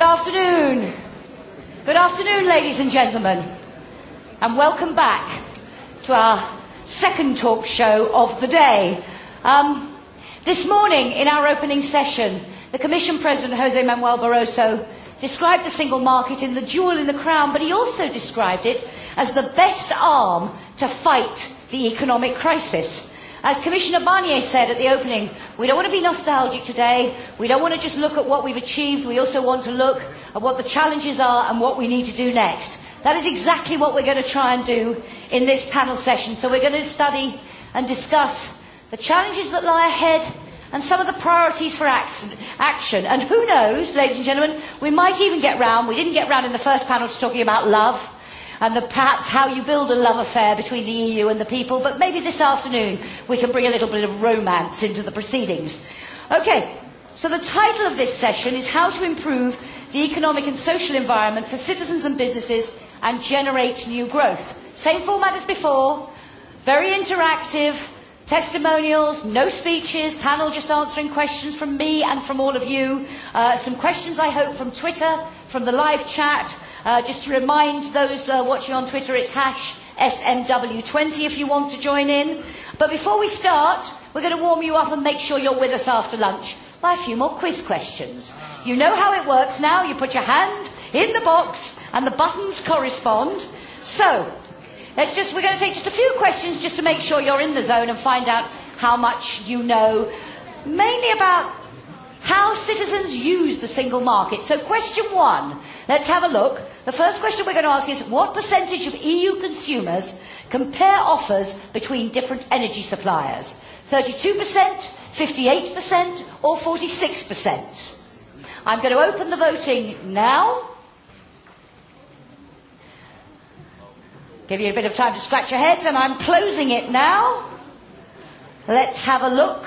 Good afternoon. Good afternoon, ladies and gentlemen, and welcome back to our second talk show of the day. Um, this morning, in our opening session, the Commission President Jose Manuel Barroso described the single market in the jewel in the crown, but he also described it as the best arm to fight the economic crisis. As Commissioner Barnier said at the opening, we don't want to be nostalgic today. We don't want to just look at what we've achieved. We also want to look at what the challenges are and what we need to do next. That is exactly what we're going to try and do in this panel session. So we're going to study and discuss the challenges that lie ahead and some of the priorities for action. And who knows, ladies and gentlemen, we might even get round, we didn't get round in the first panel to talking about love, and the, perhaps how you build a love affair between the EU and the people, but maybe this afternoon we can bring a little bit of romance into the proceedings. Okay, so the title of this session is How to Improve the Economic and Social Environment for Citizens and Businesses and Generate New Growth. Same format as before, very interactive, testimonials, no speeches, panel just answering questions from me and from all of you. Uh, some questions, I hope, from Twitter, from the live chat. Uh, just to remind those uh, watching on Twitter, it's hash SMW20 if you want to join in. But before we start, we're going to warm you up and make sure you're with us after lunch by a few more quiz questions. You know how it works now. You put your hand in the box and the buttons correspond. So, Let's just, we're going to take just a few questions just to make sure you're in the zone and find out how much you know, mainly about how citizens use the single market. So question one, let's have a look. The first question we're going to ask is what percentage of EU consumers compare offers between different energy suppliers? 32%, 58% or 46%? I'm going to open the voting now. give you a bit of time to scratch your heads, and I'm closing it now. Let's have a look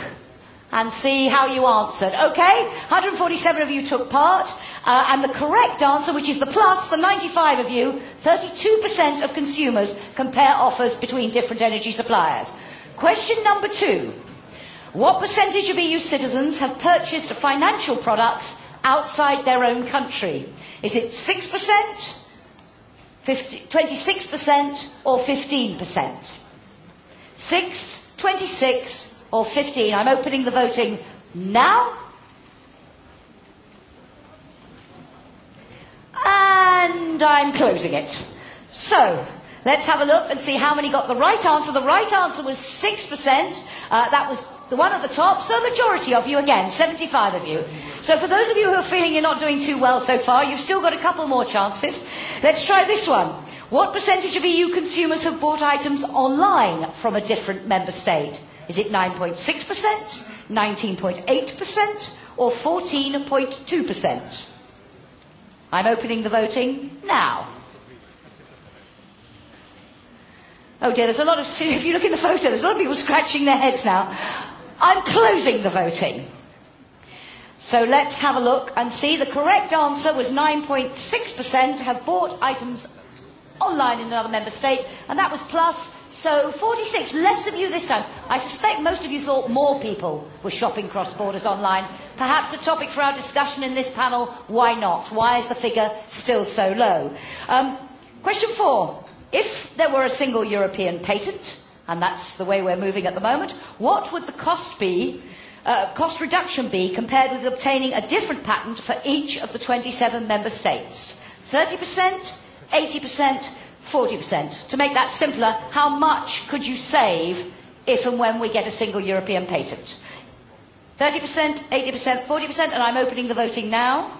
and see how you answered. Okay, 147 of you took part, uh, and the correct answer, which is the plus, the 95 of you, 32% of consumers compare offers between different energy suppliers. Question number two. What percentage of EU citizens have purchased financial products outside their own country? Is it 6%? 50, 26% or 15%. 6, 26 or 15. I'm opening the voting now. And I'm closing it. So, let's have a look and see how many got the right answer. The right answer was 6%. Uh, that was the one at the top, so a majority of you again, 75 of you. So for those of you who are feeling you're not doing too well so far, you've still got a couple more chances. Let's try this one. What percentage of EU consumers have bought items online from a different member state? Is it 9.6%, 19.8%, or 14.2%? I'm opening the voting now. Oh dear, there's a lot of, if you look in the photo, there's a lot of people scratching their heads now. I'm closing the voting. So let's have a look and see. The correct answer was 9.6% have bought items online in another member state, and that was plus. So 46, less of you this time. I suspect most of you thought more people were shopping cross borders online. Perhaps a topic for our discussion in this panel why not? Why is the figure still so low? Um, question four If there were a single European patent, and that's the way we're moving at the moment, what would the cost be, uh, cost reduction be compared with obtaining a different patent for each of the 27 member states? 30%, 80%, 40%. To make that simpler, how much could you save if and when we get a single European patent? 30%, 80%, 40%, and I'm opening the voting now.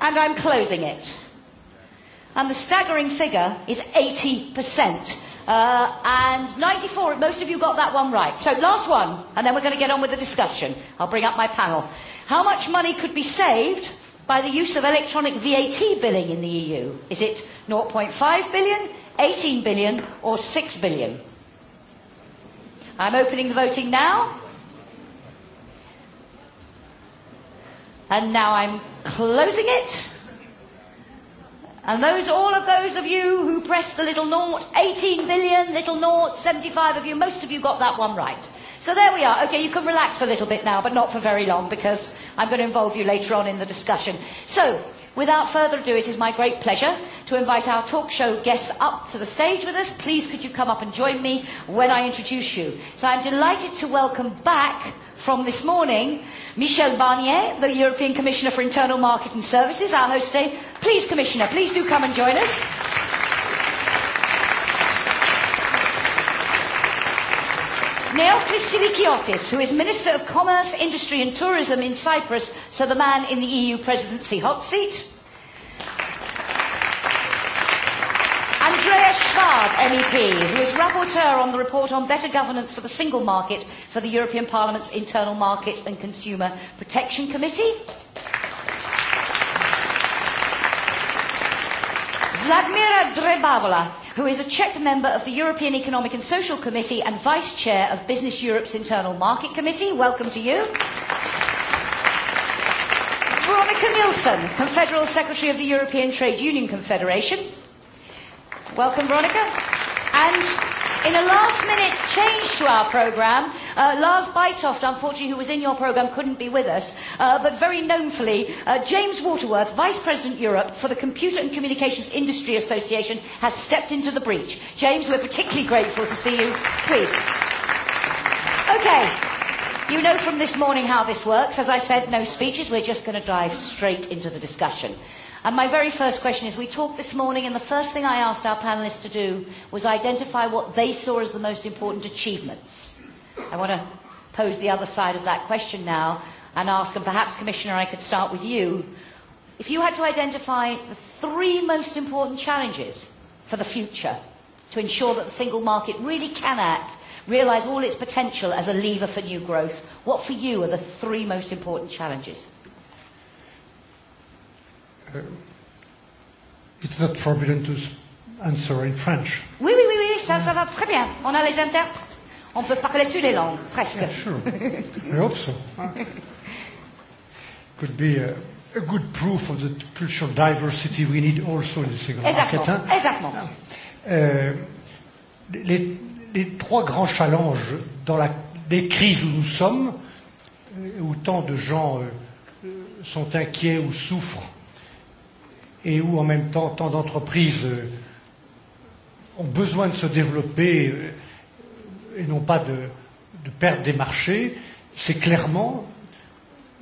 And I'm closing it. And the staggering figure is 80%. Uh, and 94, most of you got that one right. So last one, and then we're going to get on with the discussion. I'll bring up my panel. How much money could be saved by the use of electronic VAT billing in the EU? Is it 0.5 billion, 18 billion, or 6 billion? I'm opening the voting now. And now I'm closing it. And those, all of those of you who pressed the little naught, 18 billion, little naught, 75 of you, most of you got that one right. So there we are. Okay, you can relax a little bit now, but not for very long because I'm going to involve you later on in the discussion. So, Without further ado, it is my great pleasure to invite our talk show guests up to the stage with us. Please could you come up and join me when I introduce you. So I'm delighted to welcome back from this morning Michel Barnier, the European Commissioner for Internal Market and Services, our host today. Please, Commissioner, please do come and join us. Neil Silikiotis, who is Minister of Commerce, Industry and Tourism in Cyprus, so the man in the EU presidency hot seat. Andrea Schwab, MEP, who is rapporteur on the report on better governance for the single market for the European Parliament's Internal Market and Consumer Protection Committee. Vladimir Drebavola, who is a Czech member of the European Economic and Social Committee and Vice Chair of Business Europe's Internal Market Committee. Welcome to you. Veronica Nilsson, Confederal Secretary of the European Trade Union Confederation. Welcome, Veronica. And In a last minute change to our programme, uh, Lars Bytoft, unfortunately, who was in your programme, couldn't be with us, uh, but very knownfully, uh, James Waterworth, Vice President Europe for the Computer and Communications Industry Association, has stepped into the breach. James, we're particularly grateful to see you. Please. Okay. You know from this morning how this works. As I said, no speeches. We're just going to dive straight into the discussion. And my very first question is, we talked this morning and the first thing I asked our panellists to do was identify what they saw as the most important achievements. I want to pose the other side of that question now and ask, and perhaps Commissioner, I could start with you. If you had to identify the three most important challenges for the future to ensure that the single market really can act realize all its potential as a lever for new growth, what for you are the three most important challenges? Uh, it's not forbidden to answer in French. Oui, oui, oui, oui ça, ça va très bien. On a les interprètes. On peut parler toutes les langues, presque. Yeah, sure. I hope so. Could be a, a good proof of the cultural diversity we need also in the second Market, hein? Exactement. Uh, les, les trois grands challenges dans la, des crises où nous sommes, où tant de gens sont inquiets ou souffrent, et où en même temps tant d'entreprises ont besoin de se développer et non pas de, de perdre des marchés, c'est clairement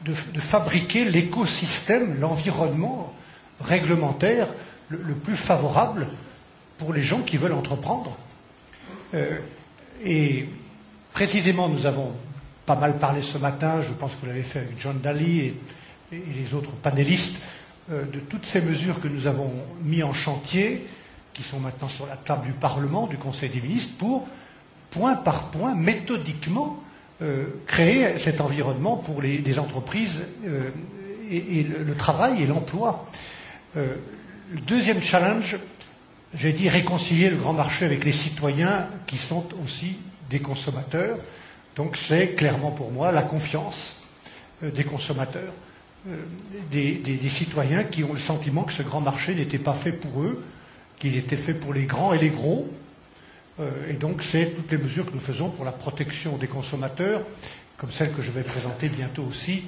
de, de fabriquer l'écosystème, l'environnement réglementaire le, le plus favorable pour les gens qui veulent entreprendre et précisément, nous avons pas mal parlé ce matin, je pense que vous l'avez fait avec John Daly et, et les autres panélistes, de toutes ces mesures que nous avons mises en chantier, qui sont maintenant sur la table du Parlement, du Conseil des ministres, pour, point par point, méthodiquement, euh, créer cet environnement pour les, les entreprises euh, et, et le, le travail et l'emploi. Euh, le deuxième challenge, j'ai dit réconcilier le grand marché avec les citoyens qui sont aussi des consommateurs. Donc c'est clairement pour moi la confiance des consommateurs, des, des, des citoyens qui ont le sentiment que ce grand marché n'était pas fait pour eux, qu'il était fait pour les grands et les gros. Et donc c'est toutes les mesures que nous faisons pour la protection des consommateurs, comme celle que je vais présenter bientôt aussi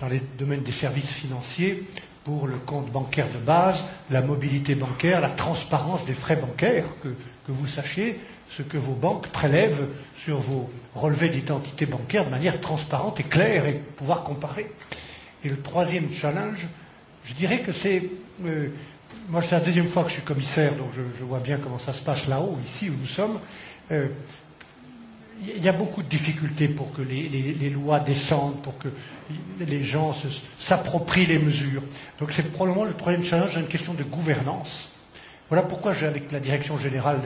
dans les domaines des services financiers, pour le compte bancaire de base, la mobilité bancaire, la transparence des frais bancaires, que, que vous sachiez ce que vos banques prélèvent sur vos relevés d'identité bancaire de manière transparente et claire et pouvoir comparer. Et le troisième challenge, je dirais que c'est. Euh, moi, c'est la deuxième fois que je suis commissaire, donc je, je vois bien comment ça se passe là-haut, ici où nous sommes. Euh, il y a beaucoup de difficultés pour que les, les, les lois descendent, pour que les gens s'approprient les mesures. Donc c'est probablement le troisième challenge, une question de gouvernance. Voilà pourquoi j'ai, avec la direction générale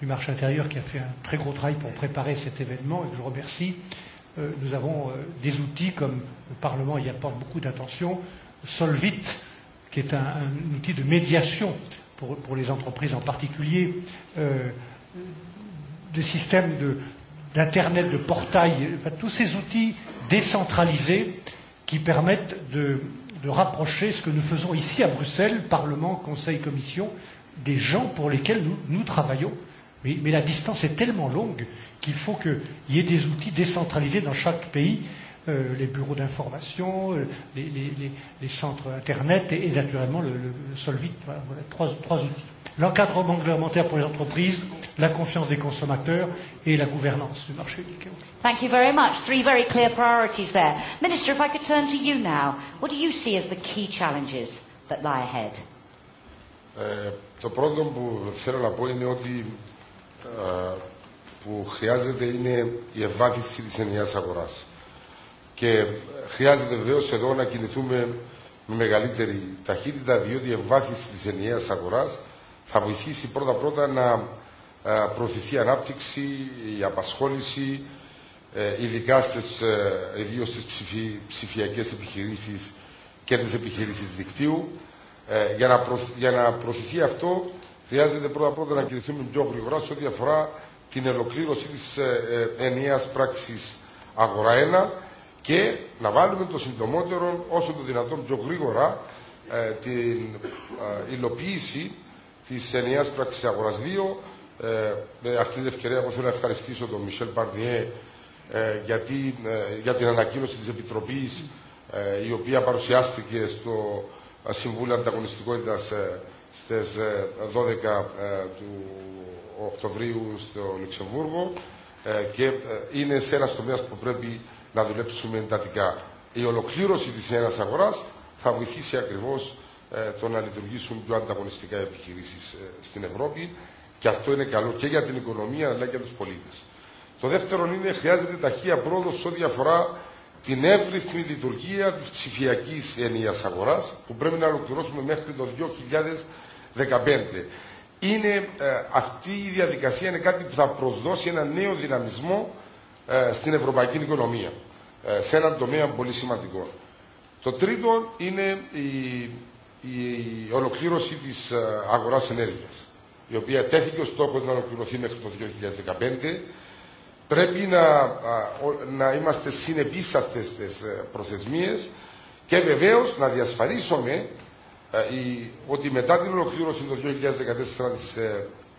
du marché intérieur, qui a fait un très gros travail pour préparer cet événement et que je remercie, euh, nous avons euh, des outils comme le Parlement y apporte beaucoup d'attention, Solvit, qui est un, un outil de médiation pour, pour les entreprises en particulier, euh, des systèmes de, d'Internet, de portail, enfin, tous ces outils décentralisés qui permettent de, de rapprocher ce que nous faisons ici à Bruxelles, Parlement, Conseil, Commission, des gens pour lesquels nous, nous travaillons. Mais, mais la distance est tellement longue qu'il faut qu'il y ait des outils décentralisés dans chaque pays, euh, les bureaux d'information, les, les, les, les centres Internet et, et naturellement le, le, le Solvit. Voilà, voilà, trois, trois outils. L'encadrement réglementaire pour les entreprises, la confiance des consommateurs et la gouvernance du marché unique. Thank you very much. Three very clear priorities there. Minister, if I could turn to you now, what do you see as the key challenges that lie ahead? Ε, το πρώτο που θέλω να πω είναι ότι ε, που χρειάζεται είναι η ευάθυνση της ενιαίας αγοράς. Και χρειάζεται βεβαίω εδώ να κινηθούμε με μεγαλύτερη ταχύτητα, διότι η ευάθυνση της ενιαίας αγοράς θα βοηθήσει πρώτα-πρώτα να προωθηθεί η ανάπτυξη, η απασχόληση, ειδικά στις, ιδίω στις ψηφι, ψηφιακές επιχειρήσεις και τις επιχειρήσεις δικτύου. για, να προ, για να προωθηθεί αυτό χρειάζεται πρώτα-πρώτα να κινηθούμε πιο γρήγορα σε ό,τι αφορά την ολοκλήρωση της ενιαίας πράξης αγορά 1 και να βάλουμε το συντομότερο όσο το δυνατόν πιο γρήγορα την υλοποίηση της ενιαίας πράξης αγοράς 2 με αυτή την ευκαιρία που θέλω να ευχαριστήσω τον Μισελ Μπαρνιέ γιατί, για την ανακοίνωση της Επιτροπής η οποία παρουσιάστηκε στο Συμβούλιο Ανταγωνιστικότητας στις 12 του Οκτωβρίου στο Λουξεμβούργο και είναι σε ένα τομέα που πρέπει να δουλέψουμε εντατικά. Η ολοκλήρωση της ένας αγοράς θα βοηθήσει ακριβώς το να λειτουργήσουν πιο ανταγωνιστικά επιχειρήσεις στην Ευρώπη Και αυτό είναι καλό και για την οικονομία αλλά και για του πολίτε. Το δεύτερο είναι χρειάζεται ταχεία πρόοδο σε ό,τι αφορά την εύρυθμη λειτουργία τη ψηφιακή ενία αγορά που πρέπει να ολοκληρώσουμε μέχρι το 2015. Είναι, ε, αυτή η διαδικασία είναι κάτι που θα προσδώσει ένα νέο δυναμισμό ε, στην ευρωπαϊκή οικονομία ε, σε έναν τομέα πολύ σημαντικό. Το τρίτο είναι η, η ολοκλήρωση της αγοράς ενέργειας η οποία τέθηκε ως στόχο να ολοκληρωθεί μέχρι το 2015. Πρέπει να, να είμαστε συνεπείς σε αυτές τις προθεσμίες και βεβαίως να διασφαλίσουμε ότι μετά την ολοκλήρωση το 2014 της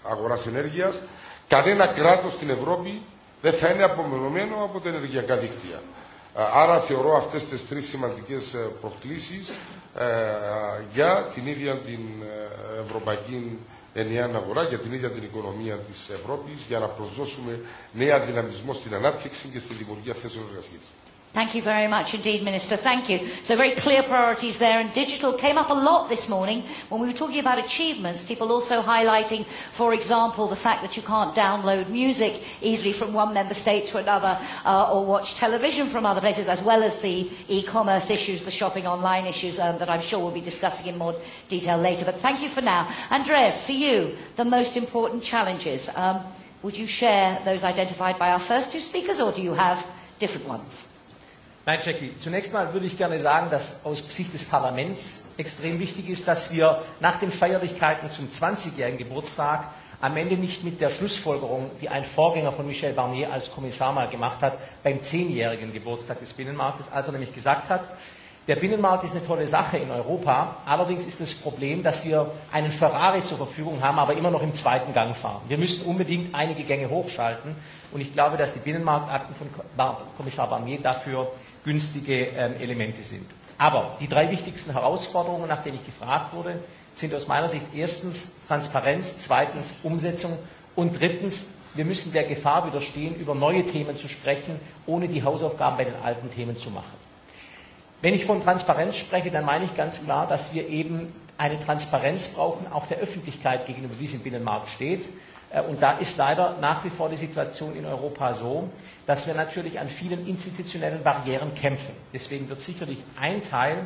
αγοράς ενέργειας κανένα κράτος στην Ευρώπη δεν θα είναι απομονωμένο από τα ενεργειακά δίκτυα. Άρα θεωρώ αυτές τις τρεις σημαντικές προκλήσεις για την ίδια την Ευρωπαϊκή ενιαία αγορά για την ίδια την οικονομία τη Ευρώπη για να προσδώσουμε νέα δυναμισμό στην ανάπτυξη και στη δημιουργία θέσεων εργασία. Thank you very much indeed, Minister. Thank you. So very clear priorities there. And digital came up a lot this morning when we were talking about achievements. People also highlighting, for example, the fact that you can't download music easily from one member state to another uh, or watch television from other places, as well as the e-commerce issues, the shopping online issues um, that I'm sure we'll be discussing in more detail later. But thank you for now. Andreas, for you, the most important challenges. Um, would you share those identified by our first two speakers or do you have different ones? Nein, Jackie, zunächst mal würde ich gerne sagen, dass aus Sicht des Parlaments extrem wichtig ist, dass wir nach den Feierlichkeiten zum 20-jährigen Geburtstag am Ende nicht mit der Schlussfolgerung, die ein Vorgänger von Michel Barnier als Kommissar mal gemacht hat, beim 10-jährigen Geburtstag des Binnenmarktes, als er nämlich gesagt hat, Der Binnenmarkt ist eine tolle Sache in Europa. Allerdings ist das Problem, dass wir einen Ferrari zur Verfügung haben, aber immer noch im zweiten Gang fahren. Wir müssen unbedingt einige Gänge hochschalten. Und ich glaube, dass die Binnenmarktakten von Kommissar Barnier dafür günstige Elemente sind. Aber die drei wichtigsten Herausforderungen, nach denen ich gefragt wurde, sind aus meiner Sicht erstens Transparenz, zweitens Umsetzung und drittens, wir müssen der Gefahr widerstehen, über neue Themen zu sprechen, ohne die Hausaufgaben bei den alten Themen zu machen. Wenn ich von Transparenz spreche, dann meine ich ganz klar, dass wir eben eine Transparenz brauchen, auch der Öffentlichkeit gegenüber, wie es im Binnenmarkt steht. Und da ist leider nach wie vor die Situation in Europa so, dass wir natürlich an vielen institutionellen Barrieren kämpfen. Deswegen wird sicherlich ein Teil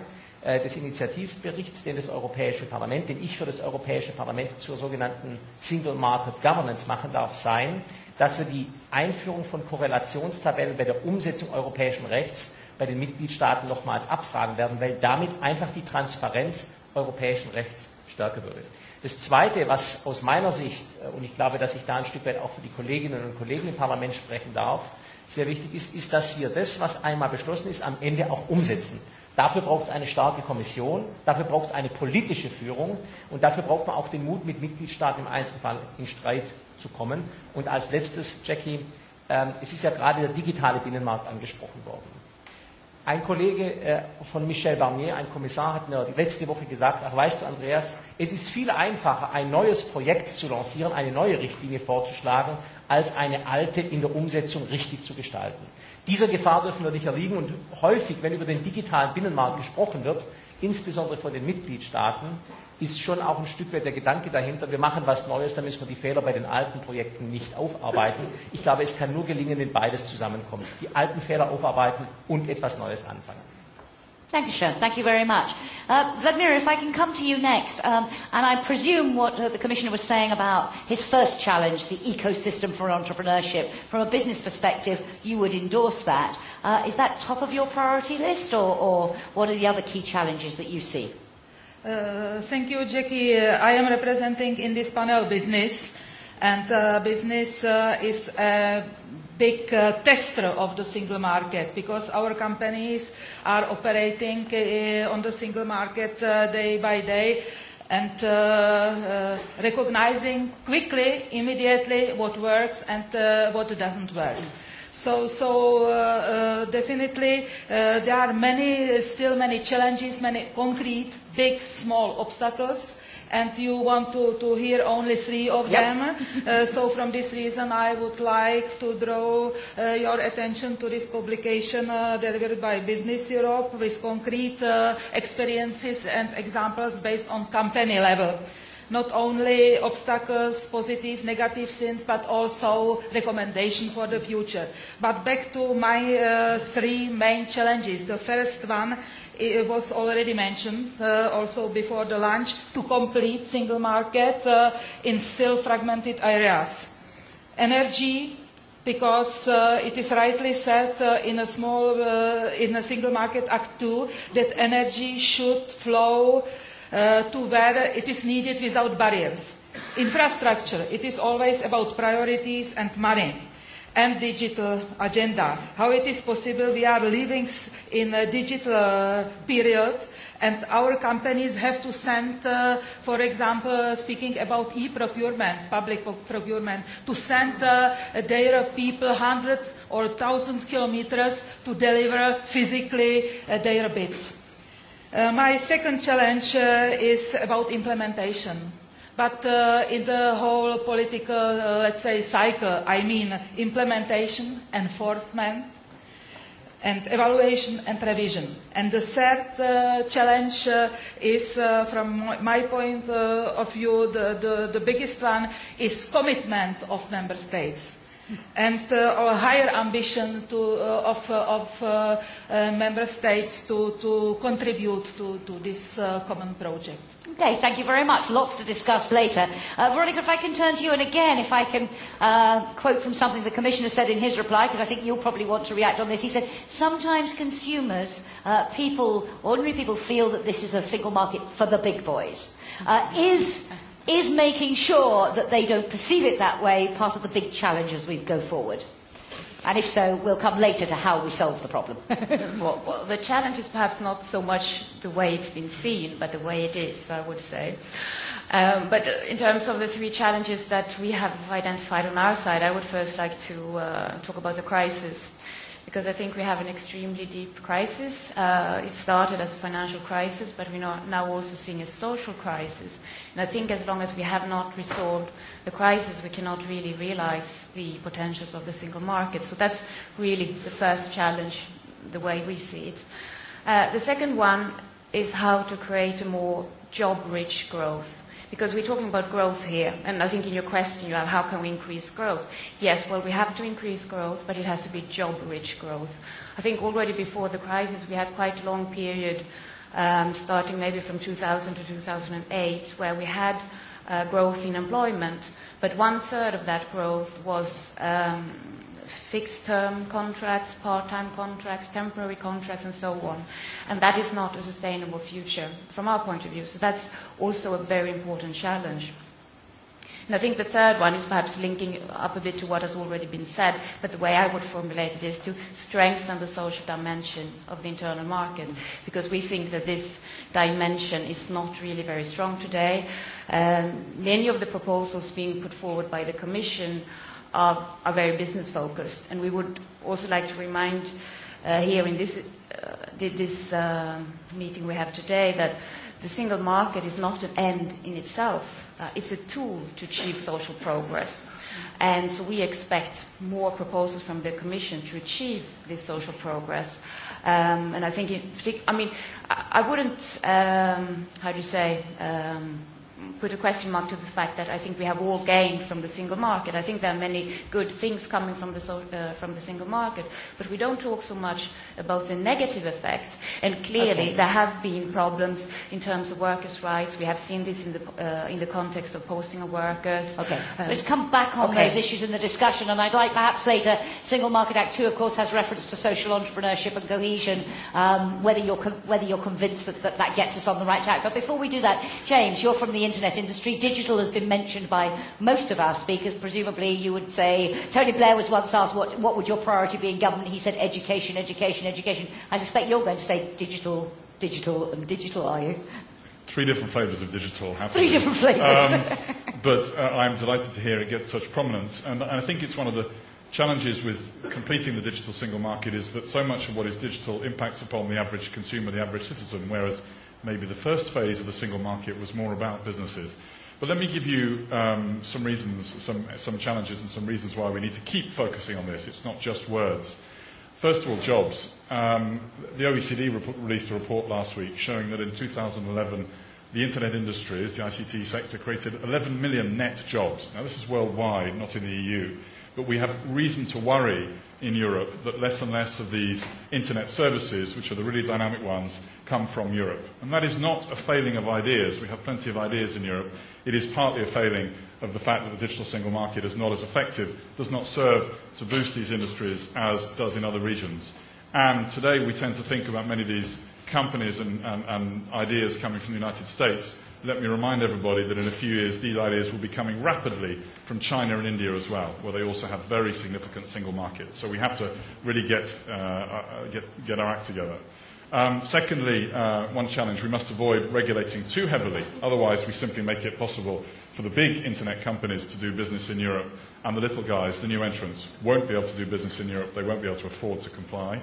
des Initiativberichts, den das Europäische Parlament, den ich für das Europäische Parlament zur sogenannten Single Market Governance machen darf, sein, dass wir die Einführung von Korrelationstabellen bei der Umsetzung europäischen Rechts bei den Mitgliedstaaten nochmals abfragen werden, weil damit einfach die Transparenz europäischen Rechts stärker würde. Das Zweite, was aus meiner Sicht, und ich glaube, dass ich da ein Stück weit auch für die Kolleginnen und Kollegen im Parlament sprechen darf, sehr wichtig ist, ist, dass wir das, was einmal beschlossen ist, am Ende auch umsetzen. Dafür braucht es eine starke Kommission, dafür braucht es eine politische Führung und dafür braucht man auch den Mut, mit Mitgliedstaaten im Einzelfall in Streit zu kommen. Und als letztes, Jackie, es ist ja gerade der digitale Binnenmarkt angesprochen worden. Ein Kollege von Michel Barnier, ein Kommissar, hat mir letzte Woche gesagt, ach weißt du Andreas, es ist viel einfacher, ein neues Projekt zu lancieren, eine neue Richtlinie vorzuschlagen, als eine alte in der Umsetzung richtig zu gestalten. Dieser Gefahr dürfen wir nicht erliegen und häufig, wenn über den digitalen Binnenmarkt gesprochen wird, insbesondere von den Mitgliedstaaten, ist schon auch ein Stück weit der Gedanke dahinter, wir machen was Neues, dann müssen wir die Fehler bei den alten Projekten nicht aufarbeiten. Ich glaube, es kann nur gelingen, wenn beides zusammenkommt. Die alten Fehler aufarbeiten und etwas Neues anfangen. Thank you, Sean. Thank you very much. Uh, Vladimir, if I can come to you next, um, and I presume what uh, the Commissioner was saying about his first challenge, the ecosystem for entrepreneurship, from a business perspective, you would endorse that. Uh, is that top of your priority list, or, or what are the other key challenges that you see? Uh, thank you, Jackie. I am representing in this panel business, and uh, business uh, is a big uh, tester of the single market because our companies are operating uh, on the single market uh, day by day and uh, uh, recognizing quickly, immediately what works and uh, what doesn't work. Uh, So, so uh, uh, definitely uh, there are many, still many challenges, many concrete, big, small obstacles and you want to, to hear only three of yep. them. Uh, so from this reason, I would like to draw uh, your attention to this publication uh, delivered by Business Europe with concrete uh, experiences and examples based on company level. Uh, not only obstacles, positive, negative things, but also recommendations for the future. But back to my uh, three main challenges. The first one it was already mentioned uh, also before the lunch, to complete single market uh, in still fragmented areas. Energy, because uh, it is rightly said uh, in a small, uh, in a single market act 2, that energy should flow uh, uh, to where it is needed without barriers. Infrastructure, it is always about priorities and money and digital agenda. How it is possible we are living in a digital period and our companies have to send, uh, for example, speaking about e-procurement, public procurement, to send uh, their people hundred or thousand kilometers to deliver physically uh, their bids. Uh, my second challenge uh, is about implementation. But uh, in the whole political, uh, let's say, cycle, I mean implementation, enforcement, and evaluation and revision. And the third uh, challenge uh, is, uh, from my point uh, of view, the, the, the biggest one is commitment of member states and uh, a higher ambition to, uh, of, uh, of uh, uh, member states to, to contribute to, to this uh, common project. Okay, thank you very much. Lots to discuss later. Uh, Veronica, if I can turn to you, and again, if I can uh, quote from something the Commissioner said in his reply, because I think you'll probably want to react on this. He said, sometimes consumers, uh, people, ordinary people, feel that this is a single market for the big boys. Uh, is is making sure that they don't perceive it that way part of the big challenge as we go forward? And if so, we'll come later to how we solve the problem. well, well, the challenge is perhaps not so much the way it's been seen, but the way it is, I would say. Um, but in terms of the three challenges that we have identified on our side, I would first like to uh, talk about the crisis because I think we have an extremely deep crisis. Uh, it started as a financial crisis, but we're not now also seeing a social crisis. And I think as long as we have not resolved the crisis, we cannot really realize the potentials of the single market. So that's really the first challenge, the way we see it. Uh, the second one is how to create a more job-rich growth Because we're talking about growth here, and I think in your question you have how can we increase growth? Yes, well, we have to increase growth, but it has to be job-rich growth. I think already before the crisis we had quite a long period, um, starting maybe from 2000 to 2008, where we had uh, growth in employment, but one third of that growth was um, fixed-term contracts, part-time contracts, temporary contracts, and so on. And that is not a sustainable future from our point of view. So that's also a very important challenge. And I think the third one is perhaps linking up a bit to what has already been said, but the way I would formulate it is to strengthen the social dimension of the internal market, because we think that this dimension is not really very strong today. Um, many of the proposals being put forward by the Commission are are very business focused. And we would also like to remind uh, here in this, uh, this uh, meeting we have today that the single market is not an end in itself. Uh, it's a tool to achieve social progress. And so we expect more proposals from the Commission to achieve this social progress. Um, and I think, in particular I mean, I, I wouldn't, um, how do you say, um, put a question mark to the fact that I think we have all gained from the single market. I think there are many good things coming from the, so, uh, from the single market, but we don't talk so much about the negative effects. And clearly, okay. there have been problems in terms of workers' rights. We have seen this in the, uh, in the context of posting of workers. Okay. Um, Let's come back on okay. those issues in the discussion, and I'd like perhaps later, Single Market Act 2, of course, has reference to social entrepreneurship and cohesion, um, whether, you're con- whether you're convinced that, that that gets us on the right track. But before we do that, James, you're from the internet industry. Digital has been mentioned by most of our speakers. Presumably, you would say Tony Blair was once asked what, what would your priority be in government. He said education, education, education. I suspect you're going to say digital, digital, and digital. Are you? Three different flavours of digital. Have Three different flavours. Um, but uh, I'm delighted to hear it get such prominence, and, and I think it's one of the challenges with completing the digital single market is that so much of what is digital impacts upon the average consumer, the average citizen, whereas maybe the first phase of the single market was more about businesses. But let me give you um, some reasons, some, some challenges, and some reasons why we need to keep focusing on this. It's not just words. First of all, jobs. Um, the OECD rep- released a report last week showing that in 2011, the internet industries, the ICT sector, created 11 million net jobs. Now, this is worldwide, not in the EU. But we have reason to worry in Europe that less and less of these internet services, which are the really dynamic ones, come from Europe. And that is not a failing of ideas. We have plenty of ideas in Europe. It is partly a failing of the fact that the digital single market is not as effective, does not serve to boost these industries as does in other regions. And today we tend to think about many of these companies and, and, and ideas coming from the United States. Let me remind everybody that in a few years these ideas will be coming rapidly from China and India as well, where they also have very significant single markets. So we have to really get, uh, get, get our act together. Um, secondly, uh, one challenge, we must avoid regulating too heavily. Otherwise, we simply make it possible for the big internet companies to do business in Europe, and the little guys, the new entrants, won't be able to do business in Europe. They won't be able to afford to comply.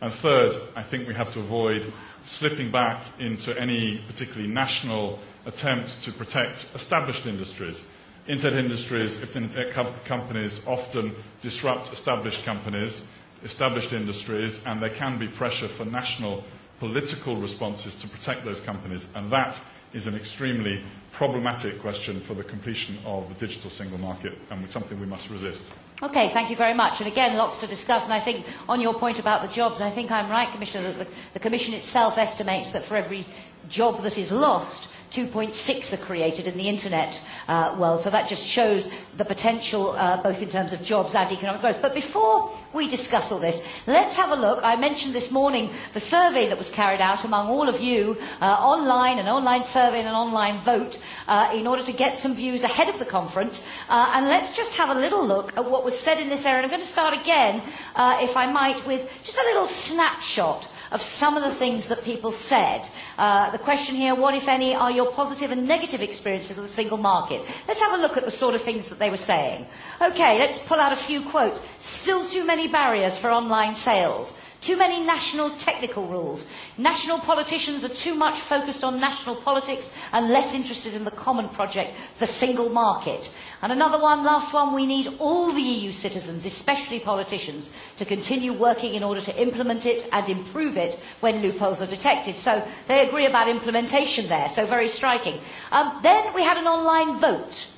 And third, I think we have to avoid slipping back into any particularly national attempts to protect established industries. Internet industries, if internet companies often disrupt established companies, established industries, and there can be pressure for national political responses to protect those companies. And that is an extremely problematic question for the completion of the digital single market, and it's something we must resist. Okay, thank you very much. And again, lots to discuss. And I think on your point about the jobs, I think I'm right, Commissioner, that the, the Commission itself estimates that for every job that is lost, 2.6 are created in the internet uh, world. So that just shows the potential uh, both in terms of jobs and economic growth. But before we discuss all this, let's have a look. I mentioned this morning the survey that was carried out among all of you uh, online, an online survey and an online vote uh, in order to get some views ahead of the conference. Uh, and let's just have a little look at what was said in this area. And I'm going to start again, uh, if I might, with just a little snapshot of some of the things that people said. Uh, the question here, what, if any, are your positive and negative experiences of the single market? Let's have a look at the sort of things that they were saying. Okay, let's pull out a few quotes. Still too many barriers for online sales. Too many national technical rules. National politicians are too much focused on national politics and less interested in the common project, the single market. And another one, last one, we need all the EU citizens, especially politicians, to continue working in order to implement it and improve it when loopholes are detected. So they agree about implementation there, so very striking. Um, then we had an online vote.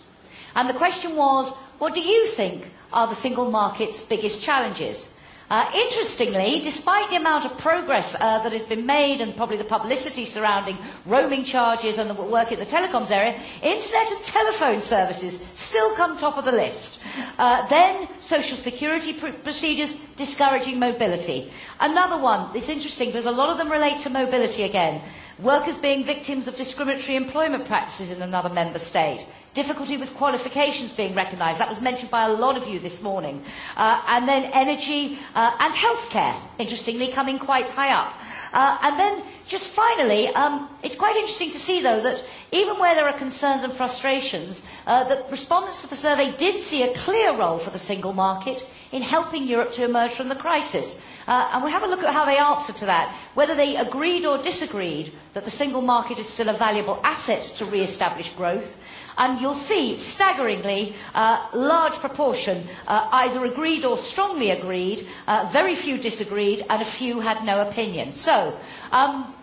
And the question was, what do you think are the single market's biggest challenges? Uh, interestingly, despite the amount of progress uh, that has been made and probably the publicity surrounding roaming charges and the work in the telecoms area, internet and telephone services still come top of the list. Uh, then social security pr- procedures discouraging mobility. Another one, this is interesting because a lot of them relate to mobility again. Workers being victims of discriminatory employment practices in another member state. Difficulty with qualifications being recognised. That was mentioned by a lot of you this morning. Uh, and then energy uh, and healthcare, interestingly, coming quite high up. Uh, and then Just finally, um, it's quite interesting to see, though, that even where there are concerns and frustrations, uh, that respondents to the survey did see a clear role for the single market in helping Europe to emerge from the crisis. Uh, and we'll have a look at how they answered to that, whether they agreed or disagreed that the single market is still a valuable asset to re-establish growth. And you'll see, staggeringly, a large proportion uh, either agreed or strongly agreed, uh, very few disagreed, and a few had no opinion. So, um,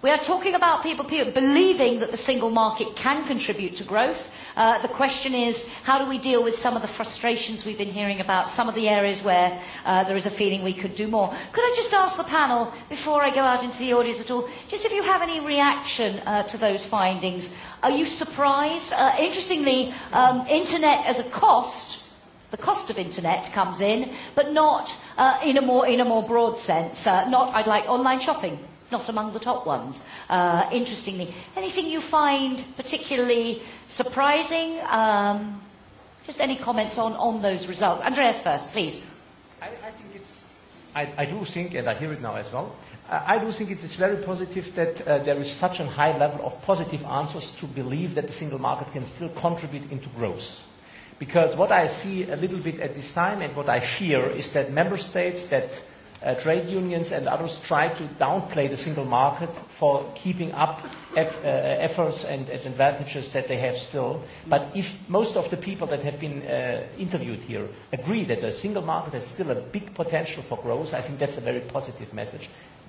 We are talking about people, people believing that the single market can contribute to growth. Uh, the question is, how do we deal with some of the frustrations we've been hearing about, some of the areas where uh, there is a feeling we could do more? Could I just ask the panel, before I go out into the audience at all, just if you have any reaction uh, to those findings? Are you surprised? Uh, interestingly, um, internet as a cost the cost of internet comes in, but not uh, in, a more, in a more broad sense. Uh, not, I'd like online shopping not among the top ones, uh, interestingly. Anything you find particularly surprising? Um, just any comments on, on those results? Andreas first, please. I, I think it's, I, I do think, and I hear it now as well, I do think it is very positive that uh, there is such a high level of positive answers to believe that the single market can still contribute into growth. Because what I see a little bit at this time and what I fear is that member states that uh, trade unions and others try to downplay the single market for keeping up eff- uh, efforts and, and advantages that they have still. But if most of the people that have been uh, interviewed here agree that the single market has still a big potential for growth, I think that's a very positive message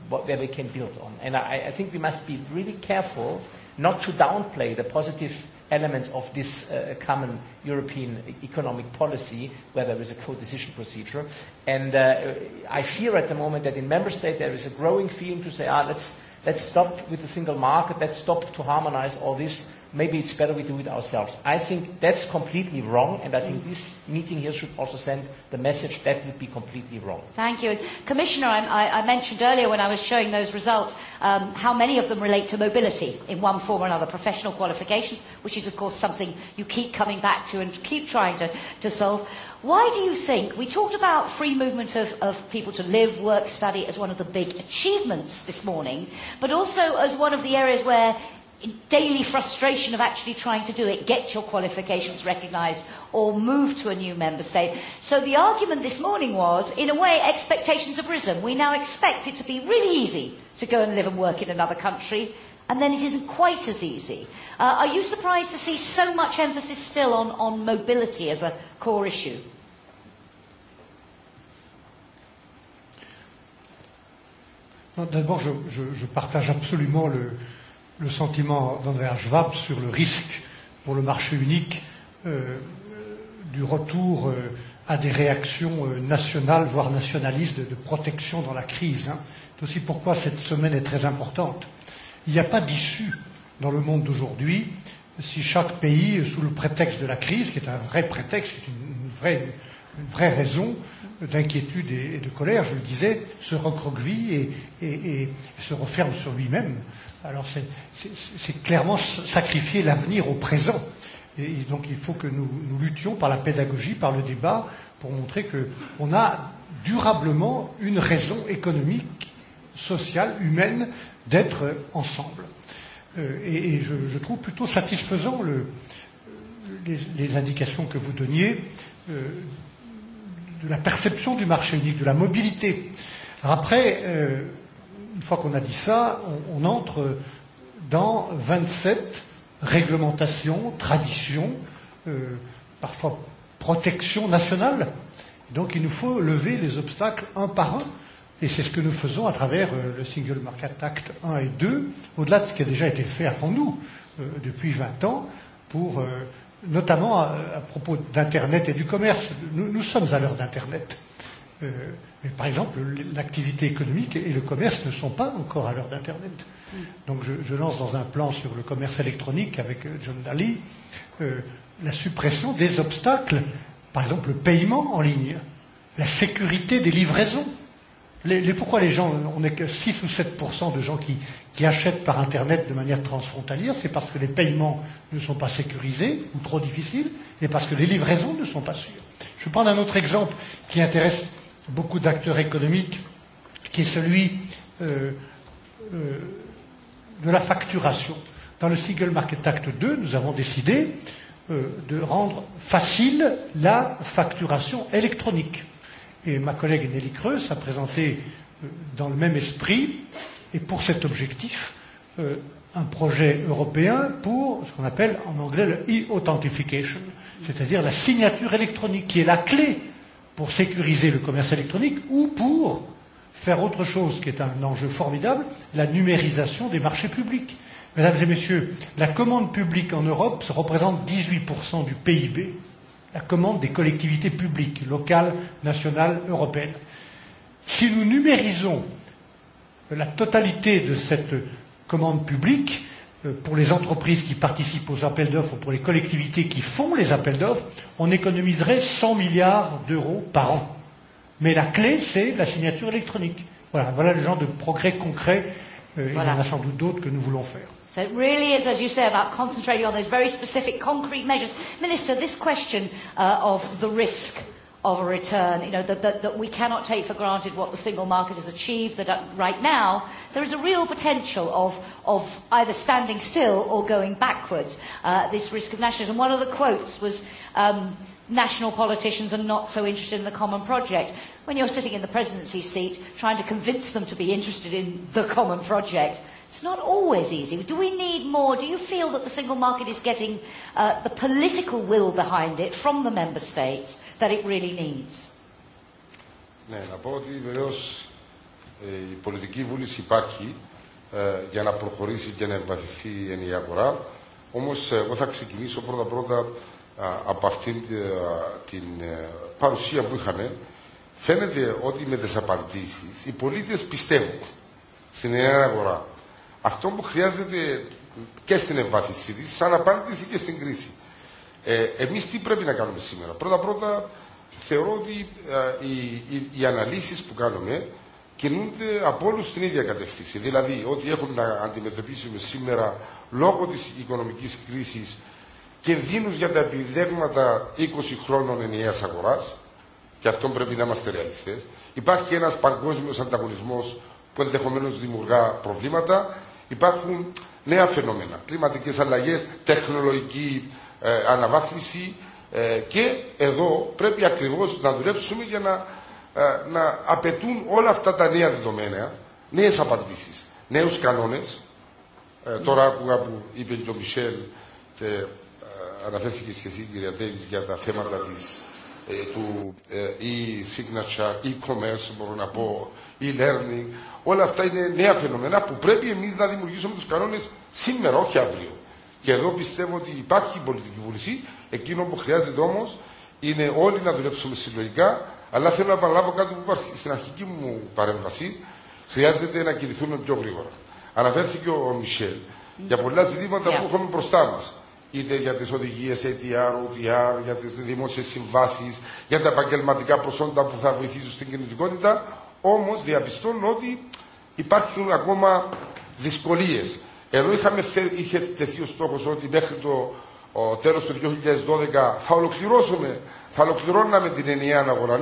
what, where we can build on. And I, I think we must be really careful not to downplay the positive elements of this uh, common European economic policy, where there is a co-decision procedure. And uh, I fear at the moment that in member states there is a growing feeling to say, ah, let's, let's stop with the single market, let's stop to harmonize all this, maybe it's better we do it ourselves. I think that's completely wrong, and I think this meeting here should also send the message that would be completely wrong. Thank you. Commissioner, I, I mentioned earlier when I was showing those results um, how many of them relate to mobility in one form or another, professional qualifications, which is, of course, something you keep coming back to and keep trying to, to solve. Why do you think we talked about free movement of, of people to live, work, study as one of the big achievements this morning, but also as one of the areas where daily frustration of actually trying to do it, get your qualifications recognised, or move to a new member state. So the argument this morning was, in a way, expectations have risen. We now expect it to be really easy to go and live and work in another country, and then it isn't quite as easy. Uh, are you surprised to see so much emphasis still on, on mobility as a core issue? D'abord, je, je, je partage absolument le, euh, le sentiment d'Andrea Schwab sur le risque pour le marché unique euh, du retour euh, à des réactions euh, nationales, voire nationalistes, de, de protection dans la crise. Hein. C'est aussi pourquoi cette semaine est très importante. Il n'y a pas d'issue dans le monde d'aujourd'hui si chaque pays, sous le prétexte de la crise, qui est un vrai prétexte, une vraie, une vraie raison d'inquiétude et de colère, je le disais, se recroqueville et, et, et se referme sur lui-même. Alors c'est clairement sacrifier l'avenir au présent. Et, donc il faut que nous, nous luttions par la pédagogie, par le débat, pour montrer qu'on a durablement une raison économique, sociale, humaine d'être ensemble. Euh, et et je, je trouve plutôt satisfaisant le, les, les indications que vous donniez euh, de la perception du marché unique, de la mobilité. Alors après, euh, une fois qu'on a dit ça, on, on entre dans 27 réglementations, traditions, euh, parfois protection nationale. Donc il nous faut lever les obstacles un par un. Et c'est ce que nous faisons à travers euh, le Single Market Act 1 et 2, au-delà de ce qui a déjà été fait avant nous, euh, depuis 20 ans, pour, euh, notamment à, à propos d'Internet et du commerce. Nous, nous sommes à l'heure d'Internet. Euh, Mais par exemple, l'activité économique et le commerce ne sont pas encore à l'heure d'Internet. Donc je, je lance dans un plan sur le commerce électronique avec John Daly euh, la suppression des obstacles, par exemple le paiement en ligne, la sécurité des livraisons. Les, les, pourquoi les gens, on n'est que 6 ou 7 de gens qui, qui achètent par Internet de manière transfrontalière C'est parce que les paiements ne sont pas sécurisés ou trop difficiles et parce que les livraisons ne sont pas sûres. Je vais prendre un autre exemple qui intéresse beaucoup d'acteurs économiques, qui est celui euh, euh, de la facturation. Dans le Single Market Act 2, nous avons décidé euh, de rendre facile la facturation électronique. Et ma collègue Nelly Creus a présenté euh, dans le même esprit et pour cet objectif euh, un projet européen pour ce qu'on appelle en anglais le e-authentification, c'est-à-dire la signature électronique qui est la clé euh, pour sécuriser le commerce électronique ou pour faire autre chose qui est un enjeu formidable, la numérisation des marchés publics. Mesdames et messieurs, la commande publique en Europe représente 18% du PIB, la commande des collectivités publiques, locales, nationales, européennes. Si nous numérisons la totalité de cette commande publique, pour les entreprises qui participent aux appels d'offres, pour les collectivités qui font les appels d'offres, on économiserait 100 milliards d'euros par an. Mais la clé, c'est la signature électronique. Voilà, voilà le genre de progrès concret. Euh, voilà. Il y en a sans doute d'autres que nous voulons faire. So it really is, as you say, about concentrating on those very specific concrete measures. Minister, this question uh, of the risk of a return, you know, that, that, that we cannot take for granted what the single market has achieved, that right now there is a real potential of, of either standing still or going backwards, uh, this risk of nationalism. One of the quotes was, um, national politicians are not so interested in the common project. When you're sitting in the presidency seat trying to convince them to be interested in the common project, it's not always easy. Do we need more? Do you feel that the single market is getting uh, the political will behind it from the member states that it really needs? Ναι, να πω ότι βεβαίω η πολιτική βούληση υπάρχει ε, για να προχωρήσει και να εμβαθυνθεί η αγορά. Όμω, εγώ θα ξεκινήσω πρώτα-πρώτα από αυτή την παρουσία που είχαμε, φαίνεται ότι με τις απαντήσεις οι πολίτες πιστεύουν στην ενιαία αγορά. Αυτό που χρειάζεται και στην ευάθυνσή τη, σαν απάντηση και στην κρίση. Ε, εμείς τι πρέπει να κάνουμε σήμερα. Πρώτα-πρώτα θεωρώ ότι ε, οι, οι, οι αναλύσεις που κάνουμε κινούνται από όλου στην ίδια κατευθύνση. Δηλαδή ότι έχουμε να αντιμετωπίσουμε σήμερα λόγω της οικονομικής κρίσης και δίνουν για τα επιδέγματα 20 χρόνων ενιαία αγορά, και αυτό πρέπει να είμαστε ρεαλιστέ. Υπάρχει ένα παγκόσμιο ανταγωνισμό που ενδεχομένω δημιουργά προβλήματα. Υπάρχουν νέα φαινόμενα, κλιματικέ αλλαγέ, τεχνολογική ε, αναβάθμιση ε, και εδώ πρέπει ακριβώ να δουλέψουμε για να, ε, να απαιτούν όλα αυτά τα νέα δεδομένα, νέε απαντήσει, νέου κανόνε. Ε, τώρα άκουγα που είπε και ο Μισελ και αναφέρθηκε και εσύ κυρία Τέλης για τα θέματα της, ε, του e-signature, e-commerce μπορώ να πω, e-learning. Όλα αυτά είναι νέα φαινομένα που πρέπει εμείς να δημιουργήσουμε τους κανόνες σήμερα, όχι αύριο. Και εδώ πιστεύω ότι υπάρχει πολιτική βούληση. Εκείνο που χρειάζεται όμως είναι όλοι να δουλέψουμε συλλογικά, αλλά θέλω να επαναλάβω κάτι που υπάρχει στην αρχική μου παρέμβαση. Χρειάζεται να κινηθούμε πιο γρήγορα. Αναφέρθηκε ο Μισελ για πολλά ζητήματα yeah. που έχουμε μπροστά μα είτε για τις οδηγίες ATR, OTR, για τις δημόσιες συμβάσεις, για τα επαγγελματικά προσόντα που θα βοηθήσουν στην κινητικότητα, όμως διαπιστώνω ότι υπάρχουν ακόμα δυσκολίες. Ενώ είχαμε, είχε τεθεί ο στόχος ότι μέχρι το ο, τέλος του 2012 θα ολοκληρώσουμε, θα ολοκληρώναμε την ενιαία αγορά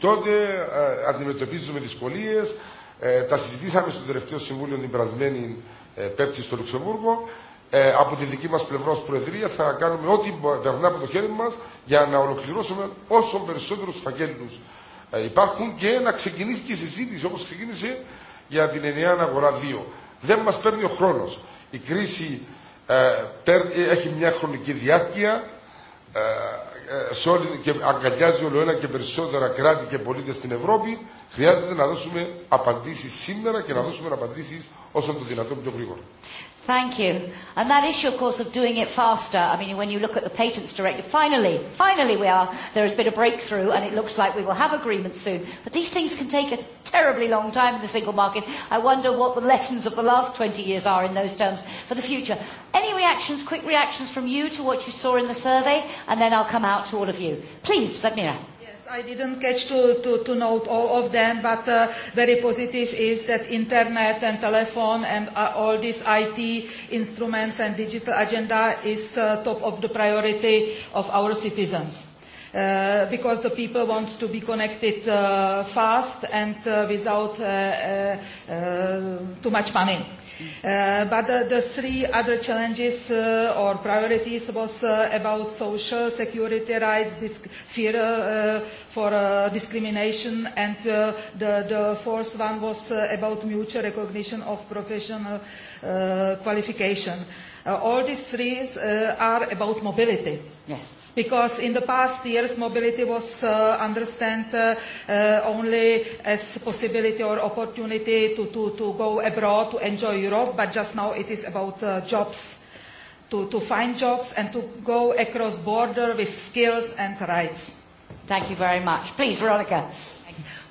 τότε ε, αντιμετωπίζουμε δυσκολίες, ε, τα συζητήσαμε στο τελευταίο συμβούλιο την περασμένη ε, Πέμπτη στο Λουξεμβούργο ε, από τη δική μας πλευρά ως Προεδρία θα κάνουμε ό,τι περνά από το χέρι μας για να ολοκληρώσουμε όσο περισσότερους φαγγέλους ε, υπάρχουν και να ξεκινήσει και η συζήτηση όπως ξεκίνησε για την ενιαία αγορά 2. Δεν μας παίρνει ο χρόνος. Η κρίση ε, παίρνει, έχει μια χρονική διάρκεια ε, σε όλη, και αγκαλιάζει όλο ένα και περισσότερα κράτη και πολίτες στην Ευρώπη. Χρειάζεται να δώσουμε απαντήσεις σήμερα και να δώσουμε απαντήσεις όσο το δυνατόν πιο γρήγορα. Thank you. And that issue, of course, of doing it faster, I mean, when you look at the Patents Directive, finally, finally we are, there has been a breakthrough and it looks like we will have agreement soon. But these things can take a terribly long time in the single market. I wonder what the lessons of the last 20 years are in those terms for the future. Any reactions, quick reactions from you to what you saw in the survey? And then I'll come out to all of you. Please, Vladimira. I didn't catch to, to, to note all of them, but uh, very positive is that internet and telephone and uh, all these IT instruments and digital agenda is uh, top of the priority of our citizens because the people want to be connected uh, fast and uh, without uh, uh, too much money. Uh, but the, the three other challenges uh, or priorities was uh, about social security rights, disc fear uh, for uh, discrimination, and uh, the, the fourth one was uh, about mutual recognition of professional uh, qualification. Uh, all these three uh, are about mobility. Yes because in the past years mobility was uh, understood uh, uh, only as possibility or opportunity to, to, to go abroad to enjoy Europe, but just now it is about uh, jobs, to, to find jobs and to go across border with skills and rights. Thank you very much. Please, Veronica.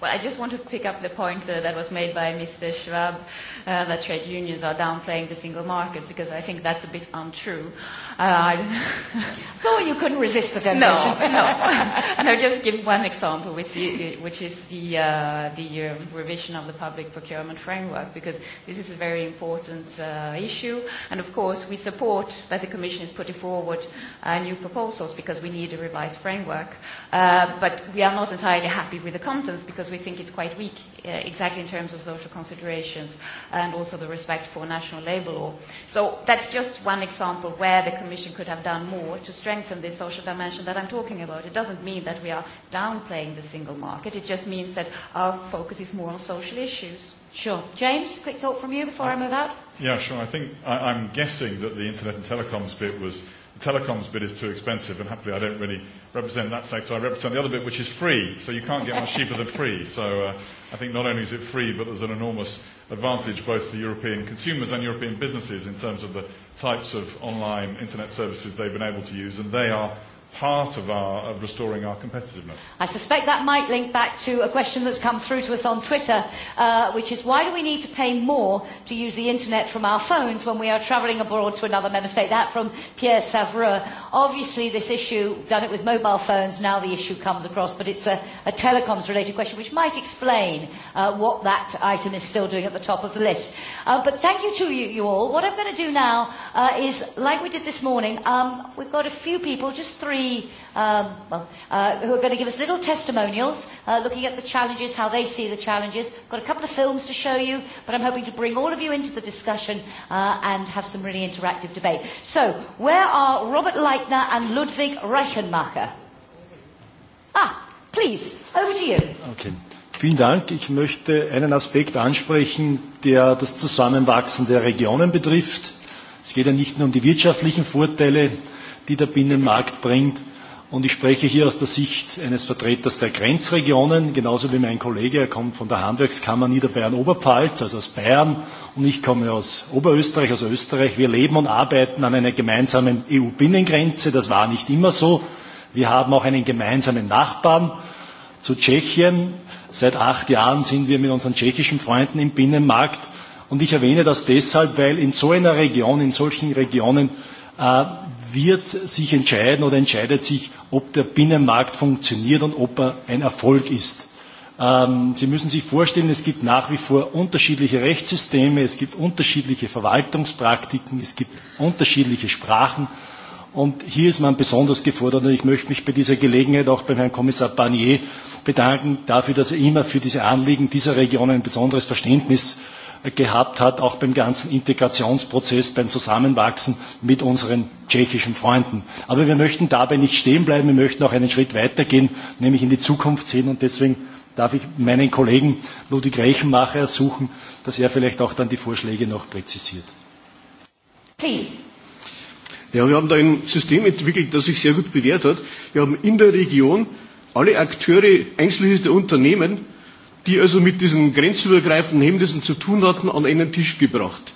Well, I just want to pick up the point uh, that was made by Mr. Schwab uh, that trade unions are downplaying the single market because I think that's a bit untrue. Uh, I you couldn't resist the temptation. No, no. and I'll just give one example, which, which is the, uh, the uh, revision of the public procurement framework because this is a very important uh, issue. And of course, we support that the Commission is putting forward uh, new proposals because we need a revised framework. Uh, but we are not entirely happy with the contents because we think it's quite weak, uh, exactly in terms of social considerations and also the respect for national labour law. So that's just one example where the Commission could have done more to strengthen this social dimension that I'm talking about. It doesn't mean that we are downplaying the single market, it just means that our focus is more on social issues. Sure. James, quick thought from you before I, I move out? Yeah, sure. I think I, I'm guessing that the internet and telecoms bit was the telecoms bit is too expensive, and happily I don't really represent that sector, I represent the other bit, which is free. So you can't get much cheaper than free. So uh, I think not only is it free, but there's an enormous advantage both for European consumers and European businesses in terms of the types of online internet services they've been able to use, and they are part of, our, of restoring our competitiveness. I suspect that might link back to a question that's come through to us on Twitter, uh, which is why do we need to pay more to use the internet from our phones when we are travelling abroad to another member state? That from Pierre Savreux. Obviously, this issue, done it with mobile phones, now the issue comes across, but it's a, a telecoms related question which might explain uh, what that item is still doing at the top of the list. Uh, but thank you to you, you all. What I'm going to do now uh, is, like we did this morning, um, we've got a few people, just three three um, well, uh, who are going to give us little testimonials, uh, looking at the challenges, how they see the challenges. I've Got a couple of films to show you, but I'm hoping to bring all of you into the discussion uh, and have some really interactive debate. So, where are Robert Leitner and Ludwig Reichenmacher? Ah, please, over to you. Okay. Vielen Dank. Ich möchte einen Aspekt ansprechen, der das Zusammenwachsen der Regionen betrifft. Es geht ja nicht nur um die wirtschaftlichen Vorteile, die der Binnenmarkt bringt. Und ich spreche hier aus der Sicht eines Vertreters der Grenzregionen, genauso wie mein Kollege, er kommt von der Handwerkskammer Niederbayern-Oberpfalz, also aus Bayern, und ich komme aus Oberösterreich, aus Österreich. Wir leben und arbeiten an einer gemeinsamen EU-Binnengrenze, das war nicht immer so. Wir haben auch einen gemeinsamen Nachbarn zu Tschechien. Seit acht Jahren sind wir mit unseren tschechischen Freunden im Binnenmarkt. Und ich erwähne das deshalb, weil in so einer Region, in solchen Regionen wird sich entscheiden oder entscheidet sich, ob der Binnenmarkt funktioniert und ob er ein Erfolg ist. Sie müssen sich vorstellen, es gibt nach wie vor unterschiedliche Rechtssysteme, es gibt unterschiedliche Verwaltungspraktiken, es gibt unterschiedliche Sprachen. Und hier ist man besonders gefordert. Und ich möchte mich bei dieser Gelegenheit auch beim Herrn Kommissar Barnier bedanken dafür, dass er immer für diese Anliegen dieser Region ein besonderes Verständnis äh, gehabt hat, auch beim ganzen Integrationsprozess, beim Zusammenwachsen mit unseren tschechischen Freunden. Aber wir möchten dabei nicht stehen bleiben, wir möchten auch einen Schritt weitergehen, nämlich in die Zukunft sehen und deswegen darf ich meinen Kollegen Ludwig Reichenmacher ersuchen, dass er vielleicht auch dann die Vorschläge noch präzisiert. Please. Ja, wir haben da ein System entwickelt, das sich sehr gut bewährt hat. Wir haben in der Region alle Akteure, einschließlich der Unternehmen, die also mit diesen grenzübergreifenden Hemmnissen zu tun hatten, an einen Tisch gebracht.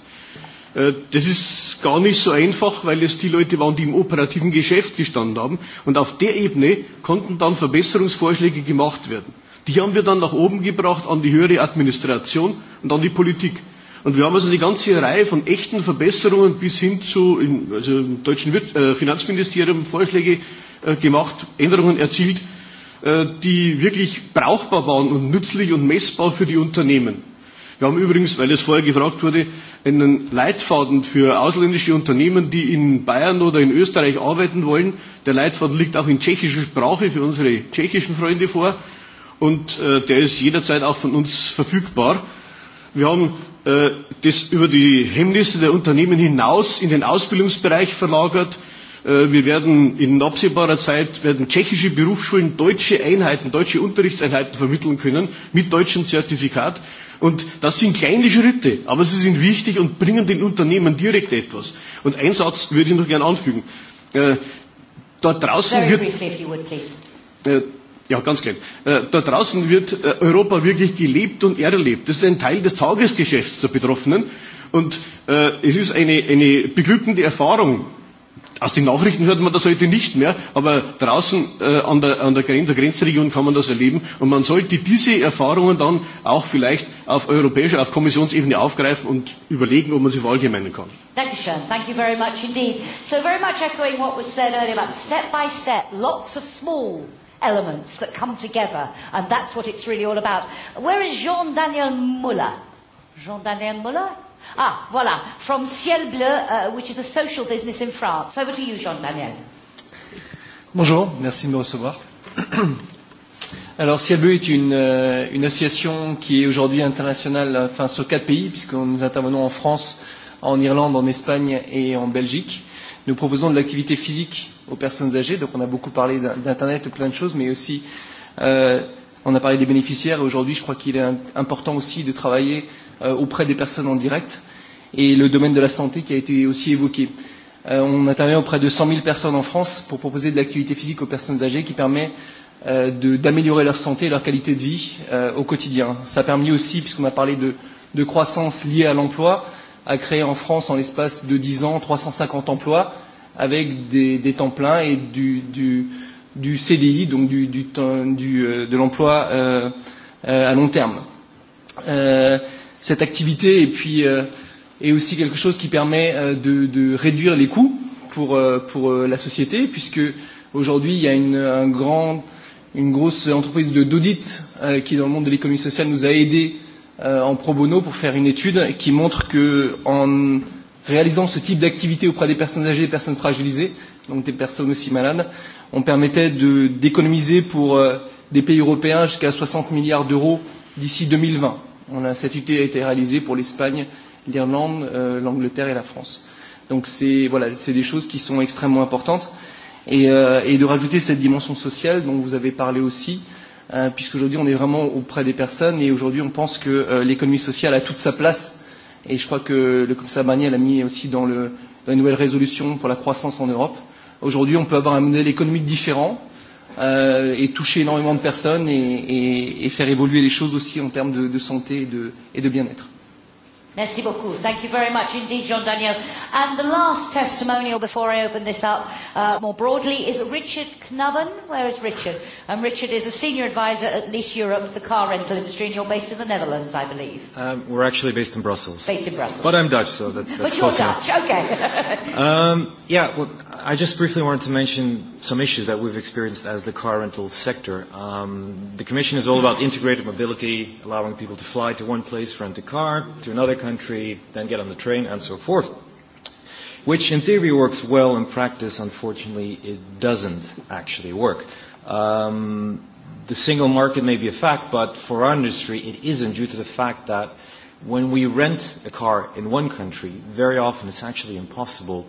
Das ist gar nicht so einfach, weil es die Leute waren, die im operativen Geschäft gestanden haben. Und auf der Ebene konnten dann Verbesserungsvorschläge gemacht werden. Die haben wir dann nach oben gebracht an die höhere Administration und an die Politik. Und wir haben also eine ganze Reihe von echten Verbesserungen bis hin zu also im deutschen Finanzministerium Vorschläge gemacht, Änderungen erzielt, die wirklich brauchbar waren und nützlich und messbar für die Unternehmen. Wir haben übrigens, weil es vorher gefragt wurde, einen Leitfaden für ausländische Unternehmen, die in Bayern oder in Österreich arbeiten wollen. Der Leitfaden liegt auch in tschechischer Sprache für unsere tschechischen Freunde vor und äh, der ist jederzeit auch von uns verfügbar. Wir haben äh, das über die Hemmnisse der Unternehmen hinaus in den Ausbildungsbereich verlagert. Wir werden in absehbarer Zeit werden tschechische Berufsschulen deutsche Einheiten, deutsche Unterrichtseinheiten vermitteln können mit deutschem Zertifikat. Und das sind kleine Schritte, aber sie sind wichtig und bringen den Unternehmen direkt etwas. Und einen Satz würde ich noch gerne anfügen. Dort draußen wird, ja, ganz klein. Da draußen wird Europa wirklich gelebt und erlebt. Das ist ein Teil des Tagesgeschäfts der Betroffenen. Und es ist eine, eine beglückende Erfahrung, Aus den Nachrichten hört man das heute nicht mehr, aber draußen äh, an, der, an der, Gren der Grenzregion kann man das erleben. Und man sollte diese Erfahrungen dann auch vielleicht auf europäischer, auf Kommissionsebene aufgreifen und überlegen, ob man sie verallgemeinern kann. Dankeschön. Thank you very much indeed. So very much echoing what was said earlier about step by step, lots of small elements that come together. And that's what it's really all about. Where is Jean-Daniel Muller? Jean-Daniel Muller? Ah, voilà, from Ciel Bleu, uh, which is a social business in France. Over to you, Jean-Daniel. Bonjour, merci de me recevoir. Alors Ciel Bleu est une, euh, une association qui est aujourd'hui internationale, enfin sur quatre pays, puisque nous intervenons en France, en Irlande, en Espagne et en Belgique. Nous proposons de l'activité physique aux personnes âgées, donc on a beaucoup parlé d'Internet, plein de choses, mais aussi euh, on a parlé des bénéficiaires et aujourd'hui je crois qu'il est important aussi de travailler euh, auprès des personnes en direct et le domaine de la santé qui a été aussi évoqué. Euh, on intervient auprès de 100 000 personnes en France pour proposer de l'activité physique aux personnes âgées qui permet euh, d'améliorer leur santé et leur qualité de vie euh, au quotidien. Ça a permis aussi, puisqu'on a parlé de, de croissance liée à l'emploi, à créer en France, en l'espace de 10 ans, 350 emplois avec des, des temps pleins et du, du, du CDI, donc du, du, du, de l'emploi euh, euh, à long terme. Euh, cette activité et puis euh, est aussi quelque chose qui permet euh, de, de réduire les coûts pour, euh, pour euh, la société, puisque aujourd'hui il y a une, un grand, une grosse entreprise d'audit euh, qui, dans le monde de l'économie sociale, nous a aidés euh, en pro bono pour faire une étude qui montre que en réalisant ce type d'activité auprès des personnes âgées, et des personnes fragilisées, donc des personnes aussi malades, on permettait d'économiser pour euh, des pays européens jusqu'à 60 milliards d'euros d'ici 2020. On a, cette étude a été réalisée pour l'Espagne, l'Irlande, euh, l'Angleterre et la France. Donc c'est voilà, c'est des choses qui sont extrêmement importantes et, euh, et de rajouter cette dimension sociale dont vous avez parlé aussi, euh, puisqu'aujourd'hui on est vraiment auprès des personnes et aujourd'hui on pense que euh, l'économie sociale a toute sa place et je crois que le commissaire Barnier l'a mis aussi dans, le, dans une nouvelle résolution pour la croissance en Europe. Aujourd'hui on peut avoir un modèle économique différent, euh, et toucher énormément de personnes et, et, et faire évoluer les choses aussi en termes de, de santé et de, et de bien-être. Merci beaucoup. Thank you very much indeed, Jean Daniel. And the last testimonial before I open this up uh, more broadly is Richard Knoven. Where is Richard? Um, Richard is a senior advisor at Lease Europe, the car rental industry, and you're based in the Netherlands, I believe. Um, we're actually based in Brussels. Based in Brussels. But I'm Dutch, so that's, that's But you're possible. Dutch, okay. um, yeah, well, I just briefly wanted to mention some issues that we've experienced as the car rental sector. Um, the Commission is all about integrated mobility, allowing people to fly to one place, rent a car, to another country, then get on the train, and so forth. Which in theory works well, in practice, unfortunately, it doesn't actually work. Um, the single market may be a fact, but for our industry, it isn't due to the fact that when we rent a car in one country, very often it's actually impossible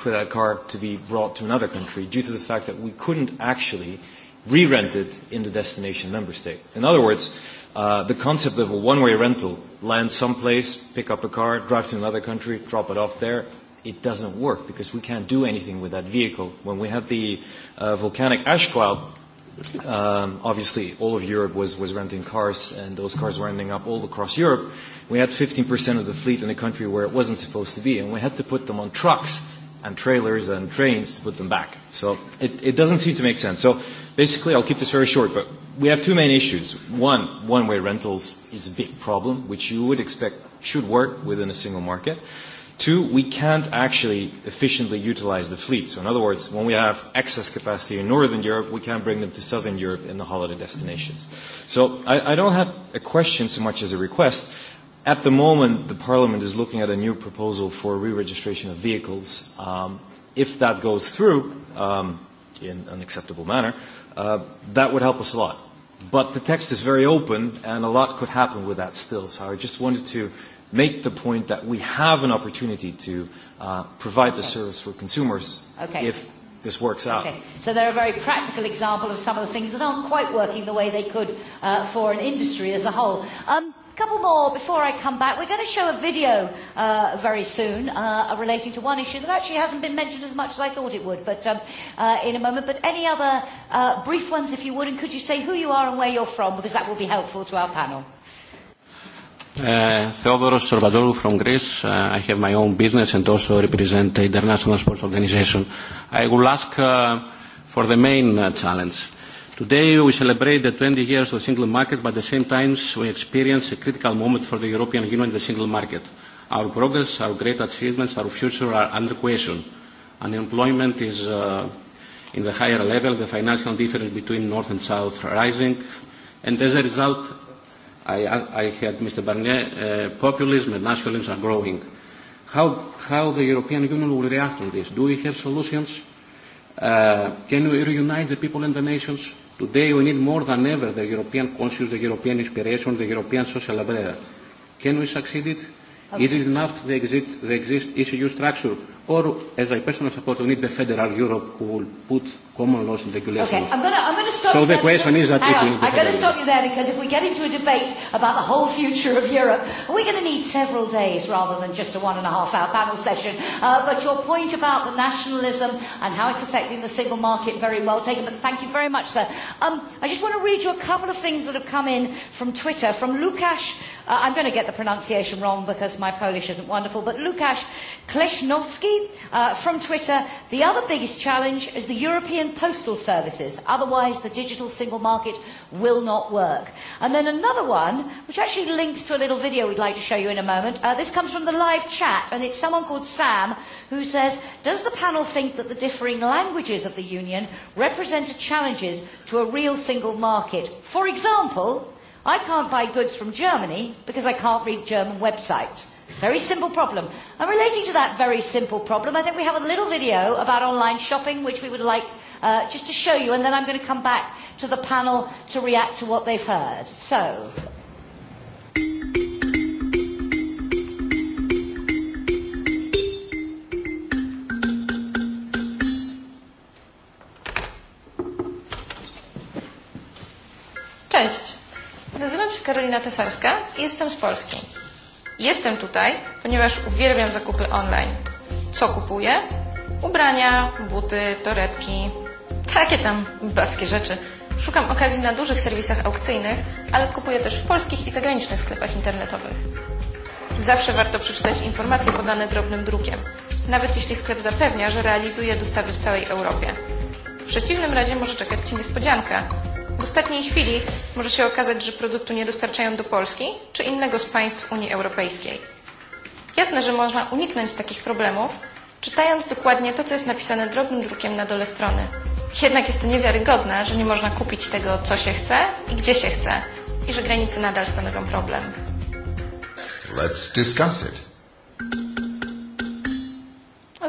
for that car to be brought to another country due to the fact that we couldn't actually re-rent it in the destination member state. In other words, Uh, the concept of a one-way rental, land someplace, pick up a car, drive to another country, drop it off there, it doesn't work because we can't do anything with that vehicle. When we had the uh, volcanic ash cloud, um, obviously all of Europe was, was renting cars and those cars were ending up all across Europe. We had 15% of the fleet in a country where it wasn't supposed to be and we had to put them on trucks and trailers and trains to put them back. So it, it doesn't seem to make sense. So basically, I'll keep this very short, but we have two main issues. One, one-way rentals is a big problem, which you would expect should work within a single market. Two, we can't actually efficiently utilize the fleet. So in other words, when we have excess capacity in Northern Europe, we can't bring them to Southern Europe in the holiday destinations. So I, I don't have a question so much as a request. At the moment, the Parliament is looking at a new proposal for re-registration of vehicles. Um, if that goes through um, in an acceptable manner, uh, that would help us a lot. But the text is very open, and a lot could happen with that still. So I just wanted to make the point that we have an opportunity to uh, provide the service for consumers okay. if this works out. Okay. So they're a very practical example of some of the things that aren't quite working the way they could uh, for an industry as a whole. Um, couple more before I come back. We're going to show a video uh, very soon uh, relating to one issue that actually hasn't been mentioned as much as I thought it would, but um, uh, in a moment. But any other uh, brief ones, if you would, and could you say who you are and where you're from, because that will be helpful to our panel. Uh, Theodoros Sorbadoulou from Greece. Uh, I have my own business and also represent the International Sports Organization. I will ask uh, for the main uh, challenge. Uh, Today we celebrate the 20 years of the single market, but at the same time we experience a critical moment for the European Union and the single market. Our progress, our great achievements, our future are under question. Unemployment is uh, in the higher level, the financial difference between North and South rising, and as a result, I, I had Mr. Barnier, uh, populism and nationalism are growing. How, how the European Union will react to this? Do we have solutions? Uh, can we reunite the people and the nations? Today we need more than ever the European conscious, the European inspiration, the European social umbrella. Can we succeed it? Okay. Is it enough to exist, the exist ECU structure? Or, as I personally support, we need the federal Europe who will put common laws and regulations. Okay, I'm going to I'm going to stop. So you the there question because, is that I'm going to stop you there because if we get into a debate about the whole future of Europe, we're going to need several days rather than just a one and a half hour panel session. Uh, but your point about the nationalism and how it's affecting the single market very well taken. But thank you very much, sir. Um, I just want to read you a couple of things that have come in from Twitter from Lukasz. Uh, I'm going to get the pronunciation wrong because my Polish isn't wonderful, but Lukasz Kleshnowski uh, from Twitter. The other biggest challenge is the European European postal services. Otherwise, the digital single market will not work. And then another one, which actually links to a little video we'd like to show you in a moment. Uh, this comes from the live chat, and it's someone called Sam who says, does the panel think that the differing languages of the Union represent challenges to a real single market? For example, I can't buy goods from Germany because I can't read German websites. Very simple problem. And relating to that very simple problem, I think we have a little video about online shopping, which we would like uh, just to show you, and then I'm going to come back to the panel to react to what they've heard. So. Cześć. Nazywam się Karolina Tesarska i jestem z Polski. Jestem tutaj, ponieważ uwielbiam zakupy online. Co kupuję? Ubrania, buty, torebki, takie tam babskie rzeczy. Szukam okazji na dużych serwisach aukcyjnych, ale kupuję też w polskich i zagranicznych sklepach internetowych. Zawsze warto przeczytać informacje podane drobnym drukiem, nawet jeśli sklep zapewnia, że realizuje dostawy w całej Europie. W przeciwnym razie może czekać Ci niespodzianka. W ostatniej chwili może się okazać, że produktu nie dostarczają do Polski czy innego z państw Unii Europejskiej. Jasne, że można uniknąć takich problemów, czytając dokładnie to, co jest napisane drobnym drukiem na dole strony. Jednak jest to niewiarygodne, że nie można kupić tego, co się chce i gdzie się chce, i że granice nadal stanowią problem. Let's discuss it.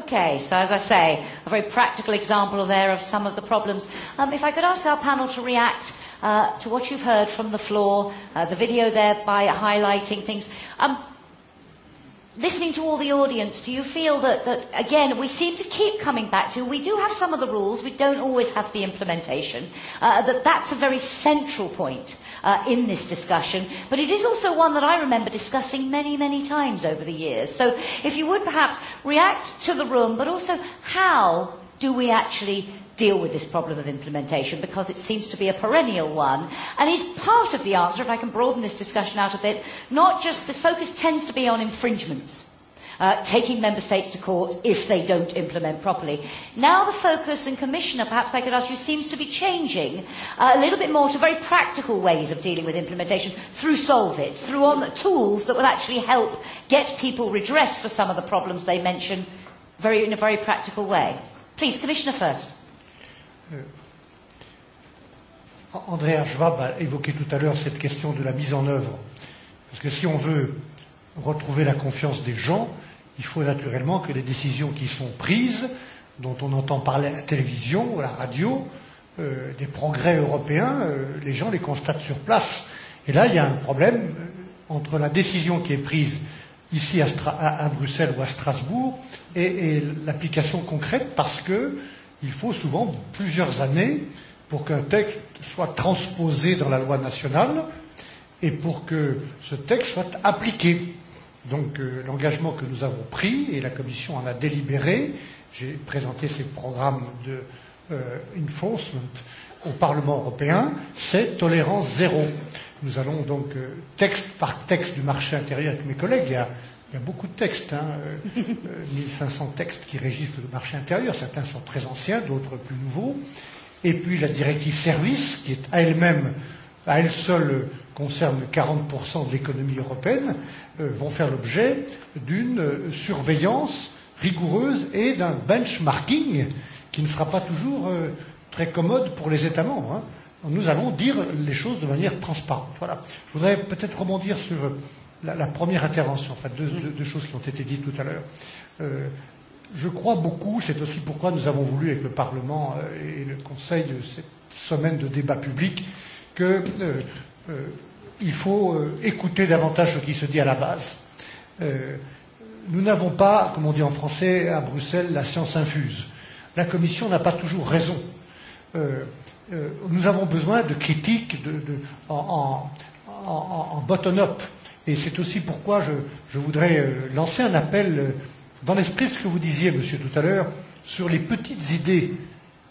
Okay, so as I say, a very practical example there of some of the problems. Um, if I could ask our panel to react uh, to what you've heard from the floor, uh, the video there by highlighting things. Um, listening to all the audience, do you feel that, that, again, we seem to keep coming back to, we do have some of the rules, we don't always have the implementation, uh, that that's a very central point uh, in this discussion, but it is also one that I remember discussing many, many times over the years. So if you would perhaps react to the room, but also how do we actually deal with this problem of implementation because it seems to be a perennial one and is part of the answer, if I can broaden this discussion out a bit, not just the focus tends to be on infringements. Uh, taking member states to court if they don't implement properly. Now the focus, and Commissioner, perhaps I could ask you, seems to be changing uh, a little bit more to very practical ways of dealing with implementation through It, through on the tools that will actually help get people redressed for some of the problems they mention very, in a very practical way. Please, Commissioner first. André Schwab a évoqué tout à l'heure cette question de la mise en œuvre. Parce que si on veut retrouver la confiance des gens, il faut naturellement que les décisions qui sont prises, dont on entend parler à la télévision, à la radio, euh, des progrès européens, euh, les gens les constatent sur place. Et là, il y a un problème entre la décision qui est prise ici à, Stra à Bruxelles ou à Strasbourg et, et l'application concrète parce que euh, il faut souvent plusieurs années pour qu'un texte soit transposé dans la loi nationale et pour que ce texte soit appliqué. Donc euh, l'engagement que nous avons pris, et la Commission en a délibéré, j'ai présenté ces programmes de euh, enforcement au Parlement européen, c'est tolérance zéro. Nous allons donc euh, texte par texte du marché intérieur avec mes collègues. Il y a Il y a beaucoup de textes, hein, 1500 textes qui régissent le marché intérieur. Certains sont très anciens, d'autres plus nouveaux. Et puis la directive service, qui est à elle-même, à elle seule, concerne 40% de l'économie européenne, euh, vont faire l'objet d'une surveillance rigoureuse et d'un benchmarking qui ne sera pas toujours euh, très commode pour les États membres. Hein. Nous allons dire les choses de manière transparente. Voilà. Je voudrais peut-être rebondir sur la, la première intervention, enfin deux, deux, deux choses qui ont été dites tout à l'heure. Euh, je crois beaucoup, c'est aussi pourquoi nous avons voulu avec le Parlement et le Conseil cette semaine de débat public, que euh, euh, faut euh, écouter davantage ce qui se dit à la base. Euh, nous n'avons pas, comme on dit en français à Bruxelles, la science infuse. La Commission n'a pas toujours raison. Euh, euh, nous avons besoin de critiques de, de, en, en, en, en bottom-up. Euh, Et c'est aussi pourquoi je, je voudrais lancer un appel dans l'esprit de ce que vous disiez, monsieur, tout à l'heure, sur les petites idées,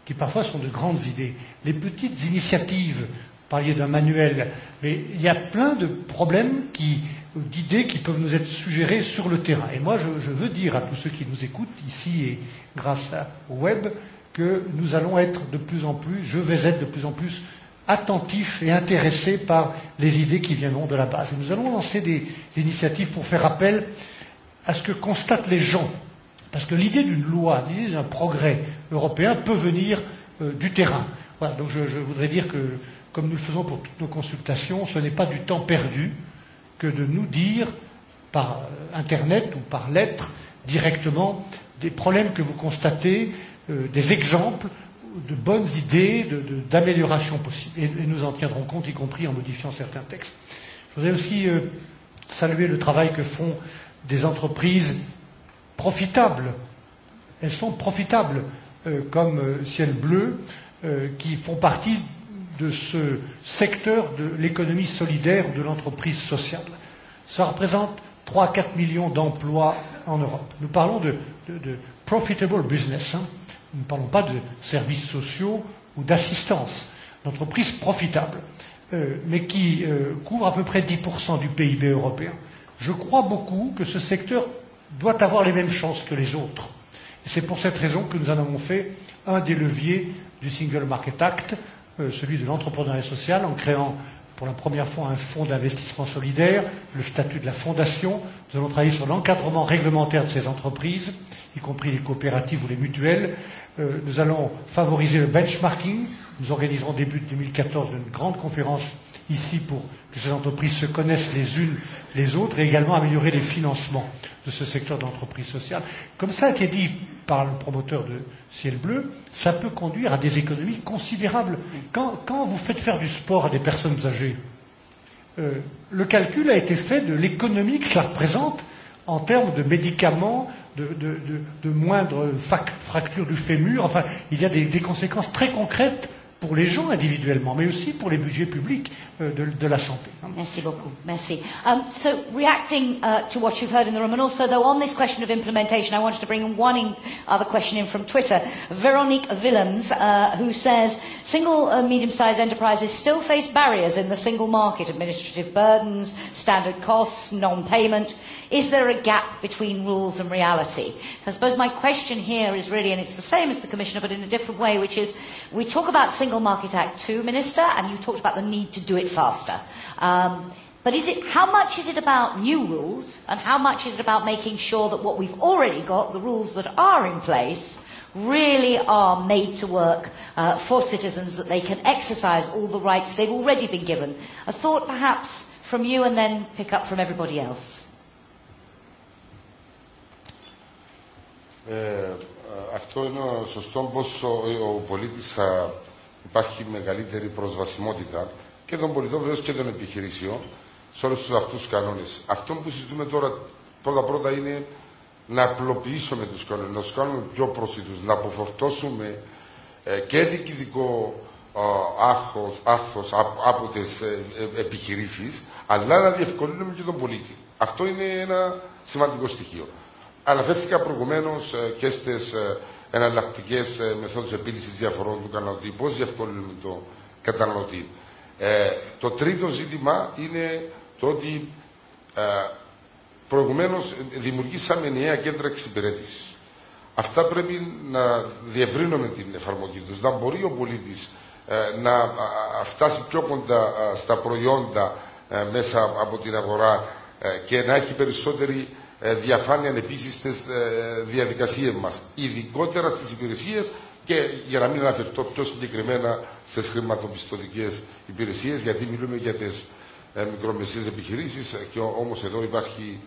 qui parfois sont de grandes idées, les petites initiatives. Vous parliez d'un manuel, mais il y a plein de problèmes qui, d'idées qui peuvent nous être suggérées sur le terrain. Et moi, je, je veux dire à tous ceux qui nous écoutent ici et grâce au web que nous allons être de plus en plus, je vais être de plus en plus attentifs et intéressés par les idées qui viendront de la base. Et nous allons lancer des initiatives pour faire appel à ce que constatent les gens. Parce que l'idée d'une loi, l'idée d'un progrès européen peut venir euh, du terrain. Voilà, donc je, je voudrais dire que, comme nous le faisons pour toutes nos consultations, ce n'est pas du temps perdu que de nous dire par Internet ou par lettre directement des problèmes que vous constatez, euh, des exemples de bonnes idées d'amélioration possible. Et, et nous en tiendrons compte, y compris en modifiant certains textes. Je voudrais aussi euh, saluer le travail que font des entreprises profitables. Elles sont profitables, euh, comme euh, Ciel Bleu, euh, qui font partie de ce secteur de l'économie solidaire ou de l'entreprise sociale. Ça représente 3 à 4 millions d'emplois en Europe. Nous parlons de, de, de profitable business. Hein Nous ne parlons pas de services sociaux ou d'assistance, d'entreprises profitables, euh, mais qui euh, couvrent à peu près 10% du PIB européen. Je crois beaucoup que ce secteur doit avoir les mêmes chances que les autres. Et c'est pour cette raison que nous en avons fait un des leviers du Single Market Act, euh, celui de l'entrepreneuriat social, en créant pour la première fois un fonds d'investissement solidaire, le statut de la fondation. Nous allons travailler sur l'encadrement réglementaire de ces entreprises, y compris les coopératives ou les mutuelles. Euh, nous allons favoriser le benchmarking. Nous organiserons début 2014 une grande conférence ici pour que ces entreprises se connaissent les unes les autres et également améliorer les financements de ce secteur d'entreprise sociale. Comme ça a été dit par le promoteur de Ciel Bleu, ça peut conduire à des économies considérables. Quand, quand vous faites faire du sport à des personnes âgées, euh, le calcul a été fait de l'économie que cela représente en termes de médicaments, de, de, de, de moindres fractures du fémur. Enfin, il y a des, des conséquences très concrètes pour les gens individuellement, mais aussi pour les budgets publics euh, de, de la santé. Merci beaucoup. Merci. Um, so, reacting uh, to what you've heard in the room, and also, though, on this question of implementation, I wanted to bring one in, other question in from Twitter. Veronique Willems, uh, who says, single uh, medium-sized enterprises still face barriers in the single market, administrative burdens, standard costs, non-payment. Is there a gap between rules and reality? So I suppose my question here is really, and it's the same as the Commissioner, but in a different way, which is, we talk about single Single Market Act too, Minister, and you talked about the need to do it faster. Um, but is it, how much is it about new rules, and how much is it about making sure that what we've already got, the rules that are in place, really are made to work uh, for citizens, that they can exercise all the rights they've already been given? A thought perhaps from you and then pick up from everybody else. uh, αυτό είναι σωστό πως ο, ο πολίτης θα υπάρχει μεγαλύτερη προσβασιμότητα και των πολιτών βεβαίω και των επιχειρήσεων σε όλου του αυτού του κανόνε. Αυτό που συζητούμε τώρα πρώτα-πρώτα είναι να απλοποιήσουμε του κανόνε, να του κάνουμε πιο προσιτού, να αποφορτώσουμε και διοικητικό άρθρο από τι επιχειρήσει, αλλά να διευκολύνουμε και τον πολίτη. Αυτό είναι ένα σημαντικό στοιχείο. Αναφέρθηκα προηγουμένω και στι εναλλακτικέ μεθόδου επίλυση διαφορών του καταναλωτή, πώ διευκολύνουμε τον καταναλωτή. Ε, το τρίτο ζήτημα είναι το ότι ε, προηγουμένω δημιουργήσαμε νέα κέντρα εξυπηρέτηση. Αυτά πρέπει να διευρύνουμε την εφαρμογή του, να μπορεί ο πολίτη ε, να φτάσει πιο κοντά στα προϊόντα μέσα από την αγορά και να έχει περισσότερη διαφάνεια επίση στι διαδικασίε μα, ειδικότερα στι υπηρεσίε και για να μην αναφερθώ πιο συγκεκριμένα στι χρηματοπιστωτικέ υπηρεσίε, γιατί μιλούμε για τι μικρομεσαίες επιχειρήσεις και όμως εδώ υπάρχει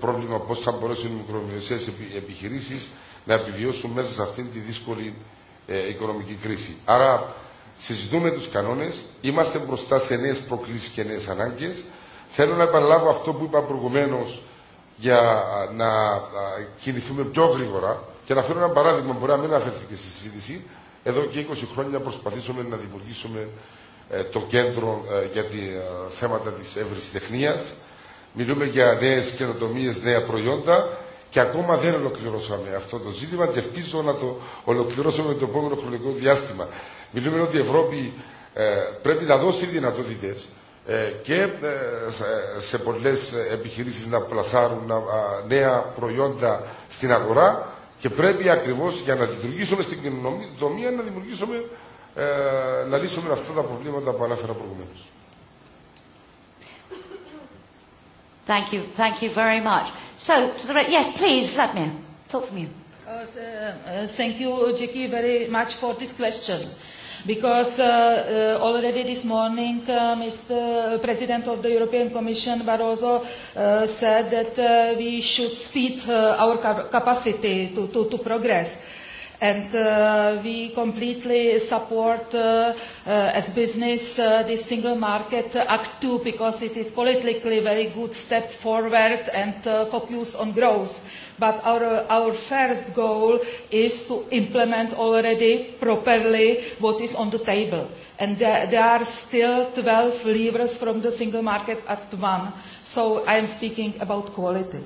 πρόβλημα πώς θα μπορέσουν οι μικρομεσαίες επιχειρήσεις να επιβιώσουν μέσα σε αυτήν τη δύσκολη οικονομική κρίση. Άρα συζητούμε τους κανόνες, είμαστε μπροστά σε νέες προκλήσεις και νέες ανάγκες. Θέλω να επαναλάβω αυτό που είπα προηγουμένως για να κινηθούμε πιο γρήγορα. Και να φέρω ένα παράδειγμα, μπορεί να μην και στη συζήτηση. Εδώ και 20 χρόνια προσπαθήσαμε να δημιουργήσουμε το κέντρο για τη θέματα της τεχνίας. Μιλούμε για νέες καινοτομίε, νέα προϊόντα και ακόμα δεν ολοκληρώσαμε αυτό το ζήτημα και ελπίζω να το ολοκληρώσουμε το επόμενο χρονικό διάστημα. Μιλούμε ότι η Ευρώπη πρέπει να δώσει δυνατότητες και σε πολλές επιχειρήσεις να πλασάρουν νέα προϊόντα στην αγορά και πρέπει ακριβώς για να λειτουργήσουμε στην κοινωνία να δημιουργήσουμε να λύσουμε αυτά τα προβλήματα που ανέφερα προηγουμένως. Thank you. Thank you very much. So, to the re- yes, please, Vladimir, talk from you. Uh, uh, thank you, Jackie, very much for this question. Uh, because uh, uh, already this morning uh, Mr. President of the European Commission Barroso uh, said that uh, we should speed uh, our cap capacity to, to, to progress. Uh, And uh, we completely support, uh, uh, as business, uh, this Single Market Act 2 because it is politically very good step forward and uh, focus on growth. But our, our first goal is to implement already properly what is on the table. And there, there are still 12 levers from the Single Market Act 1. So I am speaking about quality.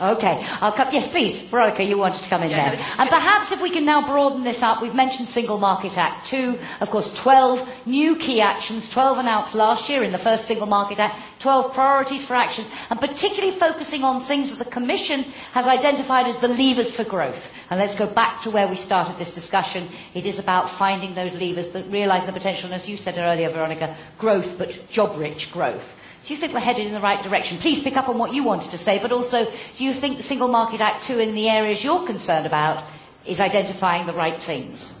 Okay, I'll come. Yes, please, Veronica, you wanted to come in yeah, there. And perhaps if we can now broaden this up, we've mentioned Single Market Act 2, of course, 12 new key actions, 12 announced last year in the first Single Market Act, 12 priorities for actions, and particularly focusing on things that the Commission has identified as the levers for growth. And let's go back to where we started this discussion. It is about finding those levers that realise the potential, and as you said earlier, Veronica, growth, but job-rich growth. Do you think we're headed in the right direction? Please pick up on what you wanted to say, but also, do you think the Single Market Act 2 in the areas you're concerned about is identifying the right things?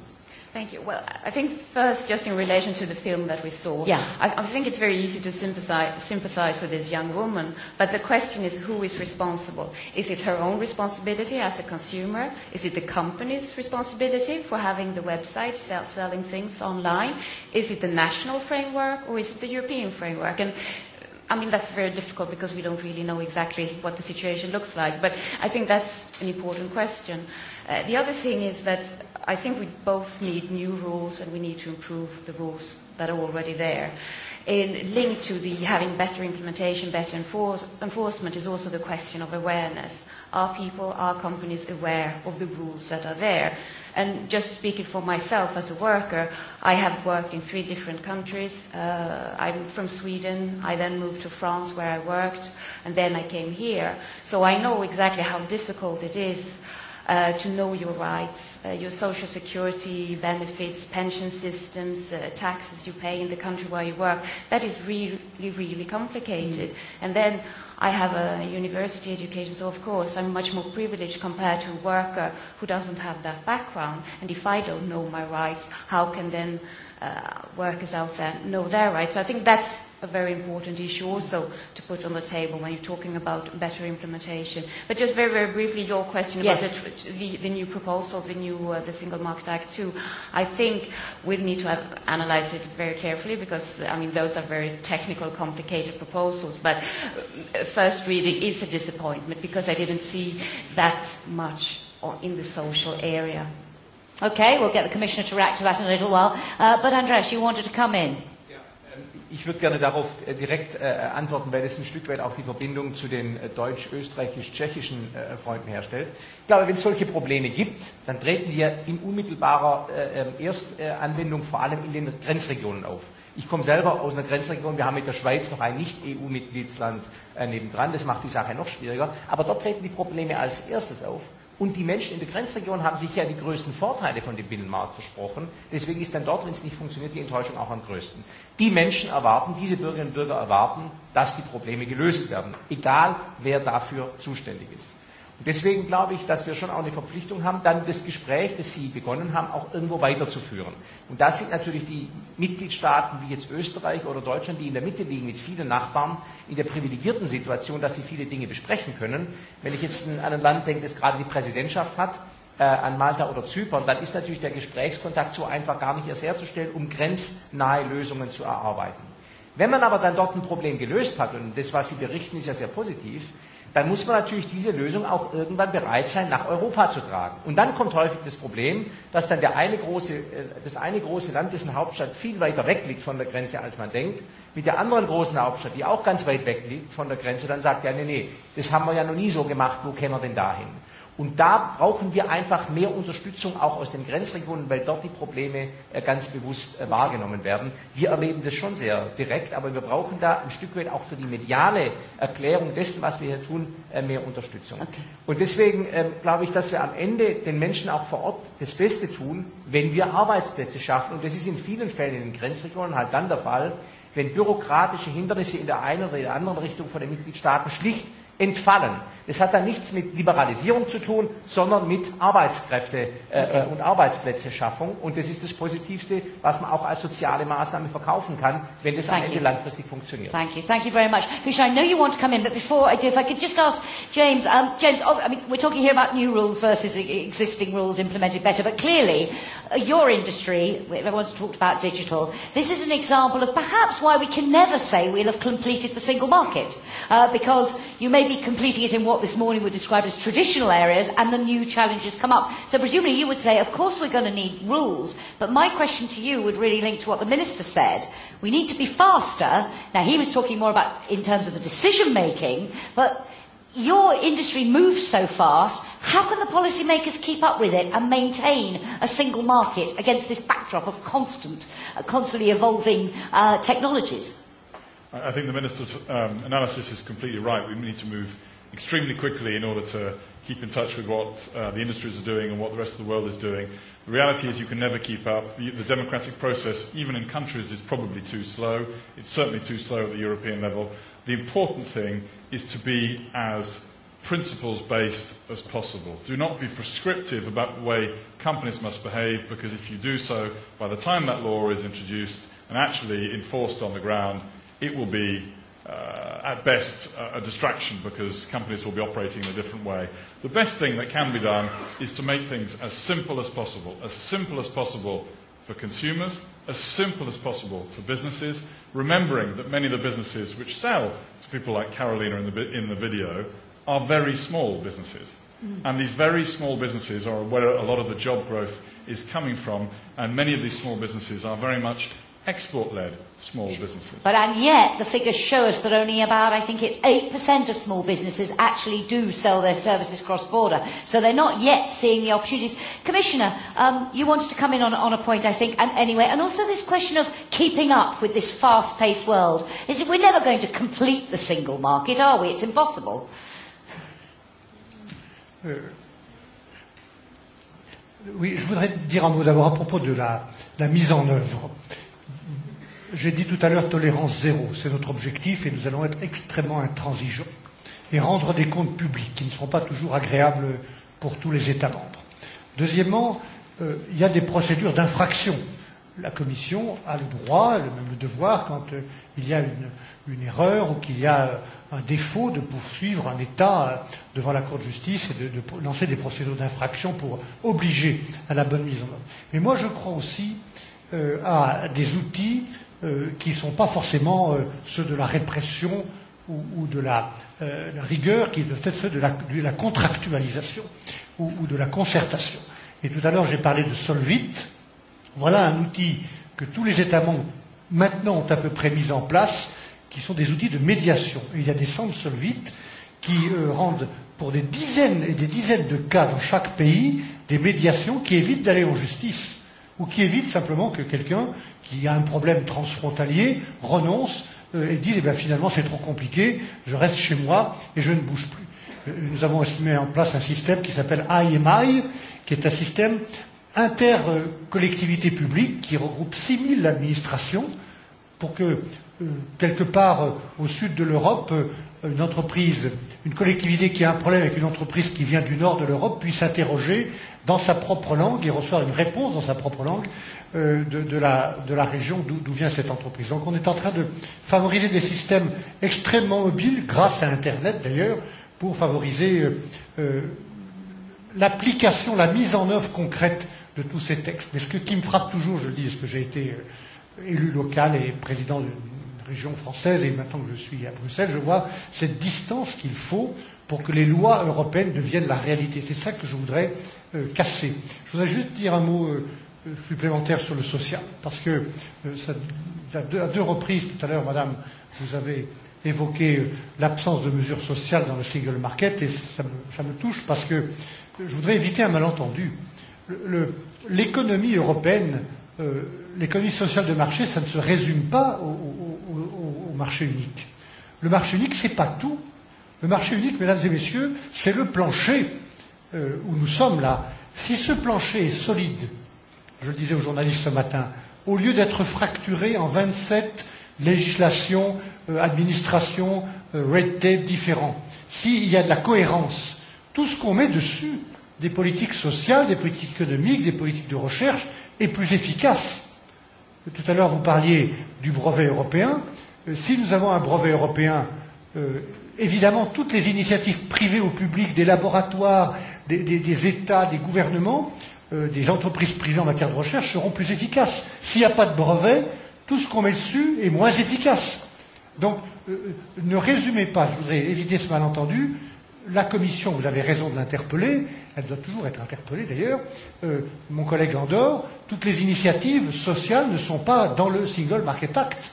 Thank you. Well, I think first, just in relation to the film that we saw, yeah. I, I think it's very easy to sympathize, sympathize with this young woman, but the question is who is responsible? Is it her own responsibility as a consumer? Is it the company's responsibility for having the website sell, selling things online? Is it the national framework or is it the European framework? And I mean, that's very difficult because we don't really know exactly what the situation looks like, but I think that's an important question. Uh, the other thing is that I think we both need new rules and we need to improve the rules that are already there. In, linked to the having better implementation, better enforce, enforcement is also the question of awareness. Are people, are companies aware of the rules that are there? And just speaking for myself as a worker, I have worked in three different countries. Uh, I'm from Sweden. I then moved to France where I worked, and then I came here. So I know exactly how difficult it is uh, to know your rights, uh, your social security benefits, pension systems, uh, taxes you pay in the country where you work. That is really, really complicated. Mm. And then I have a university education, so of course I'm much more privileged compared to a worker who doesn't have that background. And if I don't know my rights, how can then uh, workers out there know their rights? So I think that's a very important issue also to put on the table when you're talking about better implementation. But just very, very briefly, your question yes. about the, the, the new proposal, the new uh, the Single Market Act 2, I think we need to have analyzed it very carefully because, I mean, those are very technical, complicated proposals. But first reading is a disappointment because I didn't see that much in the social area. Okay, we'll get the Commissioner to react to that in a little while. Uh, but Andres, you wanted to come in. Ich würde gerne darauf direkt äh, antworten, weil das ein Stück weit auch die Verbindung zu den äh, deutsch-österreichisch-tschechischen äh, Freunden herstellt. Ich glaube, wenn es solche Probleme gibt, dann treten die ja in unmittelbarer äh, Erstanwendung vor allem in den Grenzregionen auf. Ich komme selber aus einer Grenzregion, wir haben mit der Schweiz noch ein Nicht-EU-Mitgliedsland äh, nebendran, das macht die Sache noch schwieriger, aber dort treten die Probleme als erstes auf. Und die Menschen in der Grenzregion haben sich ja die größten Vorteile von dem Binnenmarkt versprochen. Deswegen ist dann dort, wenn es nicht funktioniert, die Enttäuschung auch am größten. Die Menschen erwarten, diese Bürgerinnen und Bürger erwarten, dass die Probleme gelöst werden, egal wer dafür zuständig ist. Und deswegen glaube ich, dass wir schon auch eine Verpflichtung haben, dann das Gespräch, das Sie begonnen haben, auch irgendwo weiterzuführen. Und das sind natürlich die Mitgliedstaaten wie jetzt Österreich oder Deutschland, die in der Mitte liegen mit vielen Nachbarn, in der privilegierten Situation, dass sie viele Dinge besprechen können. Wenn ich jetzt an ein Land denke, das gerade die Präsidentschaft hat, äh, an Malta oder Zypern, dann ist natürlich der Gesprächskontakt so einfach gar nicht erst herzustellen, um grenznahe Lösungen zu erarbeiten. Wenn man aber dann dort ein Problem gelöst hat, und das, was Sie berichten, ist ja sehr positiv, dann muss man natürlich diese Lösung auch irgendwann bereit sein, nach Europa zu tragen. Und dann kommt häufig das Problem, dass dann der eine große, das eine große Land, dessen Hauptstadt viel weiter weg liegt von der Grenze, als man denkt, mit der anderen großen Hauptstadt, die auch ganz weit weg liegt von der Grenze, dann sagt, ja, nee, nee, das haben wir ja noch nie so gemacht, wo kämen wir denn dahin? Und da brauchen wir einfach mehr Unterstützung auch aus den Grenzregionen, weil dort die Probleme ganz bewusst wahrgenommen werden. Wir erleben das schon sehr direkt, aber wir brauchen da ein Stück weit auch für die mediale Erklärung dessen, was wir hier tun, mehr Unterstützung. Okay. Und deswegen glaube ich, dass wir am Ende den Menschen auch vor Ort das Beste tun, wenn wir Arbeitsplätze schaffen. Und das ist in vielen Fällen in den Grenzregionen halt dann der Fall, wenn bürokratische Hindernisse in der einen oder in der anderen Richtung von den Mitgliedstaaten schlicht entfallen. Es hat dann nichts mit Liberalisierung zu tun, sondern mit Arbeitskräfte äh, okay. und Arbeitsplätzeschaffung. Und das ist das Positivste, was man auch als soziale Maßnahme verkaufen kann, wenn das Thank am Ende you. langfristig funktioniert. Thank you. Thank you very much. Krishna, I know you want to come in, but before I do, if I could just ask James, um, James, I mean, we're talking here about new rules versus existing rules implemented better, but clearly uh, your industry, everyone's talked about digital, this is an example of perhaps why we can never say we'll have completed the single market, uh, because you may only completing it in what this morning were described as traditional areas and the new challenges come up. So presumably you would say, of course we're going to need rules, but my question to you would really link to what the Minister said. We need to be faster. Now he was talking more about in terms of the decision making, but your industry moves so fast, how can the policymakers keep up with it and maintain a single market against this backdrop of constant, uh, constantly evolving uh, technologies? I think the Minister's um, analysis is completely right. We need to move extremely quickly in order to keep in touch with what uh, the industries are doing and what the rest of the world is doing. The reality is you can never keep up. The, the democratic process, even in countries, is probably too slow. It's certainly too slow at the European level. The important thing is to be as principles based as possible. Do not be prescriptive about the way companies must behave because if you do so, by the time that law is introduced and actually enforced on the ground, it will be uh, at best uh, a distraction because companies will be operating in a different way. The best thing that can be done is to make things as simple as possible, as simple as possible for consumers, as simple as possible for businesses, remembering that many of the businesses which sell to people like Carolina in the, in the video are very small businesses. Mm. And these very small businesses are where a lot of the job growth is coming from, and many of these small businesses are very much export-led small businesses. But and yet the figures show us that only about, I think it's 8% of small businesses actually do sell their services cross-border. So they're not yet seeing the opportunities. Commissioner, um, you wanted to come in on, on a point, I think, and anyway, and also this question of keeping up with this fast-paced world. Is it, we're never going to complete the single market, are we? It's impossible. Oui, je voudrais dire un mot d'abord à propos de la, la mise en œuvre. Euh, J'ai dit tout à l'heure tolérance zéro, c'est notre objectif et nous allons être extrêmement intransigeants et rendre des comptes publics qui ne seront pas toujours agréables pour tous les États membres. Deuxièmement, euh, il y a des procédures d'infraction. La Commission a le droit, le même le devoir, quand euh, il y a une, une erreur ou qu'il y a un défaut, de poursuivre un État devant la Cour de justice et de, de lancer des procédures d'infraction pour obliger à la bonne mise en œuvre. Mais moi, je crois aussi euh, à des outils qui ne sont pas forcément ceux de la répression ou, ou de la, euh, la rigueur, qui doivent être ceux de la, de la contractualisation ou, ou de la concertation. Et tout à l'heure, j'ai parlé de Solvit. Voilà un outil que tous les États membres maintenant ont à peu près mis en place, qui sont des outils de médiation. Et il y a des centres Solvit qui euh, rendent pour des dizaines et des dizaines de cas dans chaque pays des médiations qui évitent d'aller en justice ou qui évitent simplement que quelqu'un euh, qui a un problème transfrontalier renonce euh, et disent eh bien, finalement c'est trop compliqué, je reste chez moi et je ne bouge plus. Nous avons mis en place un système qui s'appelle IMI, qui est un système intercollectivité publique qui regroupe 6000 administrations pour que quelque part au sud de l'Europe, une entreprise, une collectivité qui a un problème avec une entreprise qui vient du nord de l'Europe puisse interroger dans sa propre langue et recevoir une réponse dans sa propre langue euh, de, de, la, de la région d'où vient cette entreprise. Donc on est en train de favoriser des systèmes extrêmement mobiles, grâce à Internet d'ailleurs, pour favoriser euh, euh, l'application, la mise en œuvre concrète de tous ces textes. Mais ce que, qui me frappe toujours, je le dis, parce que j'ai été élu local et président d'une région française, et maintenant que je suis à Bruxelles, je vois cette distance qu'il faut pour que les lois européennes deviennent la réalité. C'est ça que je voudrais euh, casser. Je voudrais juste dire un mot euh, supplémentaire sur le social, parce que euh, ça, à, deux, à deux reprises tout à l'heure, Madame, vous avez évoqué l'absence de mesures sociales dans le single market, et ça me, ça me touche parce que je voudrais éviter un malentendu. L'économie européenne euh, l'économie sociale de marché, ça ne se résume pas au, au, au marché unique. Le marché unique, ce n'est pas tout. Le marché unique, mesdames et messieurs, c'est le plancher euh, où nous sommes là. Si ce plancher est solide, je le disais aux journalistes ce matin, au lieu d'être fracturé en 27 législations, euh, administrations, euh, red tape différents, s'il y a de la cohérence, tout ce qu'on met dessus, des politiques sociales, des politiques économiques, des politiques de recherche, est plus efficace Tout à l'heure, vous parliez du brevet européen. Si nous avons un brevet européen, évidemment, toutes les initiatives privées ou publiques, des laboratoires, des, des, des États, des gouvernements, euh, des entreprises privées en matière de recherche seront plus efficaces. S'il n'y a pas de brevet, tout ce qu'on met dessus est moins efficace. Donc, euh, ne résumez pas, je voudrais éviter ce malentendu, la Commission, vous avez raison de l'interpeller, elle doit toujours être interpellée d'ailleurs, euh, mon collègue Landor, toutes les initiatives sociales ne sont pas dans le Single Market Act.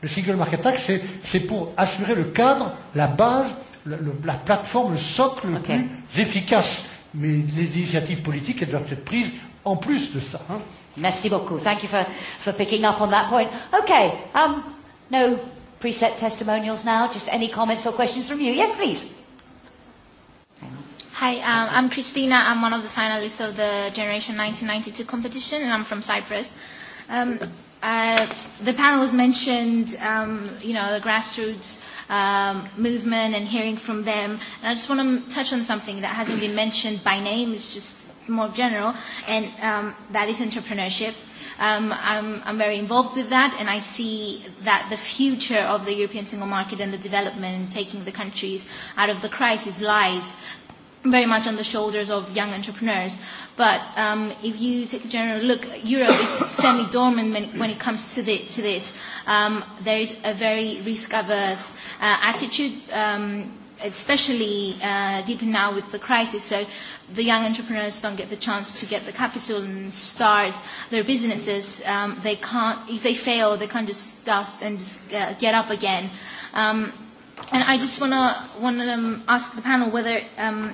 Le Single Market Act, c'est pour assurer le cadre, la base, le, le, la plateforme, le socle le okay. plus efficace. Mais les initiatives politiques, elles doivent être prises en plus de ça. Hein. Merci beaucoup. Thank you for, for picking up on that point. Okay. Um, no preset testimonials now. Just any comments or questions from you. Yes, please. Hi, um, I'm Christina. I'm one of the finalists of the Generation 1992 competition, and I'm from Cyprus. Um, uh, the panel has mentioned, um, you know, the grassroots um, movement and hearing from them. And I just want to m touch on something that hasn't been mentioned by name. It's just more general, and um, that is entrepreneurship. Um, I'm, I'm very involved with that, and I see that the future of the European single market and the development and taking the countries out of the crisis lies very much on the shoulders of young entrepreneurs. But um, if you take a general look, Europe is semi-dormant when, when it comes to, the, to this. Um, there is a very risk-averse uh, attitude, um, especially uh, deep now with the crisis. So the young entrepreneurs don't get the chance to get the capital and start their businesses. Um, they can't, if they fail, they can't just dust and just uh, get up again. Um, And I just want to um, ask the panel whether um,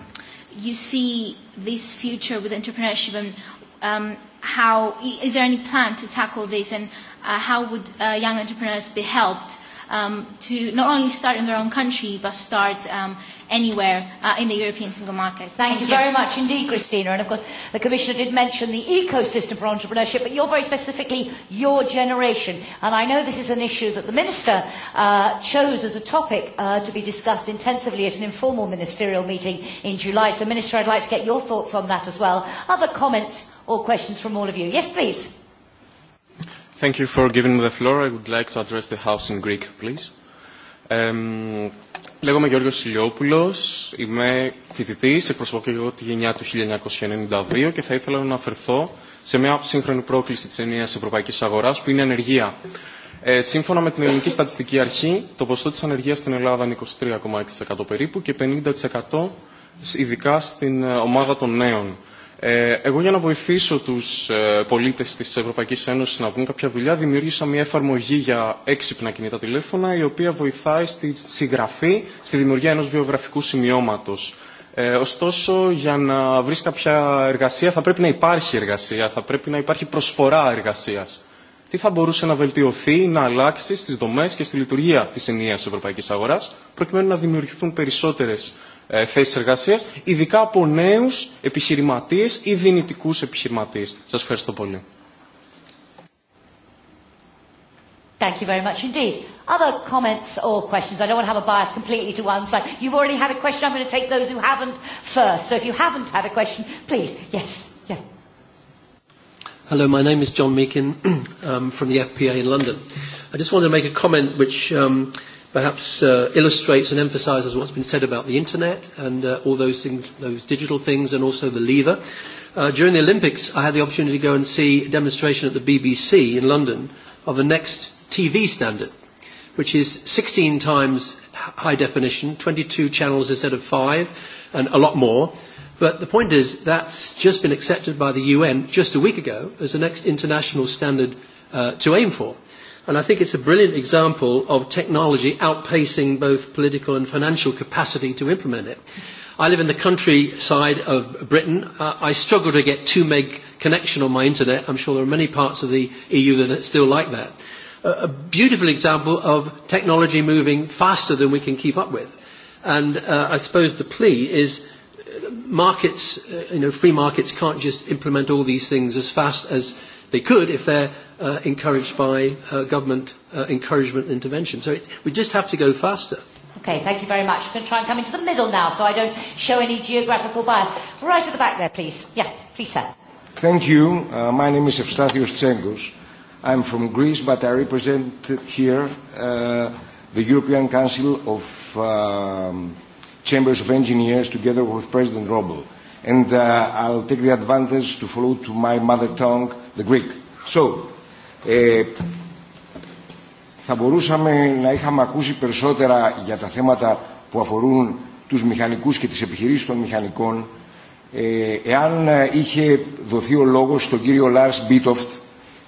you see this future with entrepreneurship and um, how is there any plan to tackle this and uh, how would uh, young entrepreneurs be helped um, to not only start in their own country, but start um, anywhere uh, in the European single market. Thank, Thank you, you very much indeed, Christina. And of course, the Commissioner did mention the ecosystem for entrepreneurship, but you're very specifically your generation. And I know this is an issue that the Minister uh, chose as a topic uh, to be discussed intensively at an informal ministerial meeting in July. So, Minister, I'd like to get your thoughts on that as well. Other comments or questions from all of you? Yes, please. Thank you for giving me the floor. I would like to address the House in Greek, please. Um, λέγομαι Γιώργος Σιλιόπουλος, είμαι φοιτητής, εκπροσωπώ και εγώ τη γενιά του 1992 και θα ήθελα να αναφερθώ σε μια σύγχρονη πρόκληση της ενίας ευρωπαϊκής αγοράς που είναι η ανεργία. Ε, σύμφωνα με την Ελληνική Στατιστική Αρχή, το ποσοστό της ανεργίας στην Ελλάδα είναι 23,6% περίπου και 50% ειδικά στην ομάδα των νέων εγώ για να βοηθήσω τους πολίτες της Ευρωπαϊκής Ένωσης να βγουν κάποια δουλειά δημιούργησα μια εφαρμογή για έξυπνα κινητά τηλέφωνα η οποία βοηθάει στη συγγραφή, στη δημιουργία ενός βιογραφικού σημειώματος. Ε, ωστόσο, για να βρει κάποια εργασία θα πρέπει να υπάρχει εργασία, θα πρέπει να υπάρχει προσφορά εργασίας. Τι θα μπορούσε να βελτιωθεί ή να αλλάξει στις δομές και στη λειτουργία της ενιαίας ευρωπαϊκής αγοράς, προκειμένου να δημιουργηθούν περισσότερες ε, θέσει εργασία, ειδικά από νέου επιχειρηματίε ή δυνητικού επιχειρηματίε. Σα ευχαριστώ πολύ. Thank you very much indeed. Other comments or questions? I don't want to have a bias completely to one side. You've already had a question. I'm going to take those who haven't first. So if you haven't had a question, please. Yes. Yeah. Hello, my name is John Meakin um, from the FPA in London. I just wanted to make a comment which um, perhaps uh, illustrates and emphasizes what's been said about the internet and uh, all those things, those digital things, and also the lever. Uh, during the Olympics, I had the opportunity to go and see a demonstration at the BBC in London of the next TV standard, which is 16 times high definition, 22 channels instead of five, and a lot more. But the point is, that's just been accepted by the UN just a week ago as the next international standard uh, to aim for. And I think it's a brilliant example of technology outpacing both political and financial capacity to implement it. I live in the countryside of Britain. Uh, I struggle to get 2 meg connection on my internet. I'm sure there are many parts of the EU that are still like that. Uh, a beautiful example of technology moving faster than we can keep up with. And uh, I suppose the plea is markets, uh, you know, free markets can't just implement all these things as fast as They could if they're uh, encouraged by uh, government uh, encouragement and intervention. So it, we just have to go faster. Okay, thank you very much. I'm going to try and come into the middle now so I don't show any geographical bias. Right at the back there, please. Yeah, please, sir. Thank you. Uh, my name is Evstathios Tsengos. I'm from Greece, but I represent here uh, the European Council of um, Chambers of Engineers together with President Robel. And uh, I'll take the advantage to follow to my mother tongue the Greek. So, ε, θα μπορούσαμε να είχαμε ακούσει περισσότερα για τα θέματα που αφορούν τους μηχανικούς και τις επιχειρήσεις των μηχανικών ε, εάν είχε δοθεί ο λόγος στον κύριο Lars Μπίτοφτ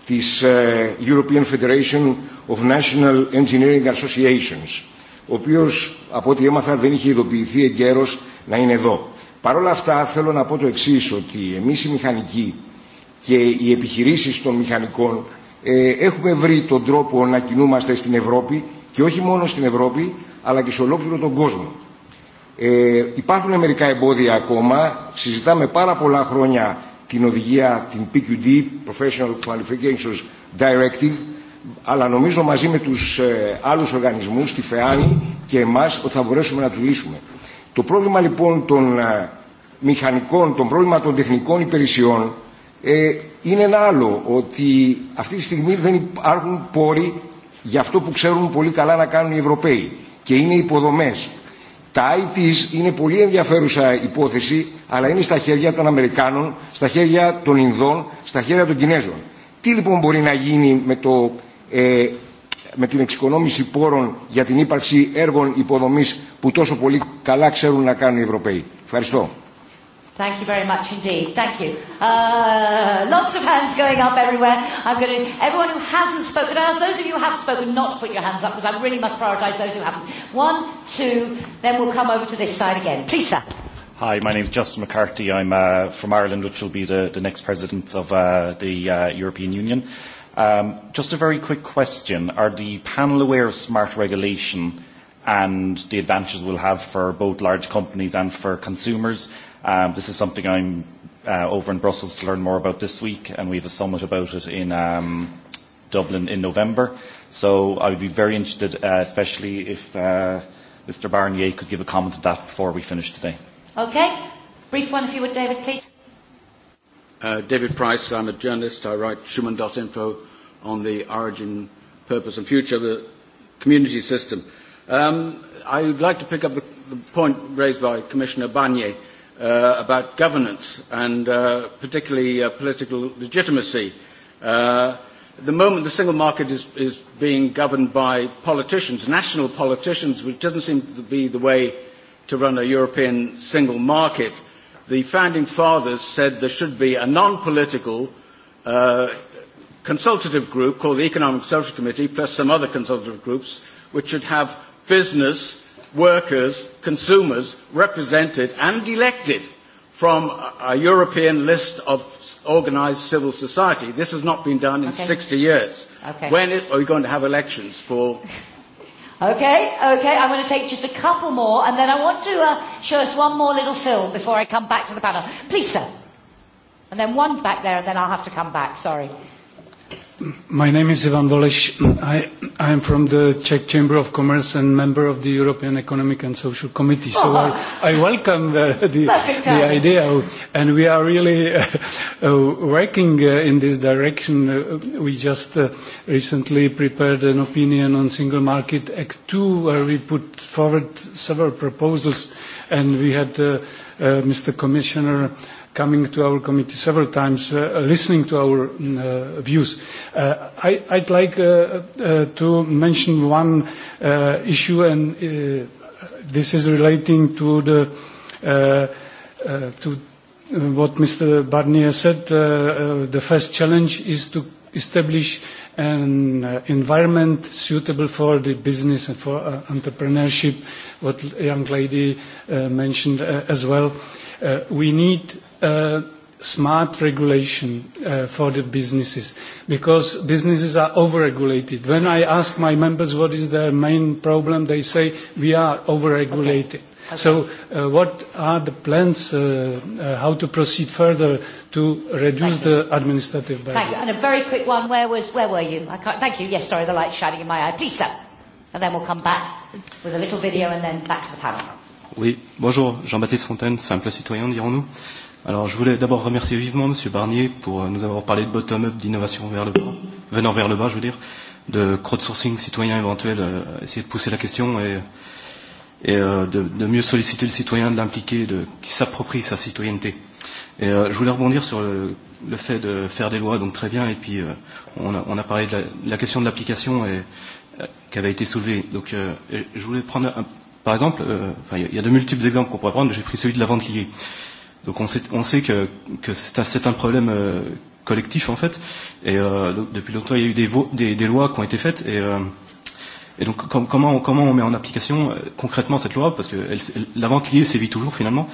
της ε, European Federation of National Engineering Associations ο οποίος από ό,τι έμαθα δεν είχε ειδοποιηθεί εγκαίρως να είναι εδώ. Παρ' όλα αυτά θέλω να πω το εξής ότι εμείς οι μηχανικοί και οι επιχειρήσεις των μηχανικών ε, έχουμε βρει τον τρόπο να κινούμαστε στην Ευρώπη και όχι μόνο στην Ευρώπη αλλά και σε ολόκληρο τον κόσμο. Ε, υπάρχουν μερικά εμπόδια ακόμα. Συζητάμε πάρα πολλά χρόνια την οδηγία, την PQD, Professional Qualifications Directive, αλλά νομίζω μαζί με τους ε, άλλους οργανισμούς, τη ΦΕΑΝΗ και εμάς, ότι θα μπορέσουμε να τους λύσουμε. Το πρόβλημα λοιπόν των ε, μηχανικών, το πρόβλημα των τεχνικών υπηρεσιών, ε, είναι ένα άλλο, ότι αυτή τη στιγμή δεν υπάρχουν πόροι για αυτό που ξέρουν πολύ καλά να κάνουν οι Ευρωπαίοι και είναι υποδομές. Τα ITs είναι πολύ ενδιαφέρουσα υπόθεση, αλλά είναι στα χέρια των Αμερικάνων, στα χέρια των Ινδών, στα χέρια των Κινέζων. Τι λοιπόν μπορεί να γίνει με, το, ε, με την εξοικονόμηση πόρων για την ύπαρξη έργων υποδομής που τόσο πολύ καλά ξέρουν να κάνουν οι Ευρωπαίοι. Ευχαριστώ. Thank you very much indeed. Thank you. Uh, lots of hands going up everywhere. I'm going to, everyone who hasn't spoken, I ask those of you who have spoken not to put your hands up because I really must prioritise those who haven't. One, two, then we'll come over to this side again. Please, sir. Hi, my name is Justin McCarthy. I'm uh, from Ireland, which will be the, the next president of uh, the uh, European Union. Um, just a very quick question. Are the panel aware of smart regulation and the advantages we'll have for both large companies and for consumers? Um, this is something I'm uh, over in Brussels to learn more about this week, and we have a summit about it in um, Dublin in November. So I would be very interested, uh, especially if uh, Mr. Barnier could give a comment on that before we finish today. Okay. Brief one, if you would, David, please. Uh, David Price, I'm a journalist. I write Schumann.info on the origin, purpose, and future of the community system. Um, I would like to pick up the, the point raised by Commissioner Barnier uh, about governance and uh, particularly uh, political legitimacy. Uh, at the moment, the single market is, is being governed by politicians, national politicians, which doesn't seem to be the way to run a European single market. The founding fathers said there should be a non-political uh, consultative group called the Economic Social Committee, plus some other consultative groups, which should have business workers, consumers represented and elected from a European list of organised civil society. This has not been done in okay. 60 years. Okay. When it, are we going to have elections for? okay, okay. I'm going to take just a couple more, and then I want to uh, show us one more little film before I come back to the panel. Please, sir. And then one back there, and then I'll have to come back. Sorry. My name is Ivan Bolesh. I, I am from the Czech Chamber of Commerce and member of the European Economic and Social Committee. So I, I welcome uh, the, the idea. And we are really uh, uh, working uh, in this direction. Uh, we just uh, recently prepared an opinion on Single Market Act 2 where we put forward several proposals and we had uh, uh, Mr. Commissioner coming to our committee several times, uh, listening to our uh, views. Uh, I, I'd like uh, uh, to mention one uh, issue, and uh, this is relating to the uh, uh, to what Mr. Barnier said. Uh, uh, the first challenge is to establish an environment suitable for the business and for uh, entrepreneurship, what young lady uh, mentioned uh, as well. Uh, we need uh, smart regulation uh, for the businesses because businesses are overregulated. When I ask my members what is their main problem, they say we are overregulated. Okay. So uh, what are the plans, uh, uh, how to proceed further to reduce the administrative barrier. Thank you. And a very quick one, where, was, where were you? I can't, thank you. Yes, sorry, the light's shining in my eye. Please, sir. And then we'll come back with a little video and then back to the panel. Oui, bonjour, Jean-Baptiste Fontaine, simple citoyen, dirons-nous. Euh, Alors, je voulais d'abord remercier vivement Monsieur Barnier pour nous avoir parlé de bottom-up, d'innovation vers le bas, venant vers le bas, je veux dire, de crowdsourcing citoyen éventuel, euh, essayer de pousser la question et, et euh, de, de mieux solliciter le citoyen, de l'impliquer, de qui s'approprie sa citoyenneté. Et euh, je voulais rebondir sur le, le fait de faire des lois, donc très bien, et puis euh, on, a, on a parlé de la, de la question de l'application et euh, qui avait été soulevée. Donc, euh, je voulais prendre un, par exemple, euh, enfin, il y a de multiples exemples qu'on pourrait prendre, mais j'ai pris celui de la vente liée. Euh, Donc on sait, on sait que, que c'est un, un problème euh, collectif en fait. Et euh, depuis longtemps, il y a eu des, des, des lois qui ont été faites. Et, euh, et donc com comment, on, comment on met en application euh, concrètement cette loi Parce que lavant liée sévit toujours finalement.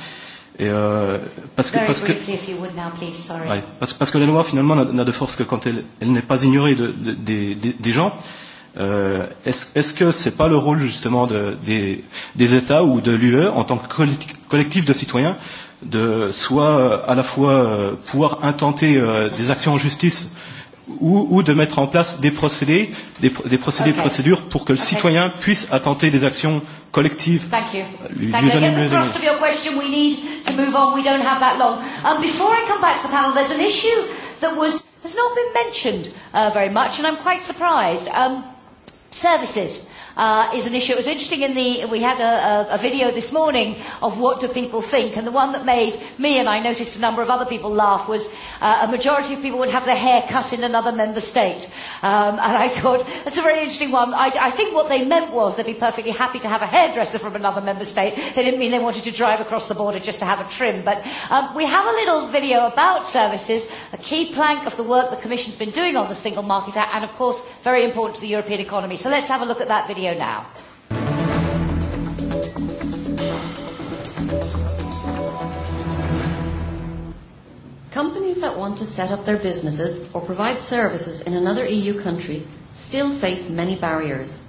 Et euh, parce que, parce, que, ouais, parce, parce que la loi finalement n'a de force que quand elle, elle n'est pas ignorée de, de, de, de, des gens. Euh, Est-ce est -ce que n'est pas le rôle justement de, des, des États ou de l'UE en tant que collectif de citoyens euh, de soit à la fois pouvoir intenter des actions en justice ou, ou de mettre en place des procédés, des, des procédés, okay. procédures pour que le okay. citoyen puisse attenter des actions collectives. Thank you. Lui, Thank lui you. Get the thrust of your question. We need to move on. We don't have that long. Um, before I come back to the panel, there's an issue that was has not been mentioned uh, very much, and I'm quite surprised. Um, Services uh, is an issue. It was interesting in the, we had a, a, a video this morning of what do people think, and the one that made me and I noticed a number of other people laugh was uh, a majority of people would have their hair cut in another member state. Um, and I thought, that's a very interesting one. I, I think what they meant was they'd be perfectly happy to have a hairdresser from another member state. They didn't mean they wanted to drive across the border just to have a trim. But um, we have a little video about services, a key plank of the work the Commission's been doing on the Single Market Act, and of course, very important to the European economy. So let's have a look at that video now. Companies that want to set up their businesses or provide services in another EU country still face many barriers.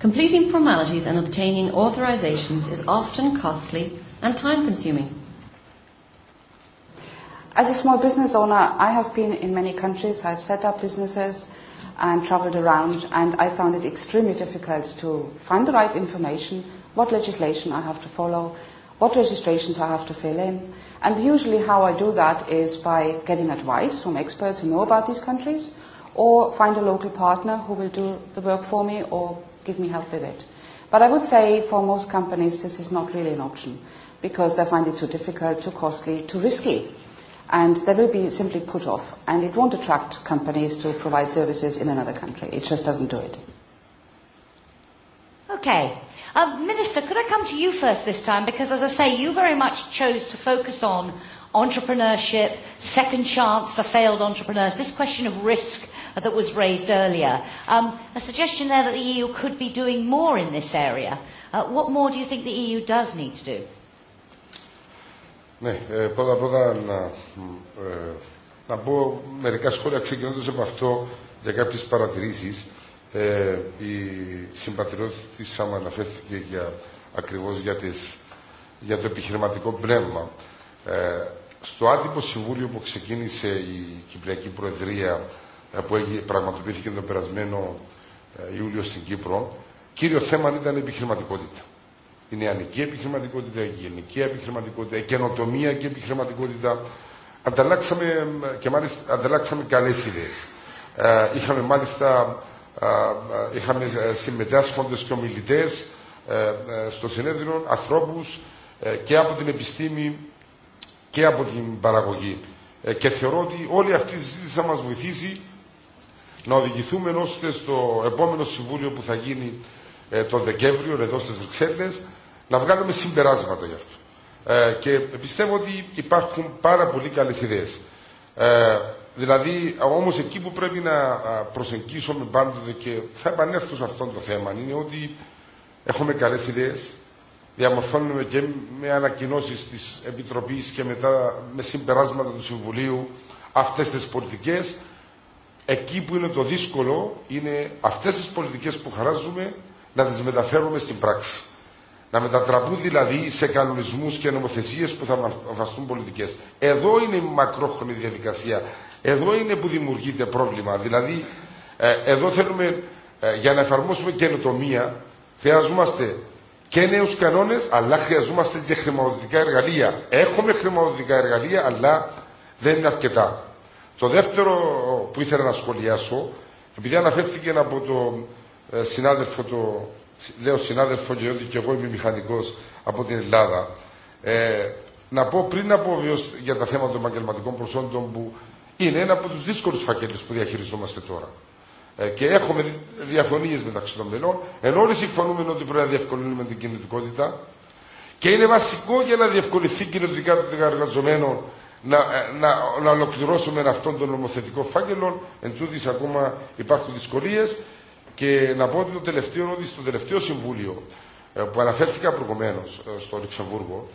Completing formalities and obtaining authorisations is often costly and time consuming. As a small business owner, I have been in many countries, I've set up businesses, and traveled around, and I found it extremely difficult to find the right information, what legislation I have to follow, what registrations I have to fill in. And usually how I do that is by getting advice from experts who know about these countries, or find a local partner who will do the work for me or give me help with it. But I would say for most companies this is not really an option because they find it too difficult, too costly, too risky and they will be simply put off, and it won't attract companies to provide services in another country. It just doesn't do it. Okay. Uh, Minister, could I come to you first this time? Because, as I say, you very much chose to focus on entrepreneurship, second chance for failed entrepreneurs, this question of risk that was raised earlier. Um, a suggestion there that the EU could be doing more in this area. Uh, what more do you think the EU does need to do? Ναι, πρώτα απ' όλα να, ε, να πω μερικά σχόλια ξεκινώντας από αυτό για κάποιες παρατηρήσεις. Ε, η συμπατριώτησα μου αναφέρθηκε για, ακριβώς για, τις, για το επιχειρηματικό πνεύμα. Ε, στο άτυπο συμβούλιο που ξεκίνησε η Κυπριακή Προεδρία που πραγματοποιήθηκε τον περασμένο Ιούλιο στην Κύπρο, κύριο θέμα ήταν η επιχειρηματικότητα η νεανική επιχειρηματικότητα, η γενική επιχειρηματικότητα, η καινοτομία και επιχειρηματικότητα. Ανταλλάξαμε, και μάλιστα, ανταλλάξαμε καλέ ιδέε. Είχαμε μάλιστα είχαμε συμμετάσχοντε και ομιλητέ στο συνέδριο ανθρώπου και από την επιστήμη και από την παραγωγή. Και θεωρώ ότι όλη αυτή η συζήτηση θα μα βοηθήσει να οδηγηθούμε ώστε στο επόμενο συμβούλιο που θα γίνει το Δεκέμβριο εδώ στι Βρυξέλλες να βγάλουμε συμπεράσματα γι' αυτό. Ε, και πιστεύω ότι υπάρχουν πάρα πολύ καλέ ιδέε. Ε, δηλαδή, όμω εκεί που πρέπει να προσεγγίσουμε πάντοτε και θα επανέλθω σε αυτό το θέμα είναι ότι έχουμε καλέ ιδέε. Διαμορφώνουμε και με ανακοινώσει τη Επιτροπή και μετά με συμπεράσματα του Συμβουλίου αυτέ τι πολιτικέ. Εκεί που είναι το δύσκολο είναι αυτές τις πολιτικές που χαράζουμε να τις μεταφέρουμε στην πράξη. Να μετατραπούν δηλαδή σε κανονισμού και νομοθεσίε που θα βαστούν πολιτικέ. Εδώ είναι η μακρόχρονη διαδικασία. Εδώ είναι που δημιουργείται πρόβλημα. Δηλαδή, ε, εδώ θέλουμε ε, για να εφαρμόσουμε καινοτομία χρειαζόμαστε και νέου κανόνε, αλλά χρειαζόμαστε και χρηματοδοτικά εργαλεία. Έχουμε χρηματοδοτικά εργαλεία, αλλά δεν είναι αρκετά. Το δεύτερο που ήθελα να σχολιάσω, επειδή αναφέρθηκε από τον συνάδελφο του λέω συνάδελφο και ότι και εγώ είμαι μηχανικό από την Ελλάδα, ε, να πω πριν από για τα θέματα των επαγγελματικών προσόντων που είναι ένα από του δύσκολου φακέλου που διαχειριζόμαστε τώρα. Ε, και έχουμε διαφωνίε μεταξύ των μελών, ενώ όλοι συμφωνούμε ότι πρέπει να διευκολύνουμε την κινητικότητα και είναι βασικό για να διευκολυνθεί κοινωνικά των εργαζομένων να, να, να ολοκληρώσουμε αυτόν τον νομοθετικό φάκελο. Εν τούτης ακόμα υπάρχουν δυσκολίε. Και να πω ότι το τελευταίο, ότι στο τελευταίο συμβούλιο που αναφέρθηκα προηγουμένω στο Λουξεμβούργο,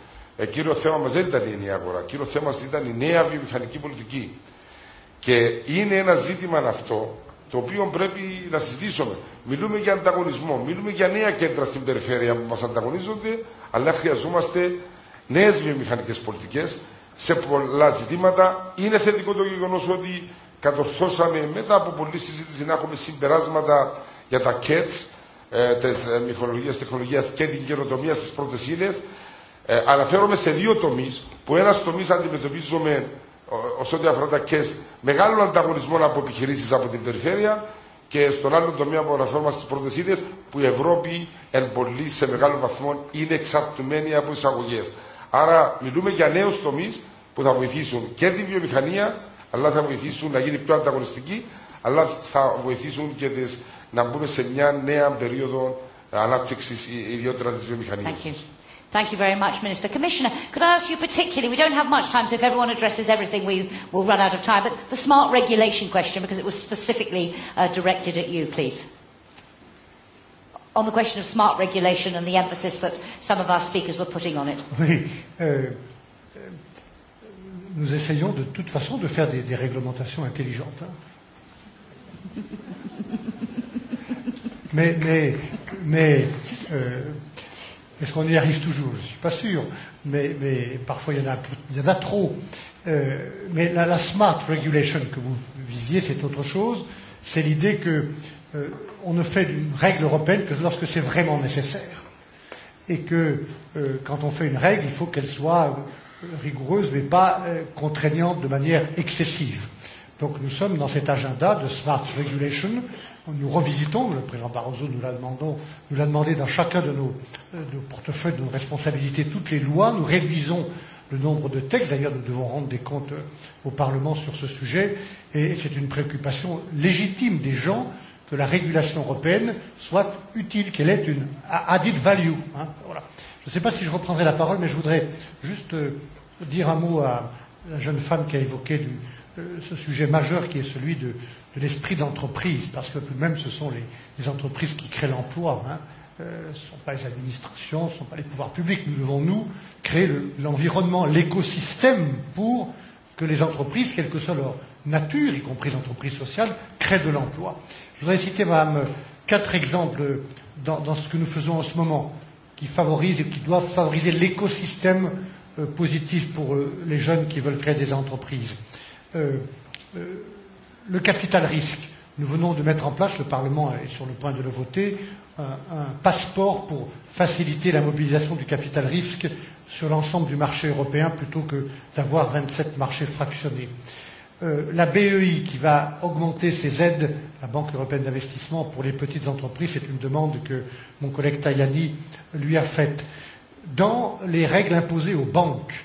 κύριο θέμα μα δεν ήταν η νέα αγορά. Κύριο θέμα μα ήταν η νέα βιομηχανική πολιτική. Και είναι ένα ζήτημα αυτό το οποίο πρέπει να συζητήσουμε. Μιλούμε για ανταγωνισμό, μιλούμε για νέα κέντρα στην περιφέρεια που μα ανταγωνίζονται, αλλά χρειαζόμαστε νέε βιομηχανικέ πολιτικέ. Σε πολλά ζητήματα είναι θετικό το γεγονό ότι κατορθώσαμε μετά από πολλή συζήτηση να έχουμε συμπεράσματα για τα ΚΕΤΣ, ε, τις μηχανολογίες τεχνολογία και την καινοτομία στι πρώτε ύλε. Ε, αναφέρομαι σε δύο τομεί που ένα τομεί αντιμετωπίζουμε όσον αφορά τα ΚΕΣ μεγάλων ανταγωνισμών από επιχειρήσει από την περιφέρεια και στον άλλο τομέα που αναφέρομαι στι πρώτε ύλε, που η Ευρώπη εν πολύ σε μεγάλο βαθμό είναι εξαρτημένη από εισαγωγέ. Άρα μιλούμε για νέου τομεί που θα βοηθήσουν και τη βιομηχανία αλλά θα βοηθήσουν να γίνει πιο ανταγωνιστική αλλά θα βοηθήσουν και τις να μπούμε σε μια νέα περίοδο ανάπτυξη ιδιότερα τη βιομηχανία. Thank you. Thank you very much, Minister. Commissioner, could I ask you particularly, we don't have much time, so if everyone addresses everything, we will run out of time, but the smart regulation question, because it was specifically uh, directed at you, please. On the question of smart regulation and the emphasis that some of our speakers were putting on it. Oui, euh, nous essayons de toute façon de faire des, des réglementations intelligentes. Hein. Mais, mais, mais euh, est-ce qu'on y arrive toujours Je ne suis pas sûr. Mais, mais parfois, il y en a, il y en a trop. Euh, mais la, la smart regulation que vous visiez, c'est autre chose. C'est l'idée que euh, on ne fait d'une règle européenne que lorsque c'est vraiment nécessaire. Et que euh, quand on fait une règle, il faut qu'elle soit rigoureuse, mais pas euh, contraignante de manière excessive. Donc nous sommes dans cet agenda de smart regulation nous revisitant, le président Barroso nous l'a demandé dans chacun de nos, nos portefeuilles, de nos responsabilités, toutes les lois. Nous réduisons le nombre de textes. D'ailleurs, nous devons rendre des comptes au Parlement sur ce sujet. Et c'est une préoccupation légitime des gens que la régulation européenne soit utile, qu'elle ait une added value. Hein, voilà. Je ne sais pas si je reprendrai la parole, mais je voudrais juste dire un mot à la jeune femme qui a évoqué du, ce sujet majeur qui est celui de, de l'esprit d'entreprise, parce que tout de même, ce sont les, les entreprises qui créent l'emploi. Hein. Euh, ce ne sont pas les administrations, ce ne sont pas les pouvoirs publics. Nous devons, nous, créer l'environnement, le, l'écosystème pour que les entreprises, quelle que soit leur nature, y compris les entreprises sociales, créent de l'emploi. Je voudrais citer, madame, quatre exemples dans, dans ce que nous faisons en ce moment qui favorisent et qui doivent favoriser l'écosystème euh, positif pour euh, les jeunes qui veulent créer des entreprises. Euh, euh, le capital risque. Nous venons de mettre en place, le Parlement est sur le point de le voter, un, un passeport pour faciliter la mobilisation du capital risque sur l'ensemble du marché européen plutôt que d'avoir 27 marchés fractionnés. Euh, la BEI qui va augmenter ses aides, la Banque européenne d'investissement pour les petites entreprises, c'est une demande que mon collègue Tajani lui a faite. Dans les règles imposées aux banques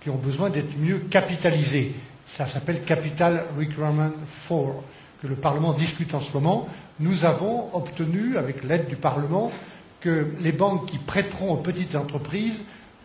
qui ont besoin d'être mieux capitalisées, ça s'appelle Capital Requirement 4, que le Parlement discute en ce moment. Nous avons obtenu, avec l'aide du Parlement, que les banques qui prêteront aux petites entreprises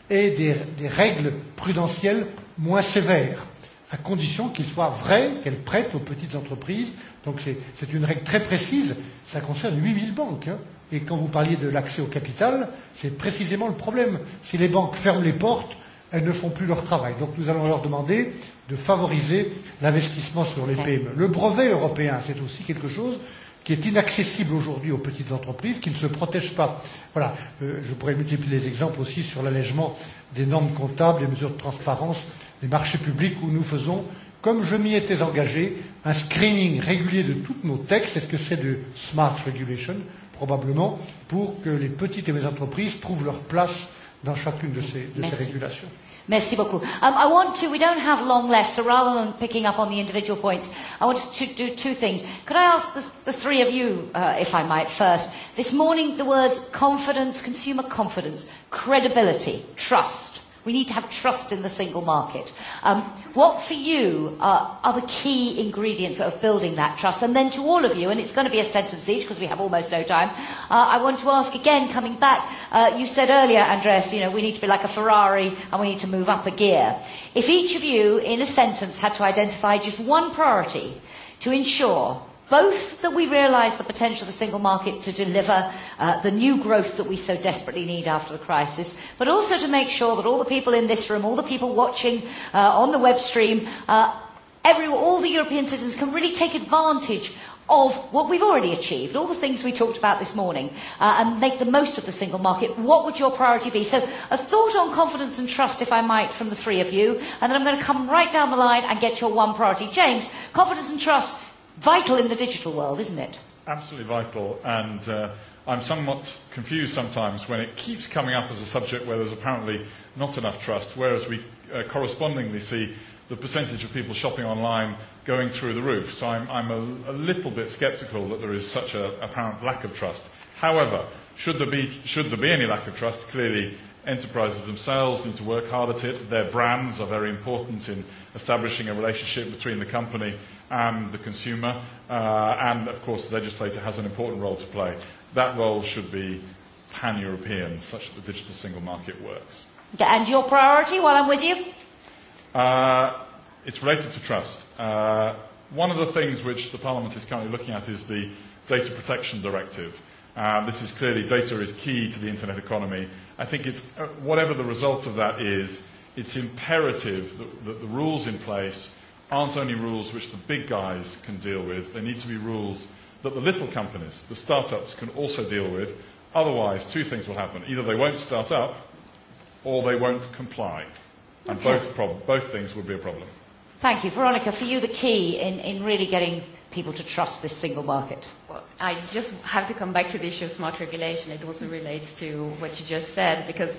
aient des, des règles prudentielles moins sévères, à condition qu'il soit vrai qu'elles prêtent aux petites entreprises. Donc c'est une règle très précise, ça concerne 8000 banques. Hein. Et quand vous parliez de l'accès au capital, c'est précisément le problème. Si les banques ferment les portes, elles ne font plus leur travail. Donc nous allons leur demander de favoriser l'investissement sur les PME. Le brevet européen, c'est aussi quelque chose qui est inaccessible aujourd'hui aux petites entreprises, qui ne se protègent pas. Voilà, euh, je pourrais multiplier les exemples aussi sur l'allègement des normes comptables, des mesures de transparence, des marchés publics où nous faisons, comme je m'y étais engagé, un screening régulier de tous nos textes. Est-ce que c'est de smart regulation Probablement, pour que les petites et moyennes entreprises trouvent leur place dans chacune de ces, de ces régulations. Merci beaucoup. Um, I want to, we don't have long left, so rather than picking up on the individual points, I want to do two things. Could I ask the, the three of you, uh, if I might, first? This morning, the words confidence, consumer confidence, credibility, trust, We need to have trust in the single market. Um, what for you are, are the key ingredients of building that trust? And then to all of you, and it's going to be a sentence each because we have almost no time, uh, I want to ask again, coming back, uh, you said earlier, Andreas, you know, we need to be like a Ferrari and we need to move up a gear. If each of you, in a sentence, had to identify just one priority to ensure both that we realise the potential of the single market to deliver uh, the new growth that we so desperately need after the crisis, but also to make sure that all the people in this room, all the people watching uh, on the web stream, uh, every, all the European citizens can really take advantage of what we've already achieved, all the things we talked about this morning, uh, and make the most of the single market. What would your priority be? So, a thought on confidence and trust, if I might, from the three of you, and then I'm going to come right down the line and get your one priority. James, confidence and trust Vital in the digital world, isn't it? Absolutely vital. And uh, I'm somewhat confused sometimes when it keeps coming up as a subject where there's apparently not enough trust, whereas we uh, correspondingly see the percentage of people shopping online going through the roof. So I'm, I'm a, a little bit sceptical that there is such an apparent lack of trust. However, should there, be, should there be any lack of trust, clearly enterprises themselves need to work hard at it. Their brands are very important in establishing a relationship between the company and the consumer, uh, and of course the legislator has an important role to play. That role should be pan-European, such that the digital single market works. And your priority, while I'm with you? Uh, it's related to trust. Uh, one of the things which the Parliament is currently looking at is the Data Protection Directive. Uh, this is clearly data is key to the internet economy. I think it's whatever the result of that is, it's imperative that, that the rules in place aren't only rules which the big guys can deal with, they need to be rules that the little companies, the startups, can also deal with. Otherwise, two things will happen. Either they won't start up or they won't comply. And both, prob- both things would be a problem. Thank you. Veronica, for you, the key in, in really getting people to trust this single market? Well, I just have to come back to the issue of smart regulation. It also relates to what you just said, because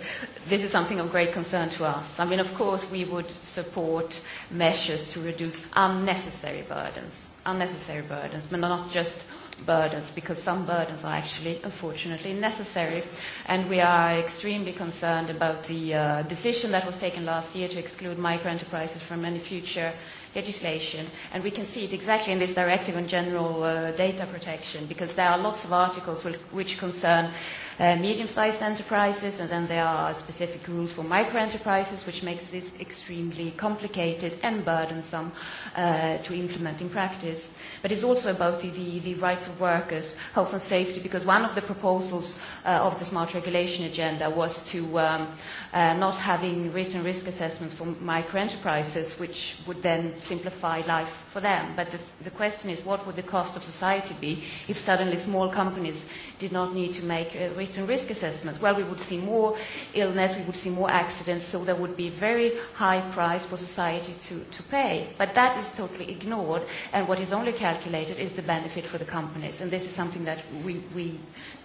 this is something of great concern to us. I mean, of course, we would support measures to reduce unnecessary burdens, unnecessary burdens, but not just burdens, because some burdens are actually, unfortunately, necessary. And we are extremely concerned about the uh, decision that was taken last year to exclude micro enterprises from any future legislation. And we can see it exactly in this directive on general uh, data protection, because there are lots of articles which, which concern uh, medium-sized enterprises, and then there are specific rules for micro-enterprises, which makes this extremely complicated and burdensome uh, to implement in practice. But it's also about the, the, the rights of workers, health and safety, because one of the proposals uh, of the smart regulation agenda was to um, uh, not having written risk assessments for microenterprises, which would then simplify life for them. But the, the question is, what would the cost of society be if suddenly small companies did not need to make a written risk assessments? Well, we would see more illness, we would see more accidents, so there would be a very high price for society to, to pay. But that is totally ignored, and what is only calculated is the benefit for the companies, and this is something that we, we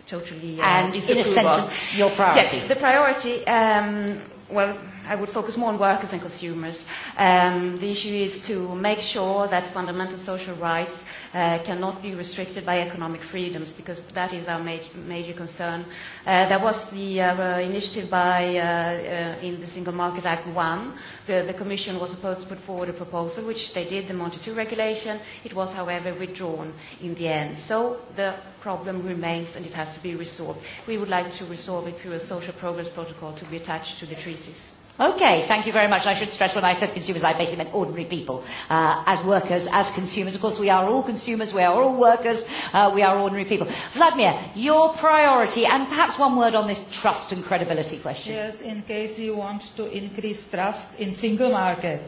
totally. Uh, and in a sentence, your priority. Yes, the priority. Um, well, I would focus more on workers and consumers. Um, the issue is to make sure that fundamental social rights uh, cannot be restricted by economic freedoms, because that is our ma- major concern. Uh, there was the uh, initiative by, uh, uh, in the Single Market Act 1. The, the Commission was supposed to put forward a proposal, which they did, the Monte 2 regulation. It was, however, withdrawn in the end. So the problem remains and it has to be resolved. We would like to resolve it through a social progress protocol to be attached to the treaties. Okay, thank you very much. I should stress when I said consumers, I basically meant ordinary people. Uh, as workers, as consumers, of course, we are all consumers, we are all workers, uh, we are ordinary people. Vladimir, your priority, and perhaps one word on this trust and credibility question. Yes, in case you want to increase trust in single market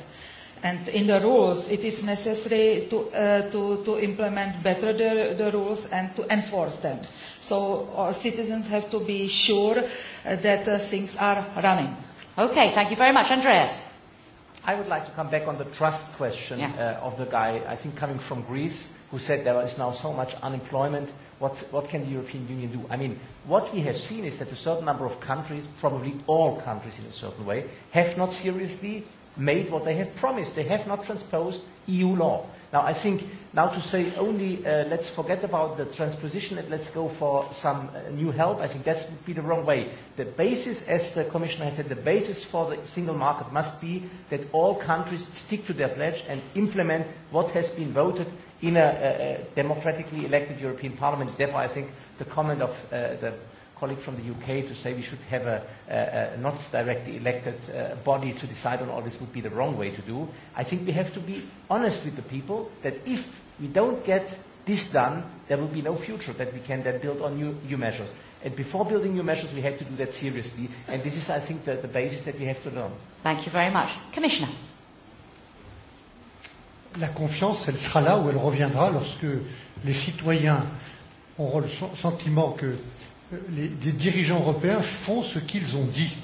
And in the rules, it is necessary to, uh, to, to implement better the, the rules and to enforce them. So our citizens have to be sure uh, that uh, things are running. Okay, thank you very much. Andreas. I would like to come back on the trust question yeah. uh, of the guy, I think coming from Greece, who said there is now so much unemployment. What, what can the European Union do? I mean, what we have seen is that a certain number of countries, probably all countries in a certain way, have not seriously made what they have promised. They have not transposed EU law. Now, I think now to say only uh, let's forget about the transposition and let's go for some uh, new help, I think that would be the wrong way. The basis, as the Commissioner has said, the basis for the single market must be that all countries stick to their pledge and implement what has been voted in a, a, a democratically elected European Parliament. Therefore, I think the comment of uh, the colleague from the UK to say we should have a, a, a not directly elected uh, body to decide on all this would be the wrong way to do. I think we have to be honest with the people that if we don't get this done, there will be no future that we can then build on new, new measures. And before building new measures, we have to do that seriously. And this is, I think, the, the basis that we have to learn. Thank you very much. Commissioner. La confiance, elle sera là ou elle reviendra lorsque les citoyens auront le sentiment que euh, les, les dirigeants européens font ce qu'ils ont dit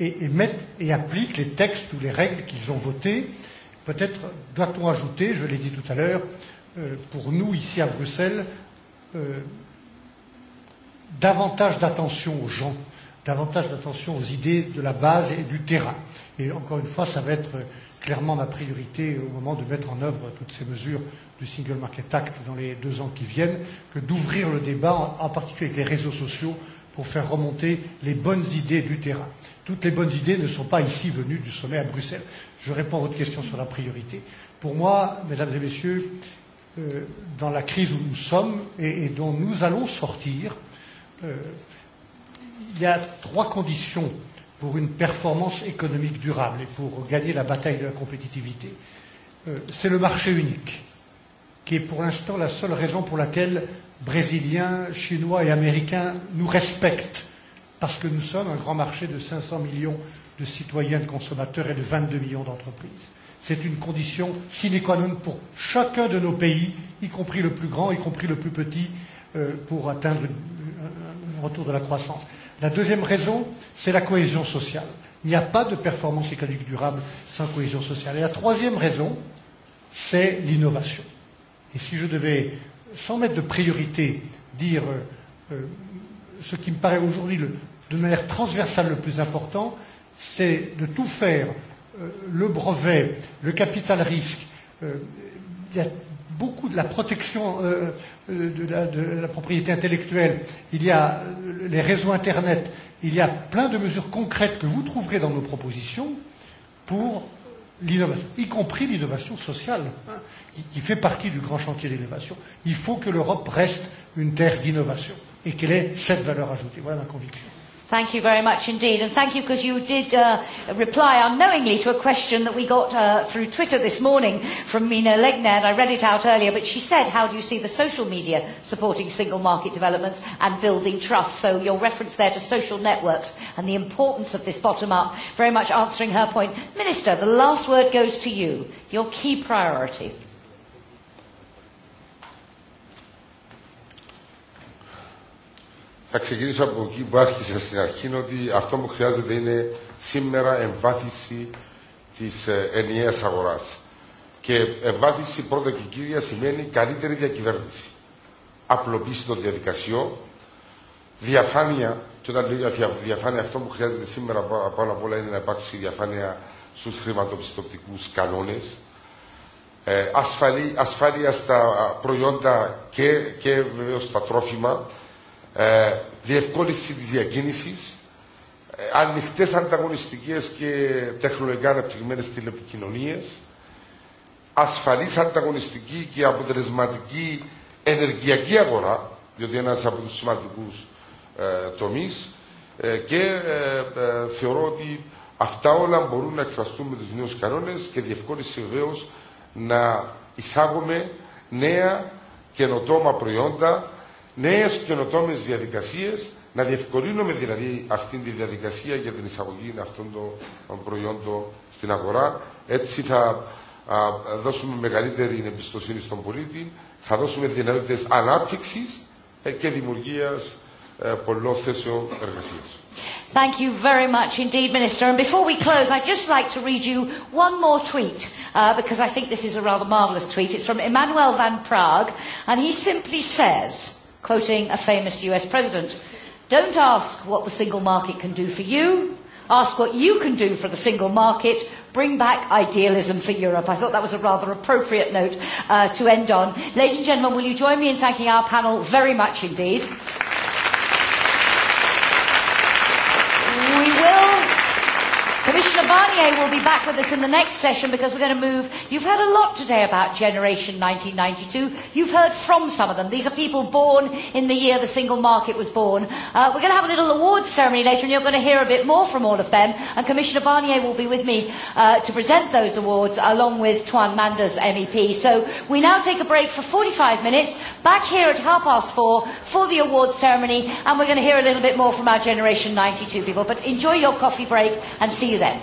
et, et mettent et appliquent les textes ou les règles qu'ils ont votées. Peut-être doit-on ajouter, je l'ai dit tout à l'heure, euh, pour nous ici à Bruxelles, euh, davantage d'attention aux gens, davantage d'attention aux idées de la base et du terrain. Et encore une fois, ça va être euh, clairement ma priorité au moment de mettre en œuvre toutes ces mesures du Single Market Act dans les deux ans qui viennent que d'ouvrir le débat, en particulier avec les réseaux sociaux, pour faire remonter les bonnes idées du terrain. Toutes les bonnes idées ne sont pas ici venues du sommet à Bruxelles. Je réponds à votre question sur la priorité. Pour moi, mesdames et messieurs, dans la crise où nous sommes et, dont nous allons sortir, il y a trois conditions pour une performance économique durable et pour gagner la bataille de la compétitivité, c'est le marché unique, qui est pour l'instant la seule raison pour laquelle Brésiliens, Chinois et Américains nous respectent, parce que nous sommes un grand marché de 500 millions de citoyens, de consommateurs et de 22 millions d'entreprises. C'est une condition sine qua non pour chacun de nos pays, y compris le plus grand, y compris le plus petit, pour atteindre un retour de la croissance. La deuxième raison, c'est la cohésion sociale. Il n'y a pas de performance économique durable sans cohésion sociale. Et la troisième raison, c'est l'innovation. Et si je devais, sans mettre de priorité, dire euh, ce qui me paraît aujourd'hui de manière transversale le plus important, c'est de tout faire, euh, le brevet, le capital risque, euh, il y a beaucoup de la protection euh, de, la, de la propriété intellectuelle, il y a les réseaux Internet, il y a plein de mesures concrètes que vous trouverez dans nos propositions pour l'innovation, y compris l'innovation sociale, hein, qui, qui fait partie du grand chantier d'innovation. Il faut que l'Europe reste une terre d'innovation et qu'elle ait cette valeur ajoutée. Voilà ma conviction. Thank you very much indeed. And thank you because you did uh, reply unknowingly to a question that we got uh, through Twitter this morning from Mina Legner. And I read it out earlier, but she said, how do you see the social media supporting single market developments and building trust? So your reference there to social networks and the importance of this bottom up, very much answering her point. Minister, the last word goes to you, your key priority. Θα ξεκινήσω από εκεί που άρχισα στην αρχή ότι αυτό που χρειάζεται είναι σήμερα εμβάθυνση της ενιαίας αγοράς. Και εμβάθυνση πρώτα και κύρια σημαίνει καλύτερη διακυβέρνηση. Απλοποίηση των διαδικασιών, διαφάνεια, και όταν λέω διαφάνεια αυτό που χρειάζεται σήμερα πάνω απ' όλα είναι να υπάρξει διαφάνεια στους χρηματοπιστωτικούς κανόνες, ασφαλή, ασφάλεια στα προϊόντα και, και βεβαίως στα τρόφιμα, διευκόλυνση της διακίνησης, ανοιχτές ανταγωνιστικές και τεχνολογικά αναπτυγμένες τηλεπικοινωνίες, ασφαλής ανταγωνιστική και αποτελεσματική ενεργειακή αγορά, διότι ένας από τους σημαντικούς ε, τομείς ε, και ε, ε, θεωρώ ότι αυτά όλα μπορούν να εκφραστούν με τους νέους κανόνες και διευκόλυνση βεβαίω να εισάγουμε νέα καινοτόμα προϊόντα νέε καινοτόμε διαδικασίε, να διευκολύνουμε δηλαδή αυτή τη διαδικασία για την εισαγωγή αυτών των προϊόντων στην αγορά. Έτσι θα δώσουμε μεγαλύτερη εμπιστοσύνη στον πολίτη, θα δώσουμε δυνατότητε ανάπτυξη και δημιουργία πολλών θέσεων εργασία. Thank you very much indeed, Minister. And before we close, I'd just like to read you one more tweet, uh, because I think this is a rather marvellous tweet. It's from Emmanuel van Praag, and he simply says, quoting a famous US president. Don't ask what the single market can do for you. Ask what you can do for the single market. Bring back idealism for Europe. I thought that was a rather appropriate note uh, to end on. Ladies and gentlemen, will you join me in thanking our panel very much indeed? Commissioner Barnier will be back with us in the next session because we're going to move. You've heard a lot today about Generation 1992. You've heard from some of them. These are people born in the year the single market was born. Uh, we're going to have a little awards ceremony later and you're going to hear a bit more from all of them. And Commissioner Barnier will be with me uh, to present those awards along with Tuan Manders, MEP. So we now take a break for 45 minutes back here at half past four for the awards ceremony and we're going to hear a little bit more from our Generation 92 people. But enjoy your coffee break and see you then.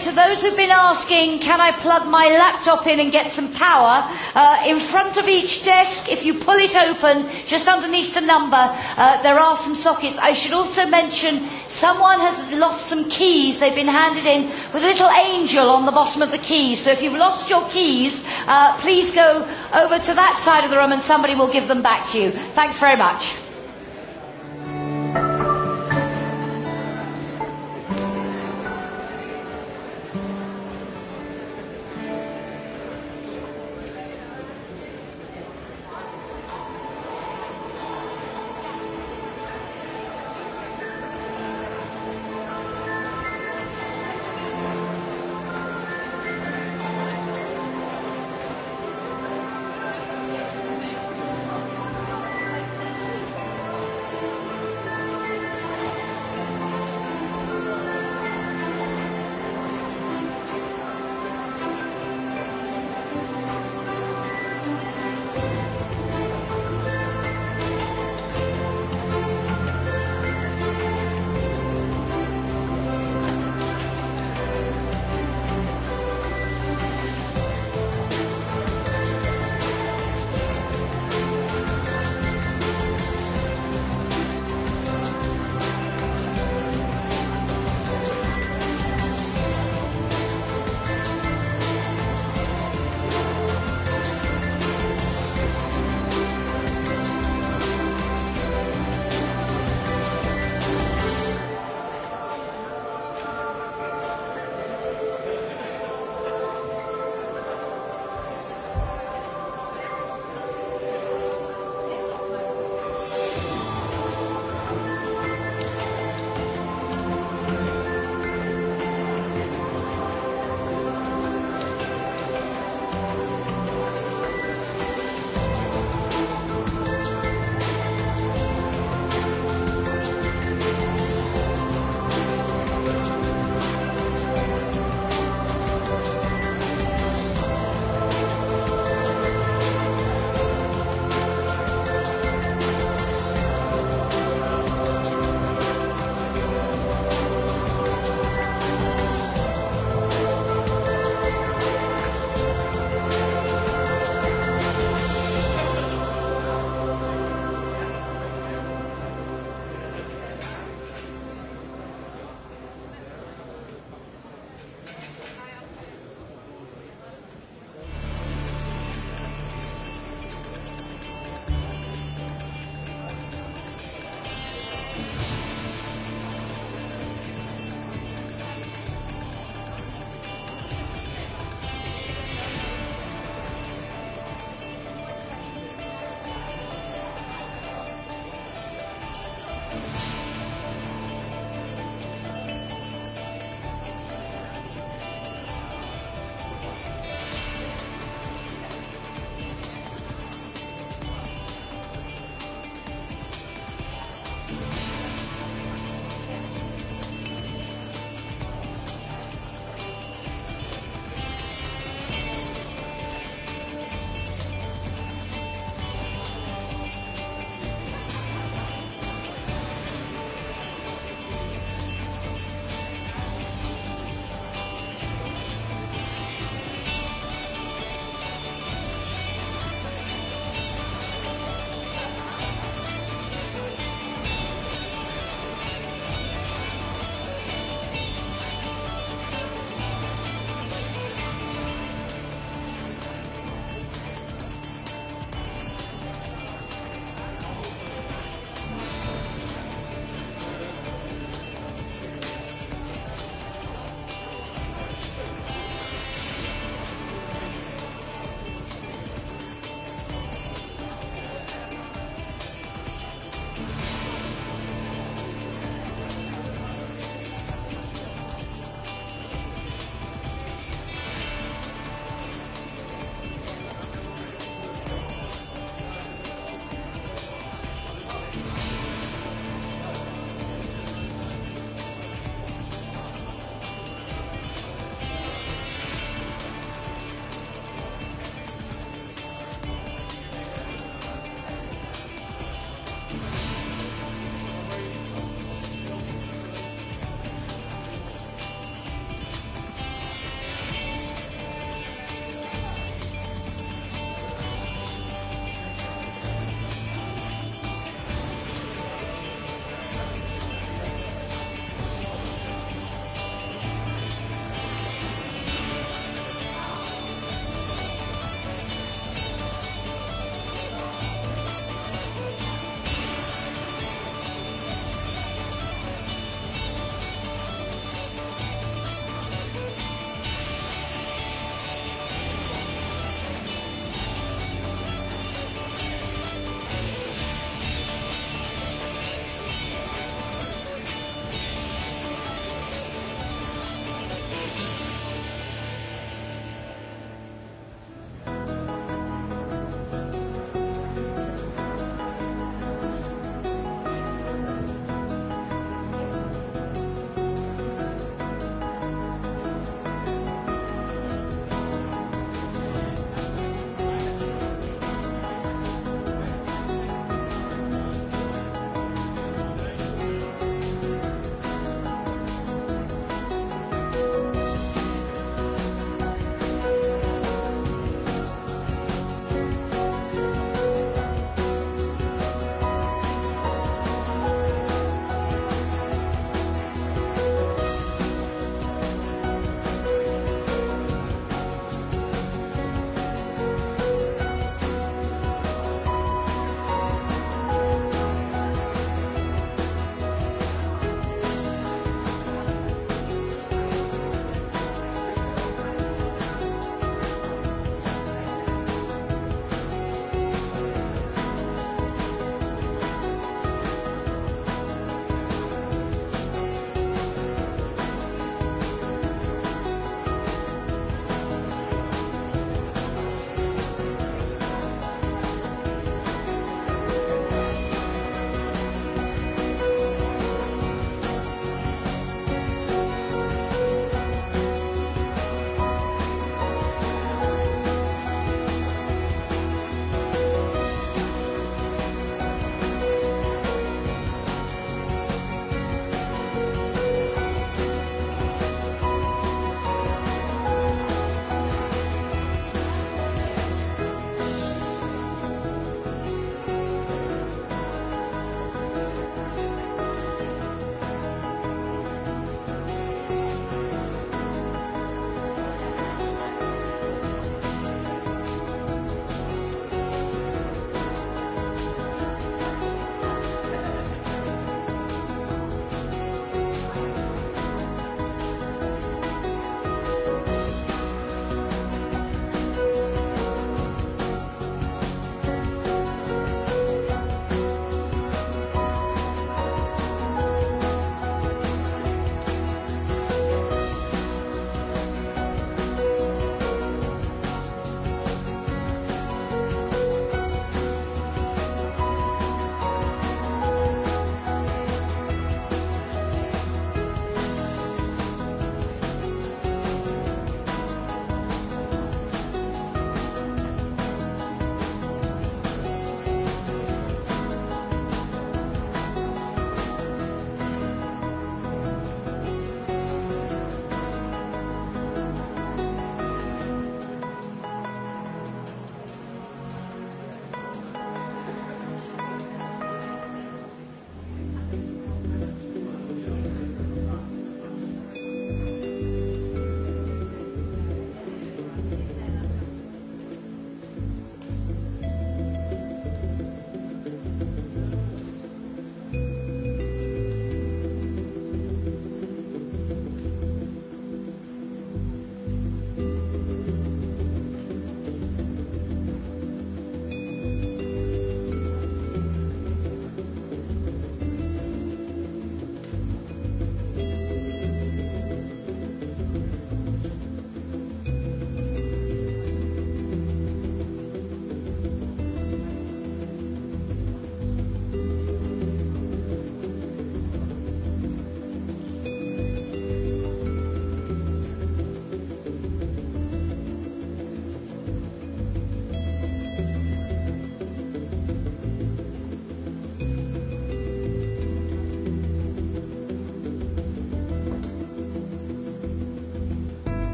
say to those who've been asking, can I plug my laptop in and get some power, uh, in front of each desk, if you pull it open, just underneath the number, uh, there are some sockets. I should also mention someone has lost some keys. They've been handed in with a little angel on the bottom of the keys. So if you've lost your keys, uh, please go over to that side of the room and somebody will give them back to you. Thanks very much.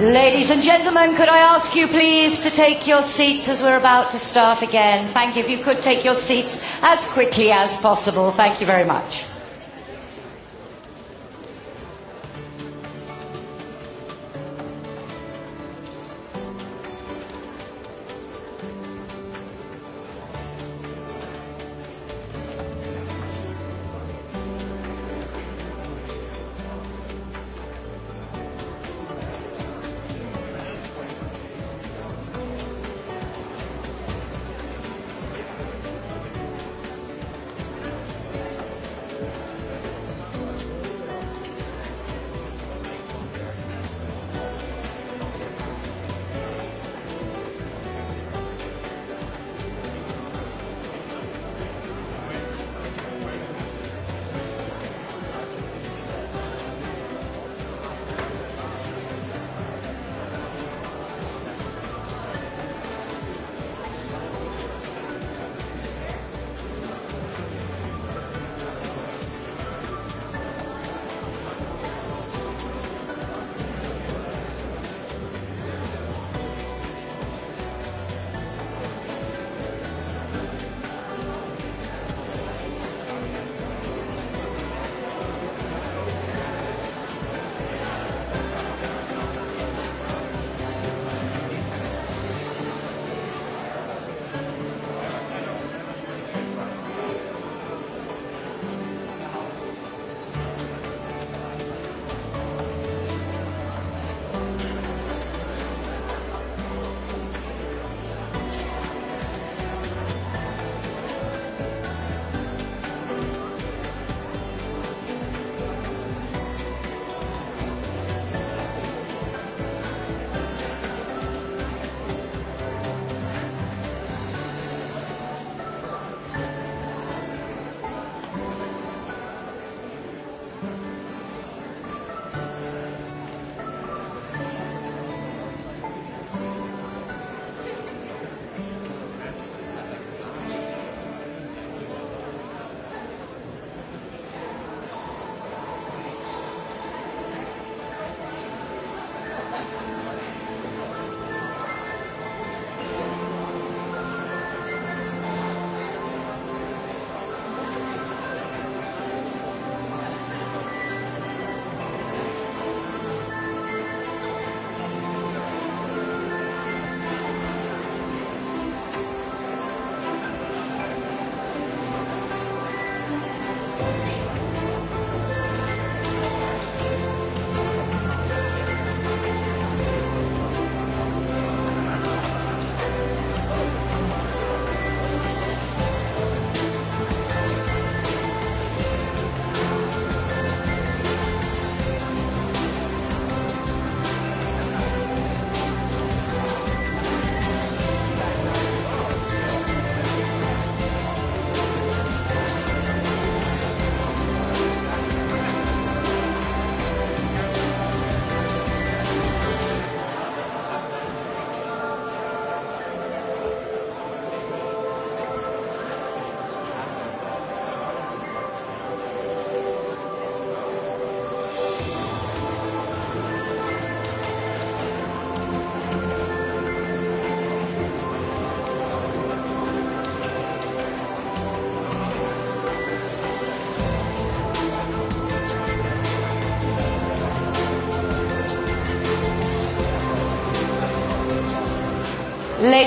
Ladies and gentlemen, could I ask you please to take your seats as we're about to start again? Thank you. If you could take your seats as quickly as possible. Thank you very much.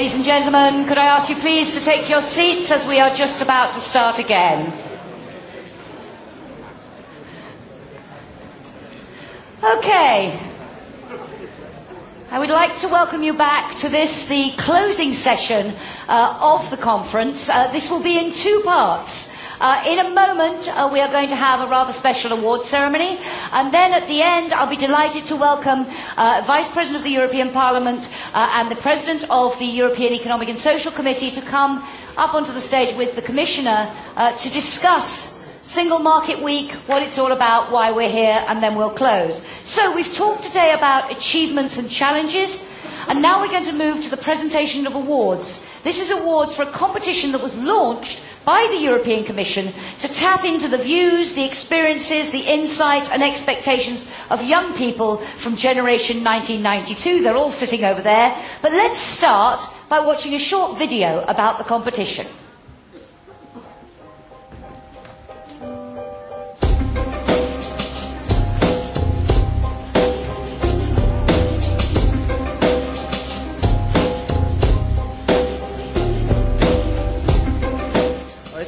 Ladies and gentlemen, could I ask you please to take your seats as we are just about to start again? Okay. I would like to welcome you back to this, the closing session uh, of the conference. Uh, this will be in two parts. Uh, in a moment, uh, we are going to have a rather special award ceremony. And then at the end, I'll be delighted to welcome uh, Vice President of the European Parliament, uh, and the President of the European Economic and Social Committee to come up onto the stage with the Commissioner uh, to discuss Single Market Week, what it's all about, why we're here, and then we'll close. So we've talked today about achievements and challenges, and now we're going to move to the presentation of awards. This is awards for a competition that was launched by the European Commission to tap into the views, the experiences, the insights and expectations of young people from Generation 1992. They're all sitting over there. But let's start by watching a short video about the competition.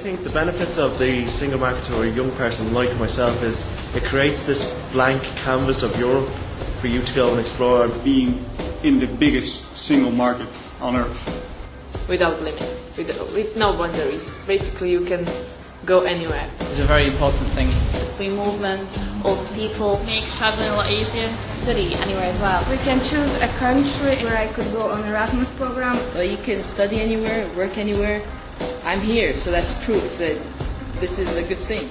think the benefits of the single market to a young person like myself is it creates this blank canvas of Europe for you to go and explore. Being in the biggest single market on earth. Without limits, with, with no boundaries. Basically, you can go anywhere. It's a very important thing. Free movement of people makes traveling a lot easier. Study anywhere as well. We can choose a country where I could go on Erasmus program. Or you can study anywhere, work anywhere I'm here, so that's proof that this is a good thing.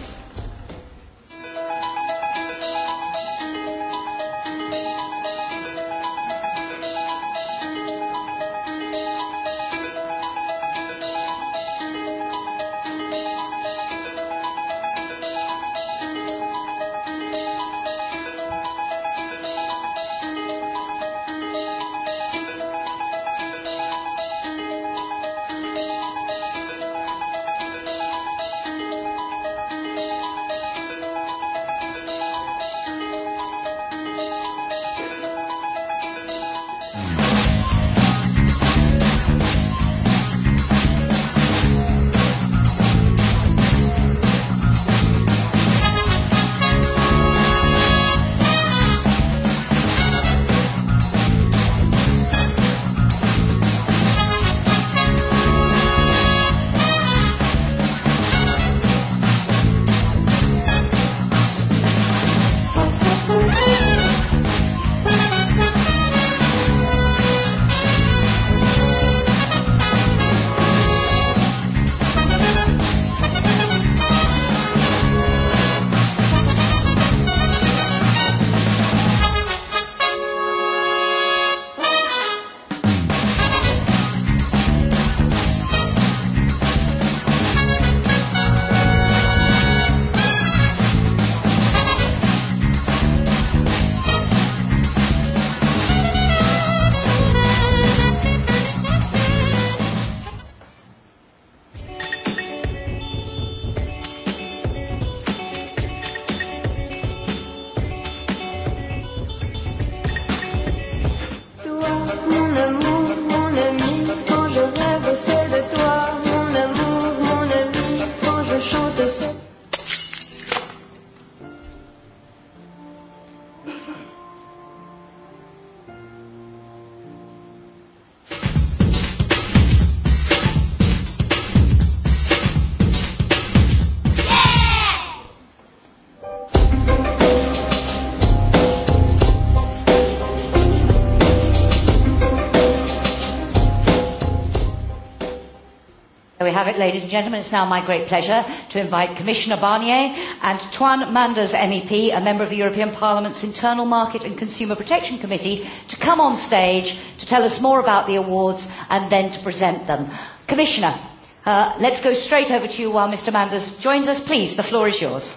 right, ladies and gentlemen, it's now my great pleasure to invite Commissioner Barnier and Tuan Manders MEP, a member of the European Parliament's Internal Market and Consumer Protection Committee, to come on stage to tell us more about the awards and then to present them. Commissioner, uh, let's go straight over to you while Mr. Manders joins us. Please, the floor is yours.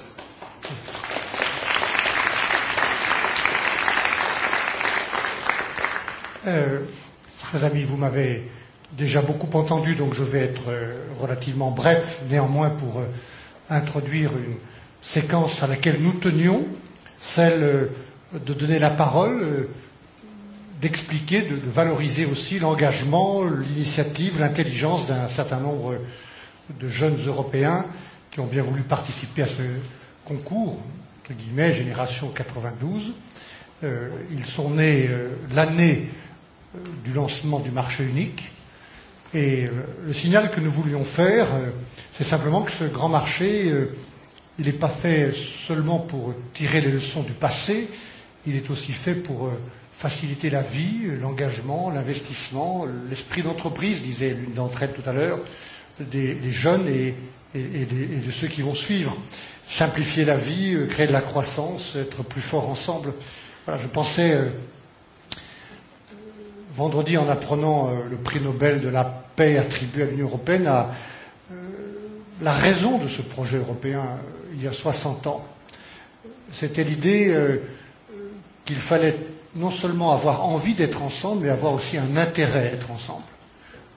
Uh, mes amis, vous m'avez déjà beaucoup entendu, donc je vais être relativement bref, néanmoins pour introduire une séquence à laquelle nous tenions, celle de donner la parole, d'expliquer, de, valoriser aussi l'engagement, l'initiative, l'intelligence d'un certain nombre de jeunes Européens qui ont bien voulu participer à ce concours, entre guillemets, génération 92. Euh, ils sont nés euh, l'année du lancement du marché unique Et le signal que nous voulions faire, c'est simplement que ce grand marché, il n'est pas fait seulement pour tirer les leçons du passé, il est aussi fait pour faciliter la vie, l'engagement, l'investissement, l'esprit d'entreprise, disait l'une d'entre elles tout à l'heure, des, des jeunes et, et, et, des, et de ceux qui vont suivre. Simplifier la vie, créer de la croissance, être plus fort ensemble. Voilà, je pensais vendredi en apprenant le prix Nobel de la paix attribué à l'Union européenne à la raison de ce projet européen il y a 60 ans. C'était l'idée qu'il fallait non seulement avoir envie d'être ensemble, mais avoir aussi un intérêt à être ensemble.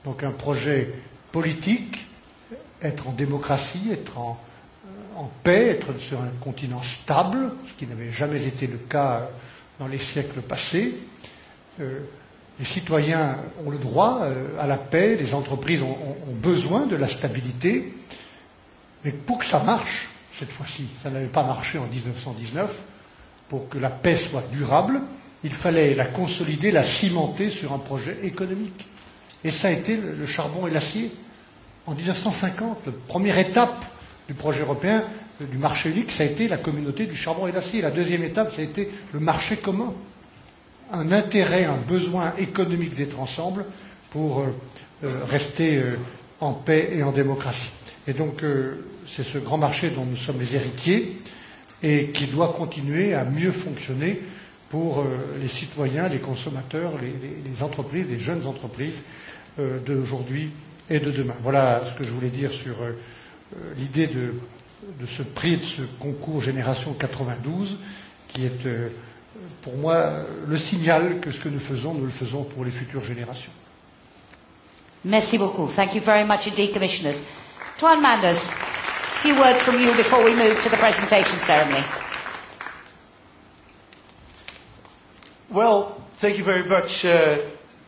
Donc un projet politique, être en démocratie, être en, en paix, être sur un continent stable, ce qui n'avait jamais été le cas dans les siècles passés, euh, Les citoyens ont le droit à la paix, les entreprises ont, ont besoin de la stabilité, mais pour que ça marche, cette fois-ci, ça n'avait pas marché en 1919, pour que la paix soit durable, il fallait la consolider, la cimenter sur un projet économique. Et ça a été le charbon et l'acier. En 1950, la première étape du projet européen du marché unique, ça a été la communauté du charbon et de l'acier. La deuxième étape, ça a été le marché commun un intérêt, un besoin économique d'être ensemble pour euh, rester euh, en paix et en démocratie. Et donc, euh, c'est ce grand marché dont nous sommes les héritiers et qui doit continuer à mieux fonctionner pour euh, les citoyens, les consommateurs, les, les, les entreprises, les jeunes entreprises euh, d'aujourd'hui et de demain. Voilà ce que je voulais dire sur euh, l'idée de, de ce prix, de ce concours Génération 92, qui est euh, pour moi, le signal que ce que nous faisons, nous le faisons pour les futures générations. Merci beaucoup. Thank you very much indeed, Commissioners. Tuan Manders, a few words from you before we move to the presentation ceremony. Well, thank you very much uh,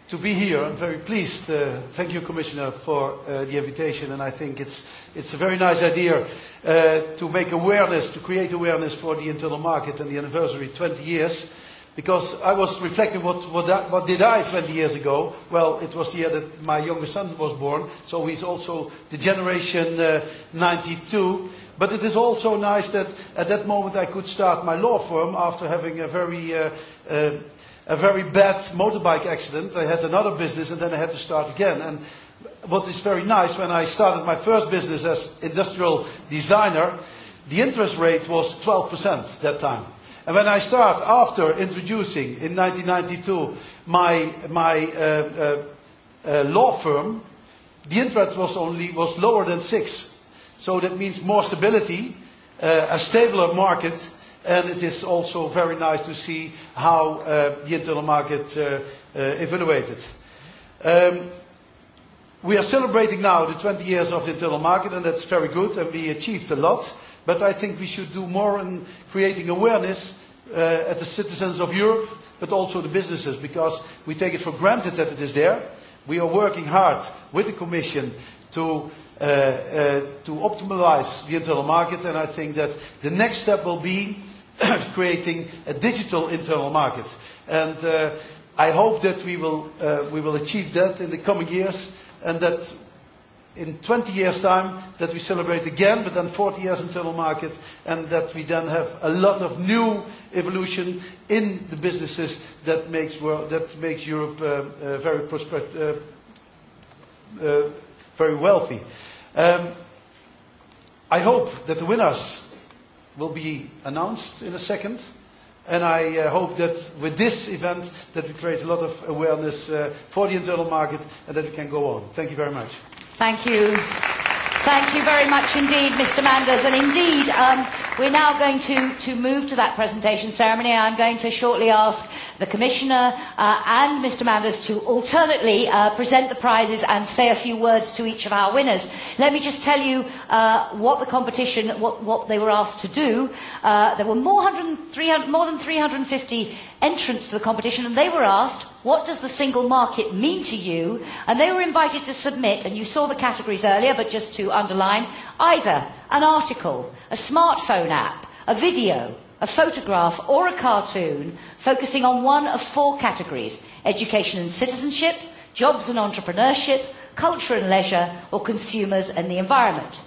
to be here. I'm very pleased. Uh, thank you, Commissioner, for uh, the invitation. And I think it's, it's a very nice idea uh, to make awareness, to create awareness for the internal market and the anniversary 20 years. Because I was reflecting what, what, that, what did I 20 years ago? Well, it was the year that my younger son was born, so he's also the generation uh, 92. But it is also nice that at that moment I could start my law firm after having a very, uh, uh, a very bad motorbike accident. I had another business and then I had to start again. And what is very nice, when I started my first business as industrial designer, the interest rate was 12% that time. And when I start after introducing in 1992 my, my uh, uh, uh, law firm, the interest was only was lower than six. So that means more stability, uh, a stabler market, and it is also very nice to see how uh, the internal market uh, uh, evaluated. Um, we are celebrating now the 20 years of the internal market, and that's very good, and we achieved a lot. But I think we should do more in creating awareness uh, at the citizens of Europe, but also the businesses, because we take it for granted that it is there. We are working hard with the Commission to uh, uh, to optimize the internal market, and I think that the next step will be creating a digital internal market. And uh, I hope that we will uh, we will achieve that in the coming years, and that in 20 years' time that we celebrate again, but then 40 years internal market, and that we then have a lot of new evolution in the businesses that makes, world, that makes Europe uh, uh, very, prosper, uh, uh, very wealthy. Um, I hope that the winners will be announced in a second. And I uh, hope that with this event that we create a lot of awareness uh, for the internal market and that we can go on. Thank you very much. Thank you. Thank you very much indeed, Mr. Manders. And indeed, um, we're now going to, to move to that presentation ceremony. I'm going to shortly ask the Commissioner uh, and Mr. Manders to alternately uh, present the prizes and say a few words to each of our winners. Let me just tell you uh, what the competition, what, what they were asked to do. Uh, there were more, 300, more than 350 entrance to the competition and they were asked, what does the single market mean to you? And they were invited to submit, and you saw the categories earlier, but just to underline, either an article, a smartphone app, a video, a photograph or a cartoon focusing on one of four categories, education and citizenship, jobs and entrepreneurship, culture and leisure, or consumers and the environment.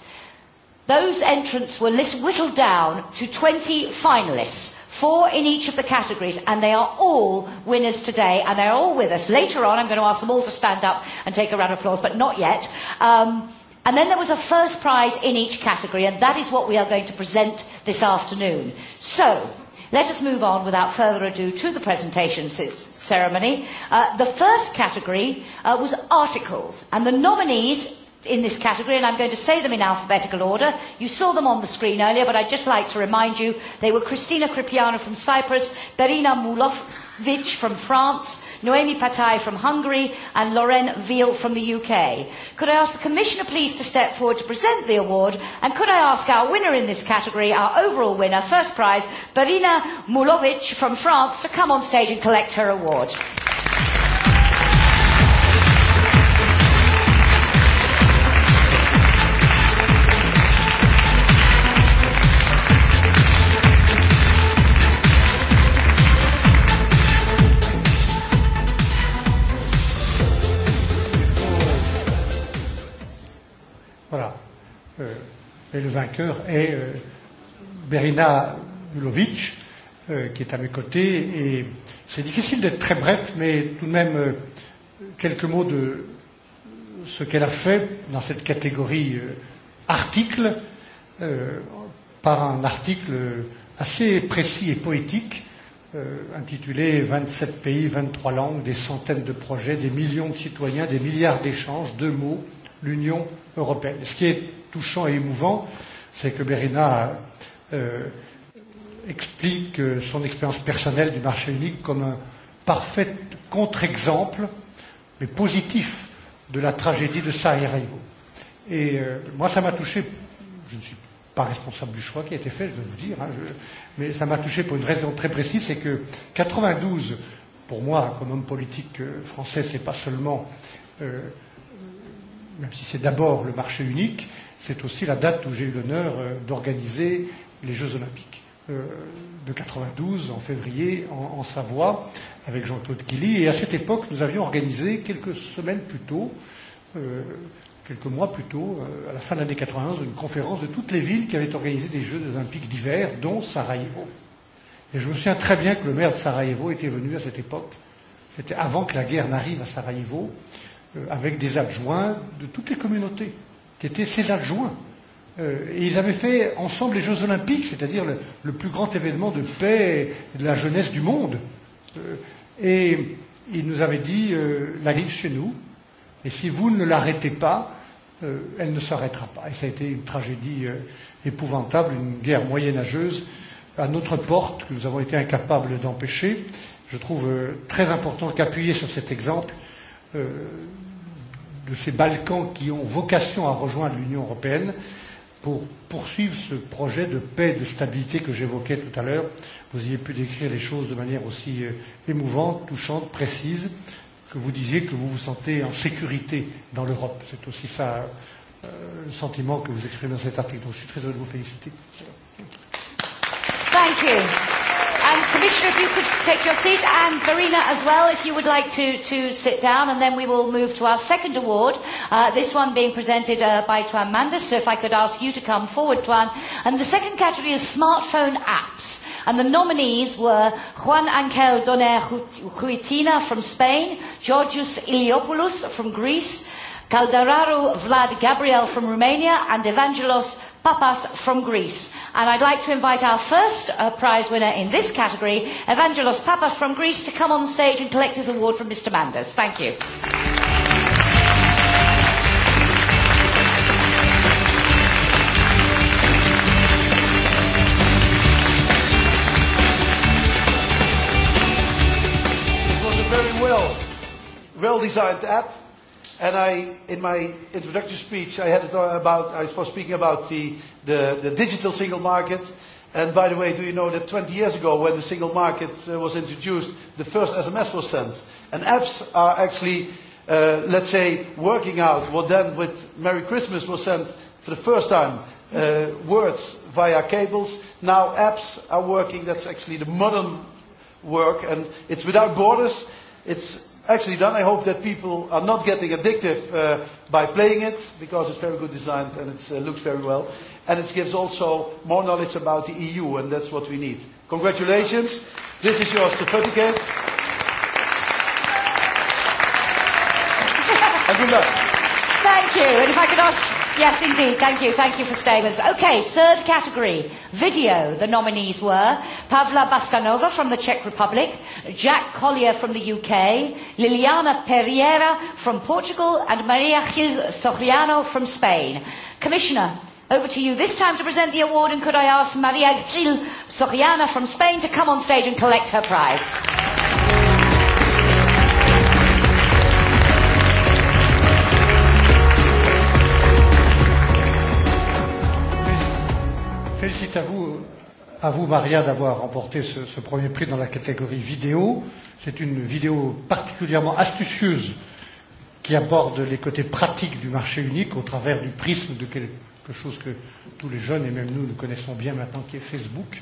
Those entrants were whittled down to 20 finalists four in each of the categories, and they are all winners today, and they're all with us. Later on, I'm going to ask them all to stand up and take a round of applause, but not yet. Um, and then there was a first prize in each category, and that is what we are going to present this afternoon. So, Let us move on without further ado to the presentation ceremony. Uh, the first category uh, was articles, and the nominees in this category, and I'm going to say them in alphabetical order. You saw them on the screen earlier, but I'd just like to remind you they were Christina Kripiana from Cyprus, Berina Mulovic from France, Noemi Patai from Hungary, and Lorraine Veal from the UK. Could I ask the Commissioner please to step forward to present the award, and could I ask our winner in this category, our overall winner, first prize, Berina Mulovic from France, to come on stage and collect her award. Et le vainqueur est euh, Berina Mulovic, euh, qui est à mes côtés. Et c'est difficile d'être très bref, mais tout de même euh, quelques mots de ce qu'elle a fait dans cette catégorie euh, article, euh, par un article assez précis et poétique euh, intitulé 27 pays, 23 langues, des centaines de projets, des millions de citoyens, des milliards d'échanges, deux mots, l'Union européenne. Ce qui est touchant et émouvant, c'est que Berina euh, explique son expérience personnelle du marché unique comme un parfait contre-exemple, mais positif, de la tragédie de Sarajevo. Et euh, moi, ça m'a touché, je ne suis pas responsable du choix qui a été fait, je dois vous dire, hein, je, mais ça m'a touché pour une raison très précise, c'est que 92, pour moi, comme homme politique français, c'est pas seulement, euh, même si c'est d'abord le marché unique, c'est aussi la date où j'ai eu l'honneur d'organiser les Jeux Olympiques de 92 en février en, en Savoie avec Jean-Claude Killy. Et à cette époque, nous avions organisé quelques semaines plus tôt, euh, quelques mois plus tôt, euh, à la fin de l'année 91, une conférence de toutes les villes qui avaient organisé des Jeux olympiques d'hiver, dont Sarajevo. Et je me souviens très bien que le maire de Sarajevo était venu à cette époque. C'était avant que la guerre n'arrive à Sarajevo, euh, avec des adjoints de toutes les communautés qui étaient ses adjoints. Euh, et ils avaient fait ensemble les Jeux Olympiques, c'est-à-dire le, le plus grand événement de paix et de la jeunesse du monde. Euh, et il nous avait dit euh, la livre chez nous, et si vous ne l'arrêtez pas, euh, elle ne s'arrêtera pas. Et ça a été une tragédie euh, épouvantable, une guerre moyenâgeuse à notre porte que nous avons été incapables d'empêcher. Je trouve euh, très important qu'appuyer sur cet exemple euh, de ces Balkans qui ont vocation à rejoindre l'Union européenne pour poursuivre ce projet de paix et de stabilité que j'évoquais tout à l'heure. Vous ayez pu décrire les choses de manière aussi émouvante, touchante, précise, que vous disiez que vous vous sentez en sécurité dans l'Europe. C'est aussi ça le sentiment que vous exprimez dans cet article. Donc je suis très heureux de vous féliciter. Thank you. Commissioner, if you could take your seat, and Verena as well, if you would like to, to sit down, and then we will move to our second award, uh, this one being presented uh, by Tuan Mandis, so if I could ask you to come forward, Tuan. And the second category is smartphone apps, and the nominees were Juan Angel Doner Huitina from Spain, Georgios Iliopoulos from Greece, Caldararu Vlad Gabriel from Romania and Evangelos Papas from Greece. And I'd like to invite our first uh, prize winner in this category, Evangelos Papas from Greece, to come on stage and collect his award from Mr. Manders. Thank you. well-designed app And I, in my introductory speech, I had it about, I was speaking about the, the, the digital single market. And by the way, do you know that 20 years ago, when the single market uh, was introduced, the first SMS was sent. And apps are actually, uh, let's say, working out what then with Merry Christmas was sent for the first time, uh, words via cables. Now apps are working. That's actually the modern work. And it's without borders. It's actually done. I hope that people are not getting addictive uh, by playing it because it's very good designed and it uh, looks very well. And it gives also more knowledge about the EU, and that's what we need. Congratulations. This is your certificate. and good luck. Thank you. And if I could ask, yes, indeed. Thank you. Thank you for staying with us. Okay, third category, video. The nominees were Pavla Bastanova from the Czech Republic, Jack Collier from the UK, Liliana Pereira from Portugal, and Maria Gil Soriano from Spain. Commissioner, over to you this time to present the award, and could I ask Maria Gil Soriano from Spain to come on stage and collect her prize? Félicitations à vous à vous, Maria, d'avoir remporté ce, ce premier prix dans la catégorie vidéo. C'est une vidéo particulièrement astucieuse qui aborde les côtés pratiques du marché unique au travers du prisme de quelque chose que tous les jeunes et même nous, nous connaissons bien maintenant, qui est Facebook.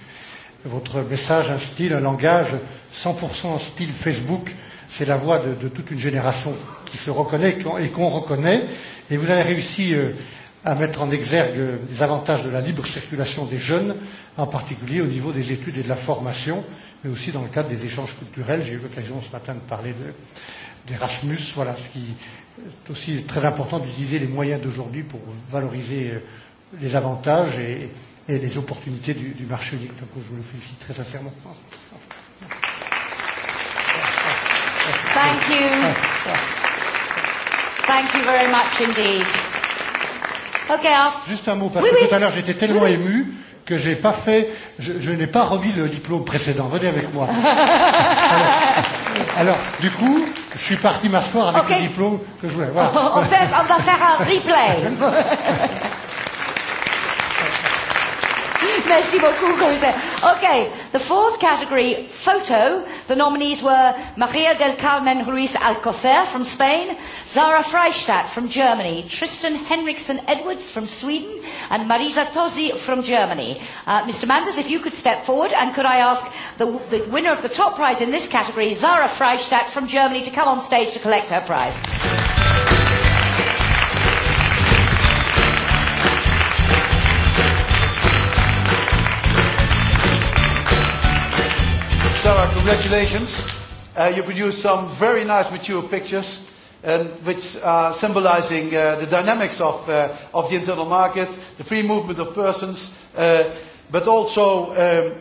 Votre message, un style, un langage 100% style Facebook, c'est la voix de, de toute une génération qui se reconnaît et qu'on reconnaît. Et vous avez réussi. Euh, à mettre en exergue les avantages de la libre circulation des jeunes, en particulier au niveau des études et de la formation, mais aussi dans le cadre des échanges culturels. J'ai eu l'occasion ce matin de parler d'Erasmus, voilà, ce qui est aussi très important d'utiliser les moyens d'aujourd'hui pour valoriser les avantages et, et les opportunités du, du marché unique. Donc je vous le félicite très sincèrement. Thank you. Thank you very much indeed. Okay, Juste un mot, parce oui, que oui. tout à l'heure j'étais tellement oui. ému que j'ai pas fait, je, je n'ai pas remis le diplôme précédent. Venez avec moi. alors, alors, du coup, je suis parti m'asseoir avec okay. le diplôme que je voulais. Voilà. on, fait, on va faire un replay. Merci beaucoup, Jose. Okay, the fourth category, photo. The nominees were Maria del Carmen Ruiz Alcocer from Spain, Zara Freistadt from Germany, Tristan Henriksen Edwards from Sweden, and Marisa Tosi from Germany. Uh, Mr. Manders, if you could step forward, and could I ask the, the winner of the top prize in this category, Zara Freistadt from Germany, to come on stage to collect her prize. Sarah, congratulations. Uh, you produced some very nice mature pictures, and which are symbolizing uh, the dynamics of, uh, of the internal market, the free movement of persons, uh, but also, um,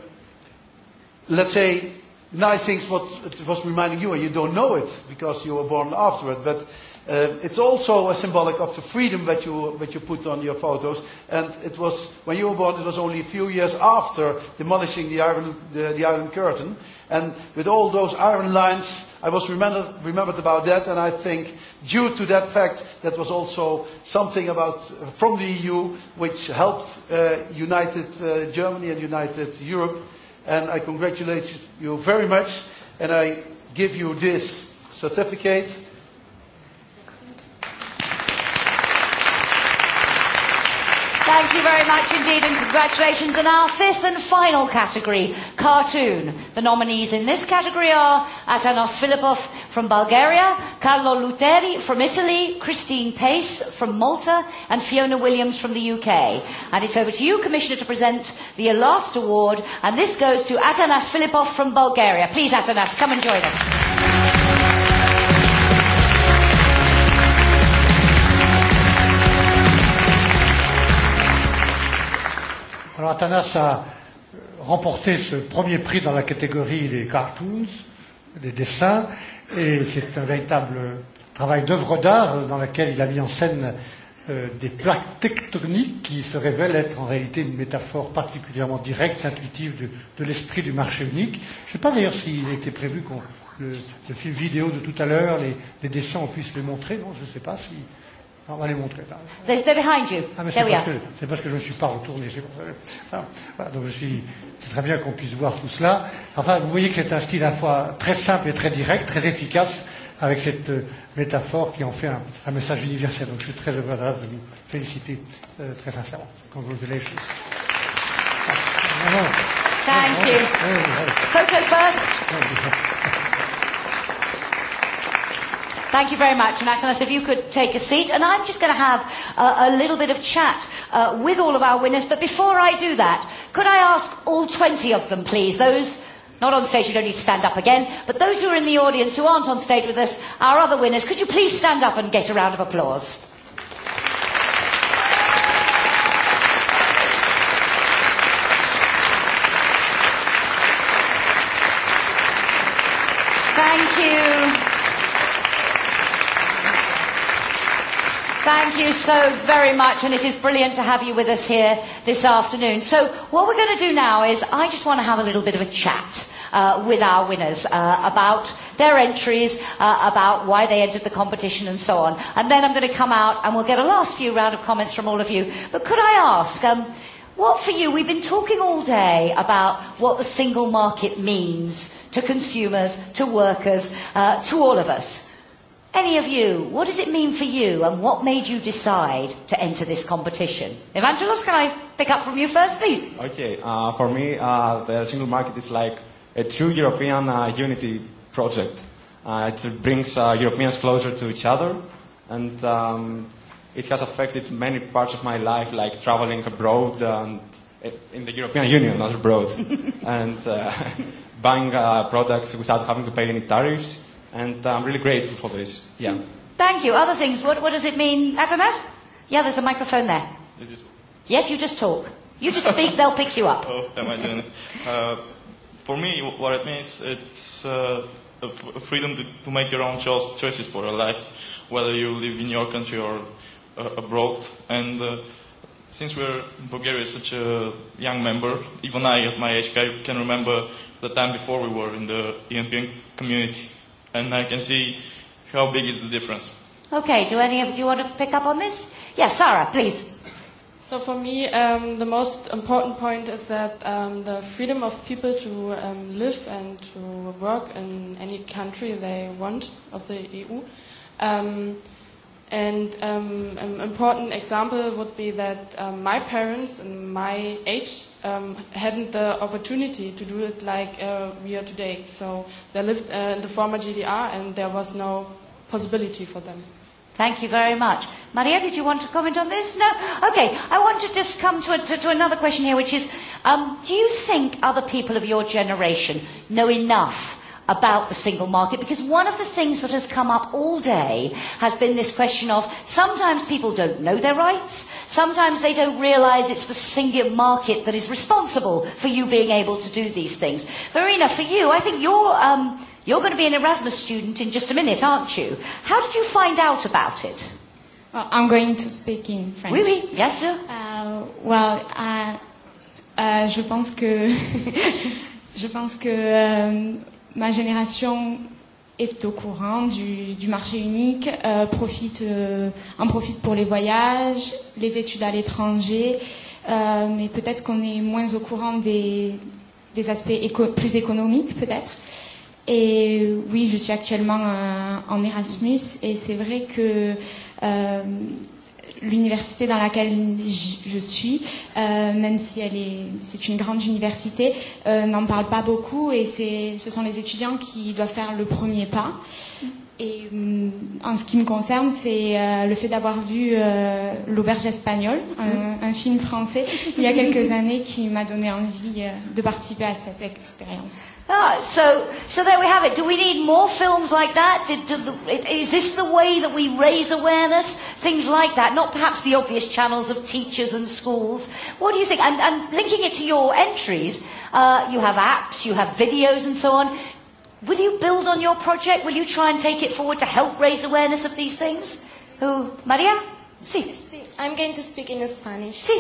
let's say, nice things what it was reminding you, and you don't know it because you were born after it, but Uh, it's also a symbolic of the freedom that you, that you put on your photos. And it was, when you were born, it was only a few years after demolishing the Iron, the, the iron Curtain. And with all those iron lines, I was remembered, remembered about that. And I think due to that fact, that was also something about, from the EU which helped uh, united uh, Germany and united Europe. And I congratulate you very much. And I give you this certificate Thank you very much indeed and congratulations. And our fifth and final category, cartoon. The nominees in this category are Atanas Filipov from Bulgaria, Carlo Luteri from Italy, Christine Pace from Malta, and Fiona Williams from the UK. And it's over to you, Commissioner, to present the last award. And this goes to Atanas Filipov from Bulgaria. Please, Atanas, come and join us. Alors Atanas a remporté ce premier prix dans la catégorie des cartoons, des dessins, et c'est un véritable travail d'œuvre d'art dans lequel il a mis en scène des plaques tectoniques qui se révèlent être en réalité une métaphore particulièrement directe, intuitive de, de l'esprit du marché unique. Je ne sais pas d'ailleurs s'il était prévu qu'on le, le film vidéo de tout à l'heure, les, les dessins, on puisse les montrer. Non, je ne sais pas si, On va les montrer. Là. They're, they're behind you. Ah, There we are. C'est parce que je ne suis pas retourné. Alors, voilà, donc je suis. C'est très bien qu'on puisse voir tout cela. Enfin, vous voyez que c'est un style à la fois très simple et très direct, très efficace, avec cette euh, métaphore qui en fait un, un message universel. Donc, je suis très heureux de vous féliciter euh, très sincèrement. Congratulations. Thank you. Photo first. Thank you very much, Maximus. If you could take a seat, and I'm just going to have uh, a little bit of chat uh, with all of our winners. But before I do that, could I ask all 20 of them, please? Those not on stage, you don't need to stand up again. But those who are in the audience who aren't on stage with us, our other winners, could you please stand up and get a round of applause? Thank you. Thank you so very much, and it is brilliant to have you with us here this afternoon. So, what we're going to do now is I just want to have a little bit of a chat uh, with our winners uh, about their entries, uh, about why they entered the competition, and so on. And then I'm going to come out and we'll get a last few round of comments from all of you. But could I ask, um, what for you? We've been talking all day about what the single market means to consumers, to workers, uh, to all of us. Any of you, what does it mean for you and what made you decide to enter this competition? Evangelos, can I pick up from you first, please? Okay, uh, for me, uh, the single market is like a true European uh, unity project. Uh, it brings uh, Europeans closer to each other and um, it has affected many parts of my life, like traveling abroad and in the European Union, not abroad, and uh, buying uh, products without having to pay any tariffs and I'm really grateful for this. Yeah. Thank you. Other things, what, what does it mean? Atanas? Yeah, there's a microphone there. Is this... Yes, you just talk. You just speak, they'll pick you up. Oh, am I doing it? Uh, for me, what it means, it's uh, freedom to, to make your own cho- choices for your life, whether you live in your country or uh, abroad. And uh, since we're Bulgaria such a young member, even I at my age I can remember the time before we were in the European community and I can see how big is the difference. Okay, do any of you want to pick up on this? Yes, Sarah, please. So for me, um, the most important point is that um, the freedom of people to um, live and to work in any country they want of the EU. Um, And um, an important example would be that um, my parents and my age um, hadn't the opportunity to do it like uh, we are today. So they lived uh, in the former GDR and there was no possibility for them. Thank you very much. Maria, did you want to comment on this? No? Okay, I want to just come to, a, to, to another question here, which is um, do you think other people of your generation know enough? about the single market because one of the things that has come up all day has been this question of sometimes people don't know their rights, sometimes they don't realise it's the single market that is responsible for you being able to do these things. Marina, for you, I think you're, um, you're going to be an Erasmus student in just a minute, aren't you? How did you find out about it? Well, I'm going to speak in French. Oui, oui, Yes, sir. Uh, well, uh, uh, je pense que je pense que Um, ma génération est au courant du, du marché unique, euh, profite, euh, en profite pour les voyages, les études à l'étranger, euh, mais peut-être qu'on est moins au courant des, des aspects éco plus économiques, peut-être. Et oui, je suis actuellement euh, en Erasmus, et c'est vrai que euh, l'université dans laquelle je suis, euh, même si elle est, c'est une grande université, euh, n'en parle pas beaucoup et c'est, ce sont les étudiants qui doivent faire le premier pas. Et en ce qui me concerne, c'est euh, le fait d'avoir vu euh, L'Auberge espagnole, un, un film français, il y a quelques années qui m'a donné envie euh, de participer à cette expérience. Ah, so, so there we have it. Do we need more films like that? Did, do the, is this the way that we raise awareness? Things like that, not perhaps the obvious channels of teachers and schools. What do you think? And, and linking it to your entries, uh, you have apps, you have videos and so on Will you build on your project? Will you try and take it forward to help raise awareness of these things? Who, Maria? Sí. sí. I'm going to speak in Spanish. Sí.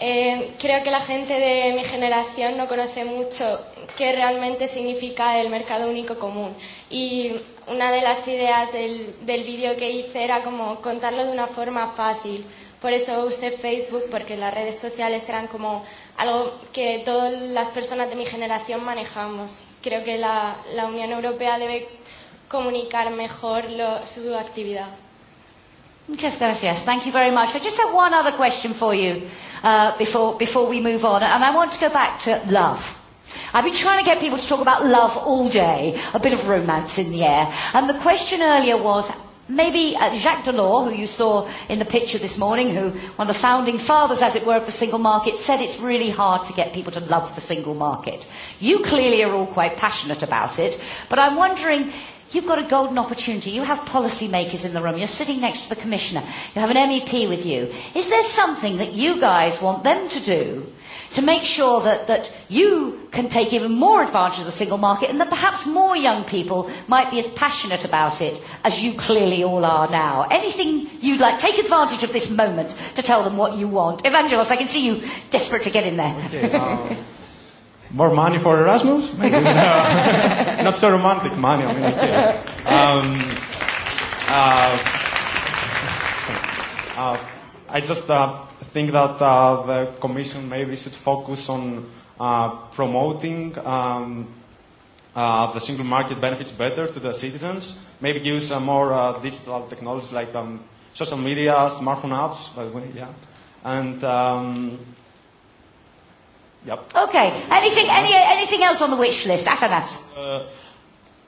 Eh, creo que la gente de mi generación no conoce mucho qué realmente significa el mercado único común. Y una de las ideas del, del vídeo que hice era como contarlo de una forma fácil. Por eso usé Facebook, porque las redes sociales eran como algo que todas las personas de mi generación manejamos creo que la, la Unión Europea debe comunicar mejor lo, su actividad. Muchas gracias. Thank you very much. I just have one other question for you uh, before, before we move on, and I want to go back to love. I've been trying to get people to talk about love all day, a bit of romance in the air. And the question earlier was, maybe uh, Jacques Delors, who you saw in the picture this morning, who one of the founding fathers, as it were, of the single market, said it's really hard to get people to love the single market. You clearly are all quite passionate about it, but I'm wondering. You've got a golden opportunity. You have policymakers in the room. You're sitting next to the commissioner. You have an MEP with you. Is there something that you guys want them to do to make sure that, that you can take even more advantage of the single market and that perhaps more young people might be as passionate about it as you clearly all are now. Anything you'd like, take advantage of this moment to tell them what you want. Evangelos, I can see you desperate to get in there. Okay, um, more money for Erasmus? Maybe. No. Not so romantic money. I mean, okay. um, uh, uh, I just uh, I think that uh, the Commission maybe should focus on uh, promoting um, uh, the single market benefits better to the citizens. Maybe use uh, more uh, digital technologies like um, social media, smartphone apps, by the way, yeah. And um, Yep. Okay. Anything? Any? Anything else on the wish list? Atanas. Uh,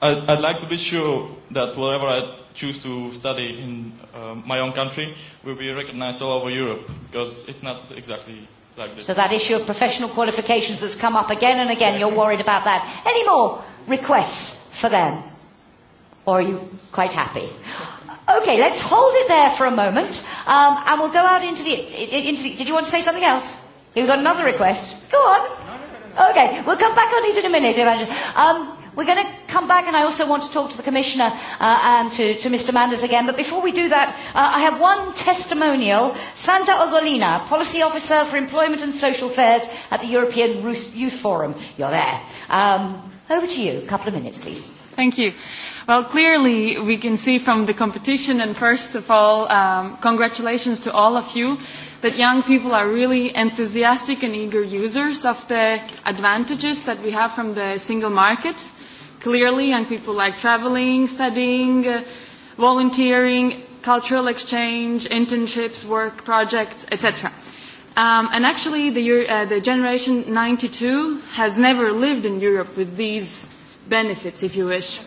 I'd, I'd like to be sure that whatever I choose to study in uh, my own country will be recognized all over Europe because it's not exactly like this. So that issue of professional qualifications that's come up again and again, you're worried about that. Any more requests for them? Or are you quite happy? Okay, let's hold it there for a moment, um, and we'll go out into the, into the... Did you want to say something else? You've got another request? Go on. Okay, we'll come back on it in a minute, Evangeline. Um, We're going to come back, and I also want to talk to the Commissioner uh, and to, to Mr. Manders again. But before we do that, uh, I have one testimonial. Santa Ozolina, Policy Officer for Employment and Social Affairs at the European Youth Forum. You're there. Um, over to you. A couple of minutes, please. Thank you. Well, clearly, we can see from the competition, and first of all, um, congratulations to all of you, that young people are really enthusiastic and eager users of the advantages that we have from the single market Clearly, young people like traveling, studying, uh, volunteering, cultural exchange, internships, work projects, etc. Um, and actually, the, uh, the generation 92 has never lived in Europe with these benefits, if you wish.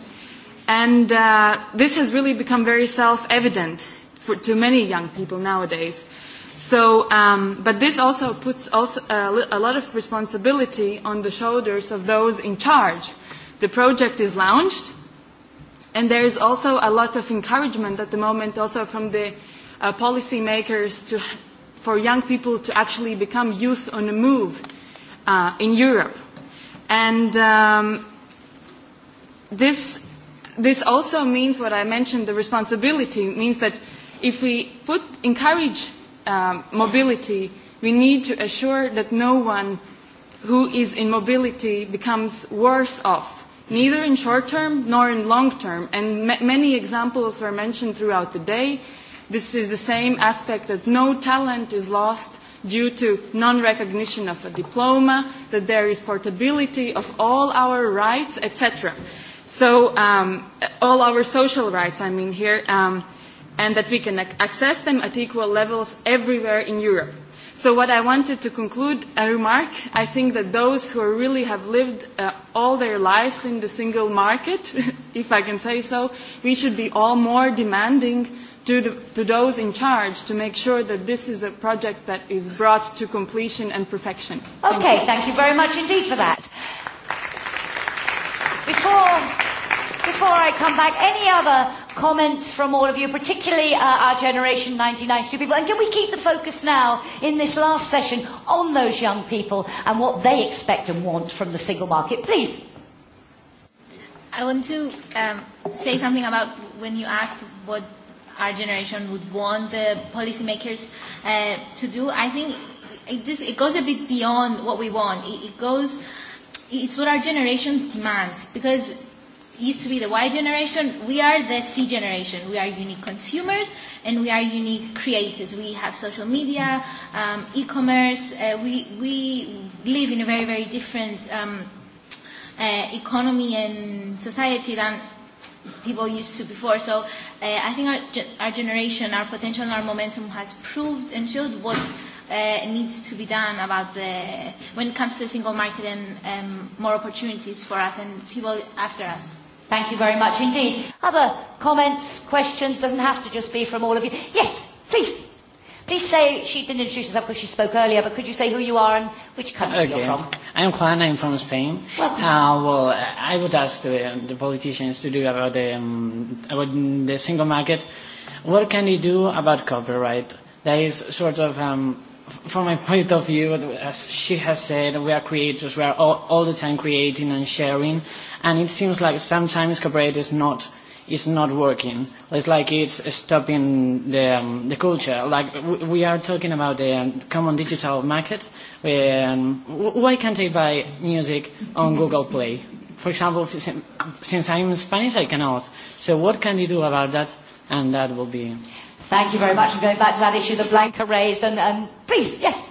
And uh, this has really become very self-evident to many young people nowadays. So, um, but this also puts also a, a lot of responsibility on the shoulders of those in charge The project is launched, and there is also a lot of encouragement at the moment also from the uh, policymakers to, for young people to actually become youth on the move uh, in Europe. And um, this, this also means what I mentioned, the responsibility means that if we put, encourage um, mobility, we need to assure that no one who is in mobility becomes worse off neither in short term nor in long term. And m- many examples were mentioned throughout the day. This is the same aspect that no talent is lost due to non-recognition of a diploma, that there is portability of all our rights, etc. So um, all our social rights, I mean here, um, and that we can access them at equal levels everywhere in Europe. So what I wanted to conclude a remark, I think that those who really have lived uh, all their lives in the single market, if I can say so, we should be all more demanding to, the, to those in charge to make sure that this is a project that is brought to completion and perfection. Okay, thank you, thank you very much indeed for that. Before before I come back, any other comments from all of you, particularly uh, our generation 1992 people? And can we keep the focus now in this last session on those young people and what they expect and want from the single market? Please. I want to um, say something about when you asked what our generation would want the policymakers uh, to do. I think it just it goes a bit beyond what we want. It, it goes, it's what our generation demands because used to be the Y generation. We are the C generation. We are unique consumers and we are unique creators. We have social media, um, e-commerce. Uh, we, we live in a very, very different um, uh, economy and society than people used to before. So uh, I think our, our generation, our potential and our momentum has proved and showed what uh, needs to be done about the when it comes to the single market and um, more opportunities for us and people after us. Thank you very much indeed. Other comments, questions, doesn't have to just be from all of you. Yes, please. Please say, she didn't introduce herself because she spoke earlier, but could you say who you are and which country okay. you're from? I'm Juan, I'm from Spain. Welcome. Uh, well, I would ask the, the politicians to do about the, um, about the single market. What can you do about copyright? That is sort of um, from my point of view, as she has said, we are creators. We are all, all the time creating and sharing, and it seems like sometimes cooperative is not is not working. It's like it's stopping the um, the culture. Like we are talking about the um, common digital market. Um, why can't I buy music on Google Play? For example, since I'm Spanish, I cannot. So what can you do about that? And that will be. Thank you very much. for going back to that issue that Blanca raised, and, and please, yes.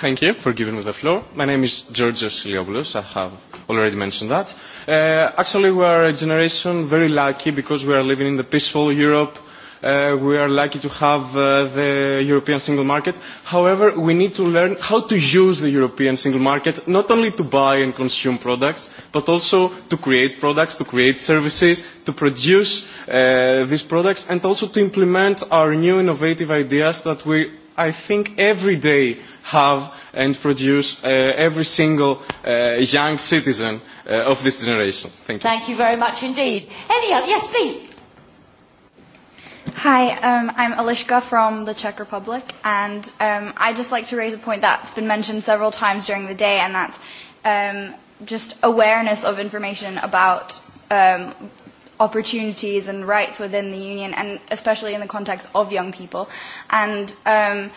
Thank you for giving me the floor. My name is Georgios Iliopoulos. I have already mentioned that. Uh, actually, we are a generation very lucky because we are living in the peaceful Europe Uh, we are lucky to have uh, the European single market. However, we need to learn how to use the European single market, not only to buy and consume products, but also to create products, to create services, to produce uh, these products, and also to implement our new innovative ideas that we I think every day have and produce uh, every single uh, young citizen uh, of this generation. Thank you. Thank you very much indeed. Any other? Yes, please. Hi, um, I'm Alishka from the Czech Republic, and um, I just like to raise a point that's been mentioned several times during the day, and that's um, just awareness of information about um, opportunities and rights within the union, and especially in the context of young people. And um,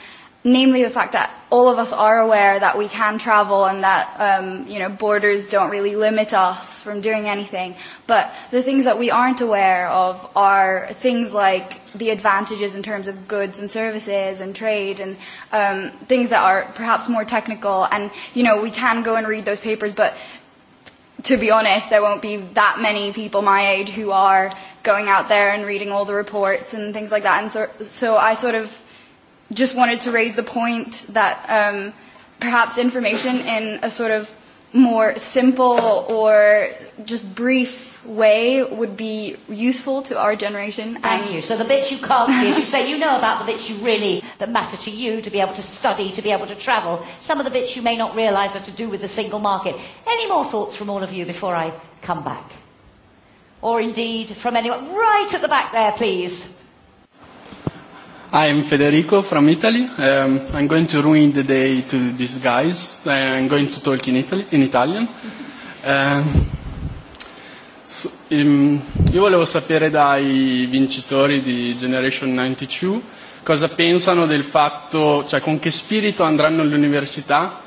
namely the fact that all of us are aware that we can travel and that um, you know borders don't really limit us from doing anything. But the things that we aren't aware of are things like the advantages in terms of goods and services and trade and um, things that are perhaps more technical. And you know we can go and read those papers, but to be honest, there won't be that many people my age who are going out there and reading all the reports and things like that. And so, so I sort of just wanted to raise the point that um, perhaps information in a sort of more simple or just brief way would be useful to our generation. Thank you. So the bits you can't see, as you say, you know about the bits you really that matter to you to be able to study, to be able to travel. Some of the bits you may not realise are to do with the single market. Any more thoughts from all of you before I come back? Or indeed from anyone right at the back there, please. I'm Federico from Italy. Um, I'm going to ruin the day to these guys. I'm going to talk in, Italy, in Italian. Um, so, um, io volevo sapere dai vincitori di Generation 92 cosa pensano del fatto, cioè con che spirito andranno all'università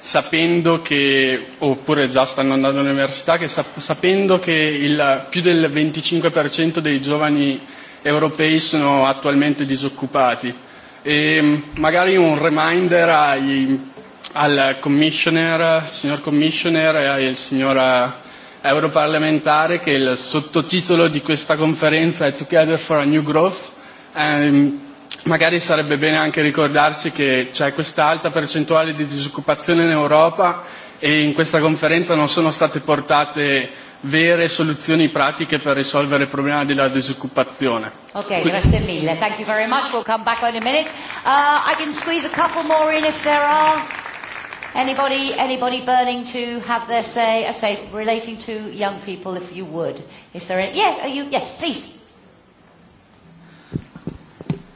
sapendo che, oppure già stanno andando all'università, che sap- sapendo che il, più del 25% dei giovani europei sono attualmente disoccupati e magari un reminder ai, al commissioner, signor commissioner e al signor europarlamentare che il sottotitolo di questa conferenza è Together for a New Growth e magari sarebbe bene anche ricordarsi che c'è questa alta percentuale di disoccupazione in Europa e in questa conferenza non sono state portate vere soluzioni pratiche per risolvere il problema della disoccupazione. Okay, grazie mille. Thank you very much. We'll come back in a minute. Uh, I can squeeze a couple more in if there are anybody anybody burning to have their say, a say relating to young people if you would. If there are Yes, are you yes, please.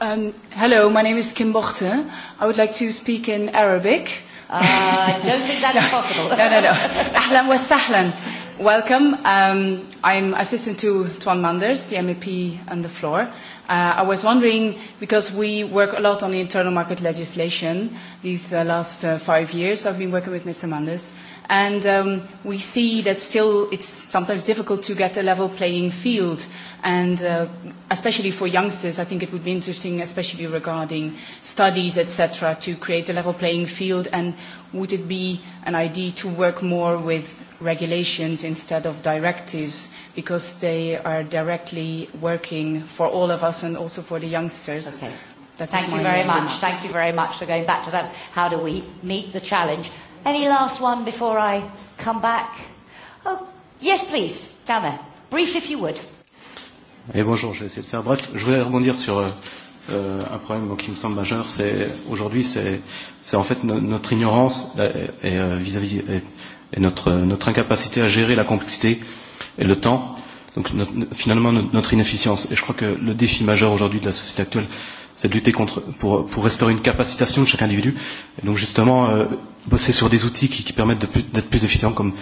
Um, hello, my name is Kim Bochte. I would like to speak in Arabic. Uh, I don't think that's no, possible. no, no, no. Ahlan wa sahlan. Welcome. Um, I'm assistant to Tuan Manders, the MEP on the floor. Uh, I was wondering, because we work a lot on the internal market legislation these uh, last uh, five years, I've been working with Mr. Manders, And um, we see that still it's sometimes difficult to get a level playing field. And uh, especially for youngsters, I think it would be interesting, especially regarding studies, etc., to create a level playing field. And would it be an idea to work more with regulations instead of directives because they are directly working for all of us and also for the youngsters. Okay. That's Thank you very much. Thank you very much. for going back to that, how do we meet the challenge Any last one before I come back? Oh, yes, please, down there. Brief if you would. Et bonjour, je vais essayer de faire bref. Je voulais rebondir sur euh, un problème qui me semble majeur. C'est aujourd'hui, c'est en fait no, notre ignorance et, et, vis-à-vis et, et notre, notre incapacité à gérer la complexité et le temps. Donc notre, finalement notre inefficience. Et je crois que le défi majeur aujourd'hui de la société actuelle, c'est de lutter contre, pour, pour restaurer une capacitation de chaque individu. Et donc justement, euh, bosser sur des outils qui, qui permettent d'être plus, plus efficients, comme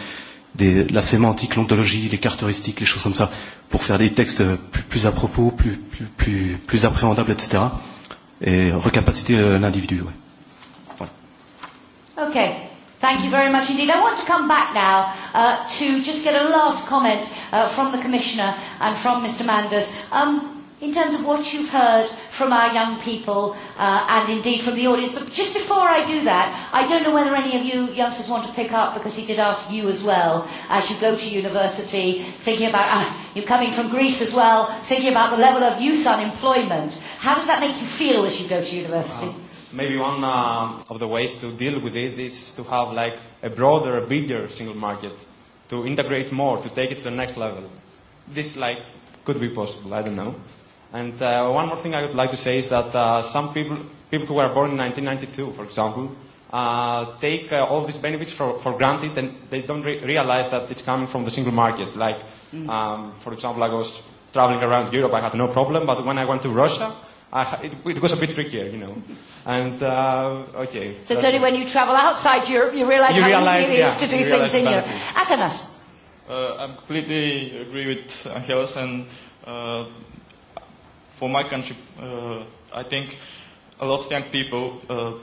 des, la sémantique, l'ontologie, les cartes heuristiques, les choses comme ça, pour faire des textes plus, plus à propos, plus, plus, plus, plus appréhendables, etc. Et recapaciter l'individu. Ouais. Voilà. Ok. Thank you very much indeed. I want to come back now uh, to just get a last comment uh, from the Commissioner and from Mr. Manders. Um, in terms of what you've heard from our young people uh, and indeed from the audience. But just before I do that, I don't know whether any of you youngsters want to pick up because he did ask you as well as you go to university, thinking about, uh, you're coming from Greece as well, thinking about the level of youth unemployment. How does that make you feel as you go to university? Uh, maybe one uh, of the ways to deal with it is to have like a broader, a bigger single market, to integrate more, to take it to the next level. This like could be possible. I don't know. And uh, one more thing I would like to say is that uh, some people, people who were born in 1992, for example, uh, take uh, all these benefits for, for granted and they don't re- realize that it's coming from the single market. Like, um, for example, I was traveling around Europe, I had no problem, but when I went to Russia, I, it, it was a bit trickier, you know. And, uh, okay. So it's only when you travel outside Europe you realize you how realize, easy it is yeah, to do things in Europe. Athanas. Uh, I completely agree with Angelos and uh, for my country, uh, I think a lot of young people uh,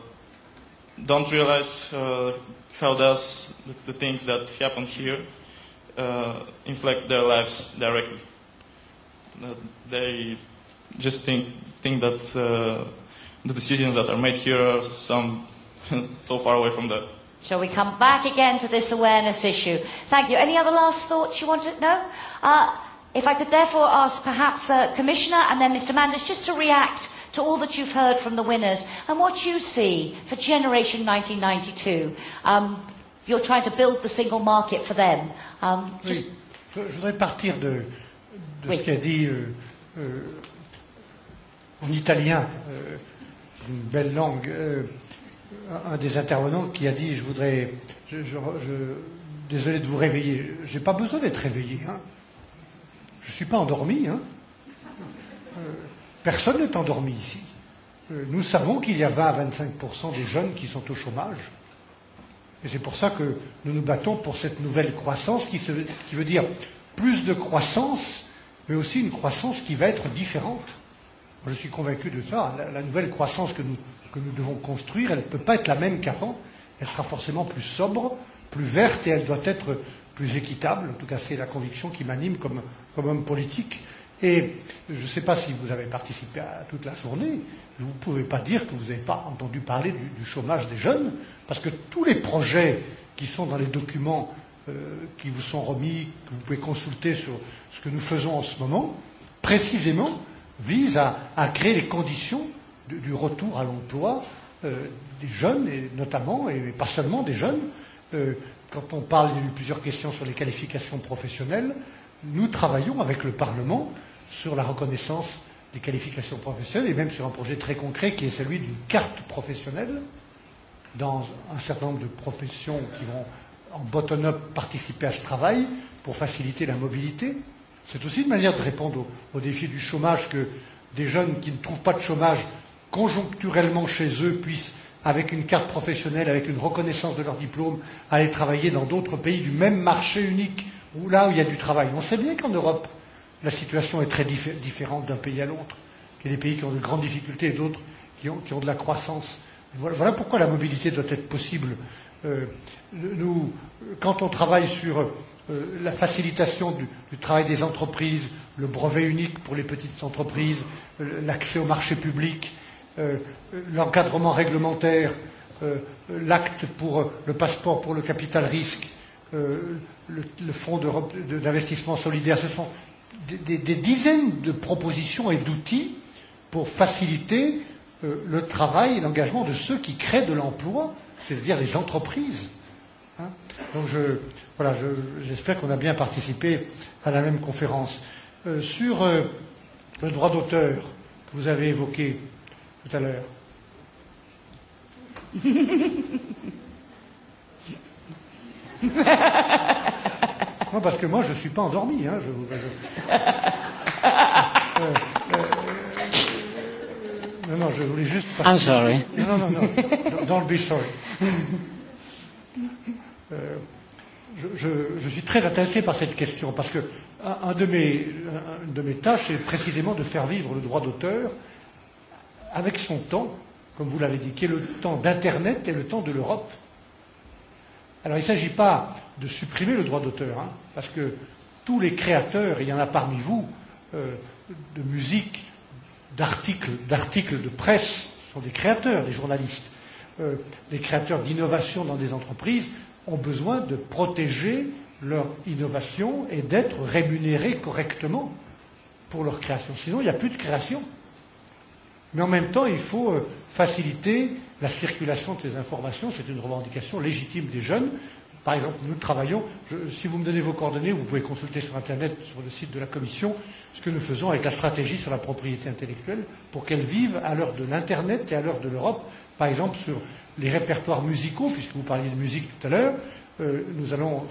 don't realize uh, how does the, the things that happen here uh, inflect their lives directly. Uh, they just think think that uh, the decisions that are made here are some so far away from that. Shall we come back again to this awareness issue? Thank you. Any other last thoughts you want to know? Uh, If I could therefore ask perhaps uh, Commissioner and then Mr Manders just to react to all that you've heard from the winners and what you see for Generation 1992. Um, you're trying to build the single market for them. Um, just... oui. Je voudrais partir de, de oui. ce qu'a dit euh, euh, en italien, euh, une belle langue, euh, un des intervenants qui a dit, je voudrais, je, je, je, désolé de vous réveiller, je n'ai pas besoin d'être réveillé. Hein Je ne suis pas endormi, hein. Personne n'est endormi ici. Nous savons qu'il y a 20 à 25 des jeunes qui sont au chômage. Et c'est pour ça que nous nous battons pour cette nouvelle croissance qui, se, qui veut dire plus de croissance, mais aussi une croissance qui va être différente. Je suis convaincu de ça. La, la nouvelle croissance que nous, que nous devons construire, elle ne peut pas être la même qu'avant. Elle sera forcément plus sobre, plus verte et elle doit être plus équitable. En tout cas, c'est la conviction qui m'anime comme comme homme politique. Et je ne sais pas si vous avez participé à toute la journée, vous ne pouvez pas dire que vous n'avez pas entendu parler du, du chômage des jeunes, parce que tous les projets qui sont dans les documents euh, qui vous sont remis, que vous pouvez consulter sur ce que nous faisons en ce moment, précisément visent à, à créer les conditions du, du retour à l'emploi euh, des jeunes, et notamment, et pas seulement des jeunes. Euh, quand on parle, il y a eu plusieurs questions sur les qualifications professionnelles nous travaillons avec le Parlement sur la reconnaissance des qualifications professionnelles et même sur un projet très concret qui est celui d'une carte professionnelle dans un certain nombre de professions qui vont en bottom-up participer à ce travail pour faciliter la mobilité. C'est aussi une manière de répondre au, au défi du chômage que des jeunes qui ne trouvent pas de chômage conjoncturellement chez eux puissent, avec une carte professionnelle, avec une reconnaissance de leur diplôme, aller travailler dans d'autres pays du même marché unique où là où il y a du travail. On sait bien qu'en Europe, la situation est très diffé différente d'un pays à l'autre, qu'il y a des pays qui ont de grandes difficultés et d'autres qui ont, qui ont de la croissance. Voilà, voilà pourquoi la mobilité doit être possible. Euh, nous, quand on travaille sur euh, la facilitation du, du travail des entreprises, le brevet unique pour les petites entreprises, euh, l'accès au marché public, euh, l'encadrement réglementaire, euh, l'acte pour le passeport pour le capital risque, euh, le, le Fonds d'investissement solidaire. Ce sont des, des, des dizaines de propositions et d'outils pour faciliter euh, le travail et l'engagement de ceux qui créent de l'emploi, c'est-à-dire les entreprises. Hein Donc je, voilà, j'espère je, qu'on a bien participé à la même conférence. Euh, sur euh, le droit d'auteur que vous avez évoqué tout à l'heure non, parce que moi, je ne suis pas endormi. Hein, je vous... euh, euh, non, non, je voulais juste... Passer... I'm sorry. Non, non, non, don't be sorry. Euh, je, je, je suis très intéressé par cette question parce que un, un de mes, une de mes tâches est précisément de faire vivre le droit d'auteur avec son temps, comme vous l'avez dit, qui est le temps d'Internet et le temps de l'Europe Alors il ne s'agit pas de supprimer le droit d'auteur, hein, parce que tous les créateurs, il y en a parmi vous, euh, de musique, d'articles, d'articles de presse, sont des créateurs, des journalistes, euh, les créateurs d'innovation dans des entreprises ont besoin de protéger leur innovation et d'être rémunérés correctement pour leur création. Sinon, il n'y a plus de création. Mais en même temps, il faut faciliter la circulation de ces informations. C'est une revendication légitime des jeunes. Par exemple, nous travaillons, je, si vous me donnez vos coordonnées, vous pouvez consulter sur Internet, sur le site de la Commission, ce que nous faisons avec la stratégie sur la propriété intellectuelle pour qu'elle vive à l'heure de l'Internet et à l'heure de l'Europe, par exemple sur les répertoires musicaux, puisque vous parliez de musique tout à l'heure. Euh, nous, allons,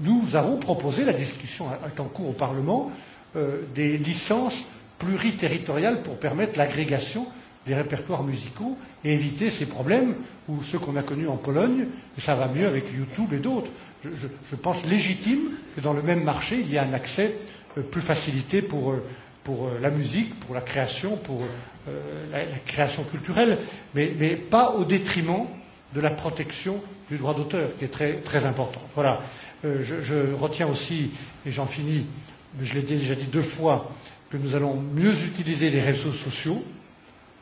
nous avons proposé, la discussion est en cours au Parlement, euh, des licences pluriterritoriales pour permettre l'agrégation des répertoires musicaux et éviter ces problèmes ou ceux qu'on a connus en Pologne, et ça va mieux avec YouTube et d'autres. Je, je, je pense légitime que dans le même marché, il y a un accès euh, plus facilité pour, pour euh, la musique, pour la création, pour euh, la, la création culturelle, mais, mais pas au détriment de la protection du droit d'auteur, qui est très, très importante. Voilà. Euh, je, je retiens aussi, et j'en finis, mais je l'ai déjà dit deux fois, que nous allons mieux utiliser les réseaux sociaux,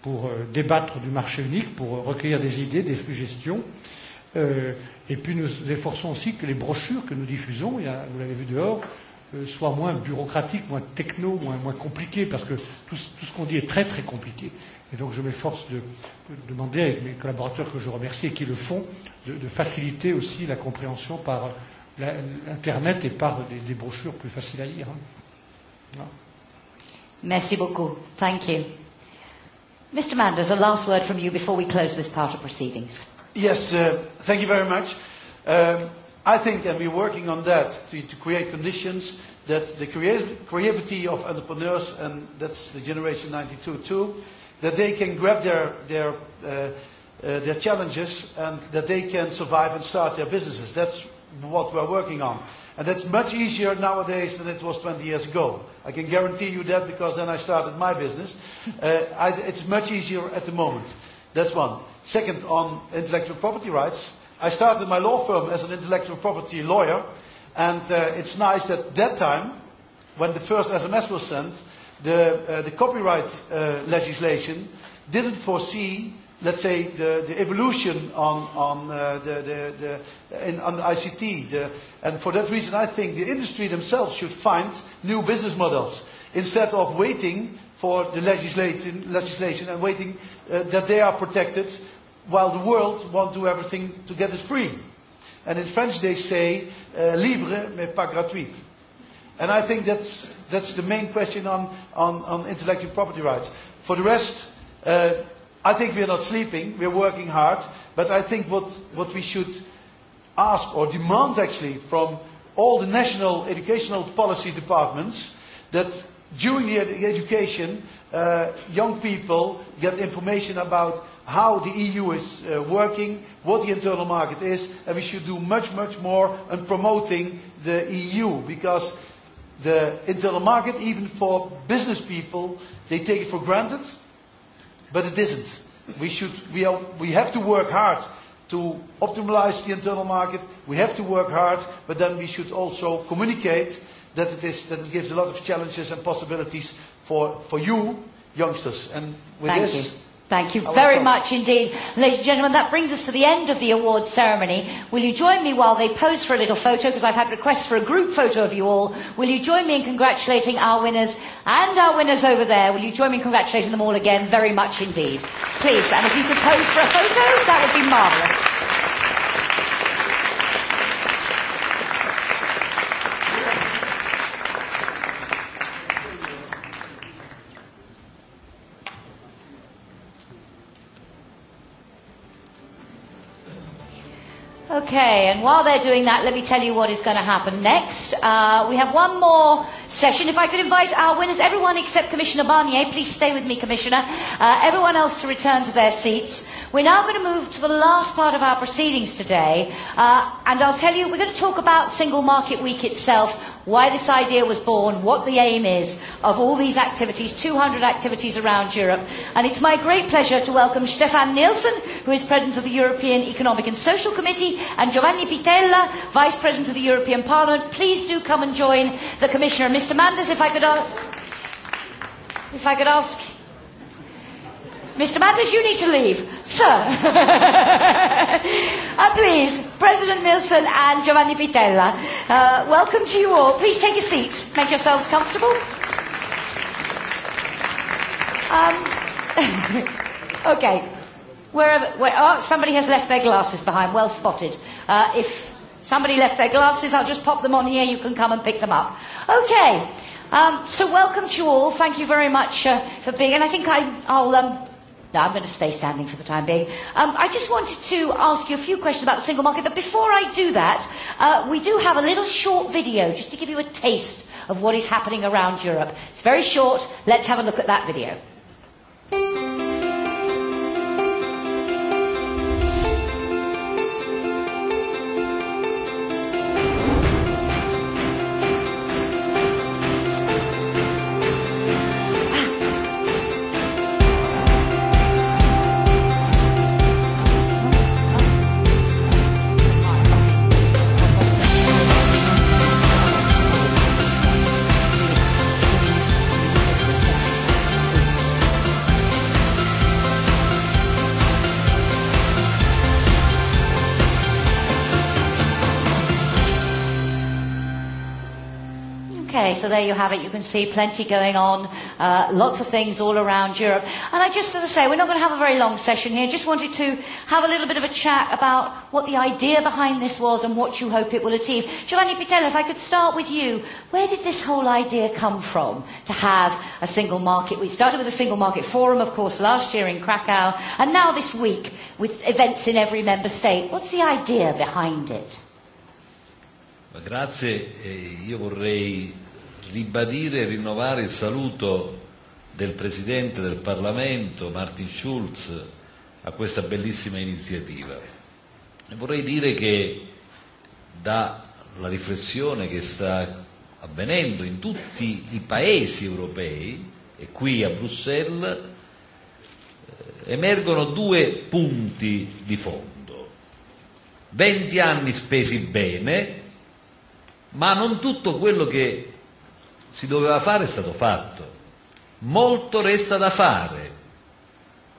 pour débattre du marché unique, pour recueillir des idées, des suggestions. Euh, et puis nous efforçons aussi que les brochures que nous diffusons, il y a, vous l'avez vu dehors, euh, soient moins bureaucratiques, moins techno, moins, moins compliquées, parce que tout, tout ce qu'on dit est très très compliqué. Et donc je m'efforce de, de demander avec mes collaborateurs que je remercie et qui le font, de, de faciliter aussi la compréhension par l'Internet et par des, des brochures plus faciles à lire. Hein. Merci beaucoup. Thank you. Mr. Manders, a last word from you before we close this part of proceedings. Yes, uh, thank you very much. Um, I think, and we're working on that, to, to create conditions that the creative, creativity of entrepreneurs, and that's the generation 92 too, that they can grab their, their, uh, uh, their challenges and that they can survive and start their businesses. That's what we're working on. And that's much easier nowadays than it was 20 years ago. I can guarantee you that because then I started my business. Uh, I, it's much easier at the moment. That's one. Second, on intellectual property rights, I started my law firm as an intellectual property lawyer, and uh, it's nice that that time, when the first SMS was sent, the, uh, the copyright uh, legislation didn't foresee let's say, the, the evolution on, on, uh, the, the, the, in, on the ICT. The, and for that reason, I think the industry themselves should find new business models instead of waiting for the legislation, legislation and waiting uh, that they are protected while the world won't do everything to get it free. And in French, they say, uh, libre mais pas gratuit. And I think that's, that's the main question on, on, on intellectual property rights. For the rest, uh, I think we're not sleeping, we're working hard, but I think what, what we should ask or demand actually from all the national educational policy departments that during the ed- education uh, young people get information about how the EU is uh, working, what the internal market is, and we should do much, much more on promoting the EU because the internal market, even for business people, they take it for granted but it isn't. We, should, we, are, we have to work hard to optimize the internal market. We have to work hard, but then we should also communicate that it, is, that it gives a lot of challenges and possibilities for, for you, youngsters. And with Thank this, you. Thank you very much indeed. Ladies and gentlemen, that brings us to the end of the award ceremony. Will you join me while they pose for a little photo, because I've had requests for a group photo of you all. Will you join me in congratulating our winners and our winners over there? Will you join me in congratulating them all again very much indeed? Please, and if you could pose for a photo, that would be marvellous. Okay, and while they're doing that, let me tell you what is going to happen next. Uh, we have one more session. If I could invite our winners, everyone except Commissioner Barnier, please stay with me, Commissioner. Uh, everyone else to return to their seats. We're now going to move to the last part of our proceedings today, uh, and I'll tell you, we're going to talk about Single Market Week itself why this idea was born, what the aim is of all these activities, 200 activities around Europe. And it's my great pleasure to welcome Stefan Nielsen, who is President of the European Economic and Social Committee, and Giovanni Pitella, Vice President of the European Parliament. Please do come and join the Commissioner. Mr. Manders, if I could ask, if I could ask Mr. Madras, you need to leave. Sir. uh, please, President Milson and Giovanni Pitella, uh, welcome to you all. Please take a seat. Make yourselves comfortable. Um, okay. Wherever, where, oh, somebody has left their glasses behind. Well spotted. Uh, if somebody left their glasses, I'll just pop them on here. You can come and pick them up. Okay. Um, so welcome to you all. Thank you very much uh, for being. And I think I, I'll um, No, I'm going to stay standing for the time being. Um, I just wanted to ask you a few questions about the single market, but before I do that, uh, we do have a little short video just to give you a taste of what is happening around Europe. It's very short. Let's have a look at that video. so there you have it. You can see plenty going on, uh, lots of things all around Europe. And I just, as I say, we're not going to have a very long session here. Just wanted to have a little bit of a chat about what the idea behind this was and what you hope it will achieve. Giovanni Pitella, if I could start with you, where did this whole idea come from to have a single market? We started with a single market forum, of course, last year in Krakow, and now this week with events in every member state. What's the idea behind it? Grazie, io vorrei ribadire e rinnovare il saluto del Presidente del Parlamento, Martin Schulz, a questa bellissima iniziativa. E vorrei dire che dalla riflessione che sta avvenendo in tutti i paesi europei e qui a Bruxelles emergono due punti di fondo. 20 anni spesi bene, ma non tutto quello che si doveva fare è stato fatto. Molto resta da fare,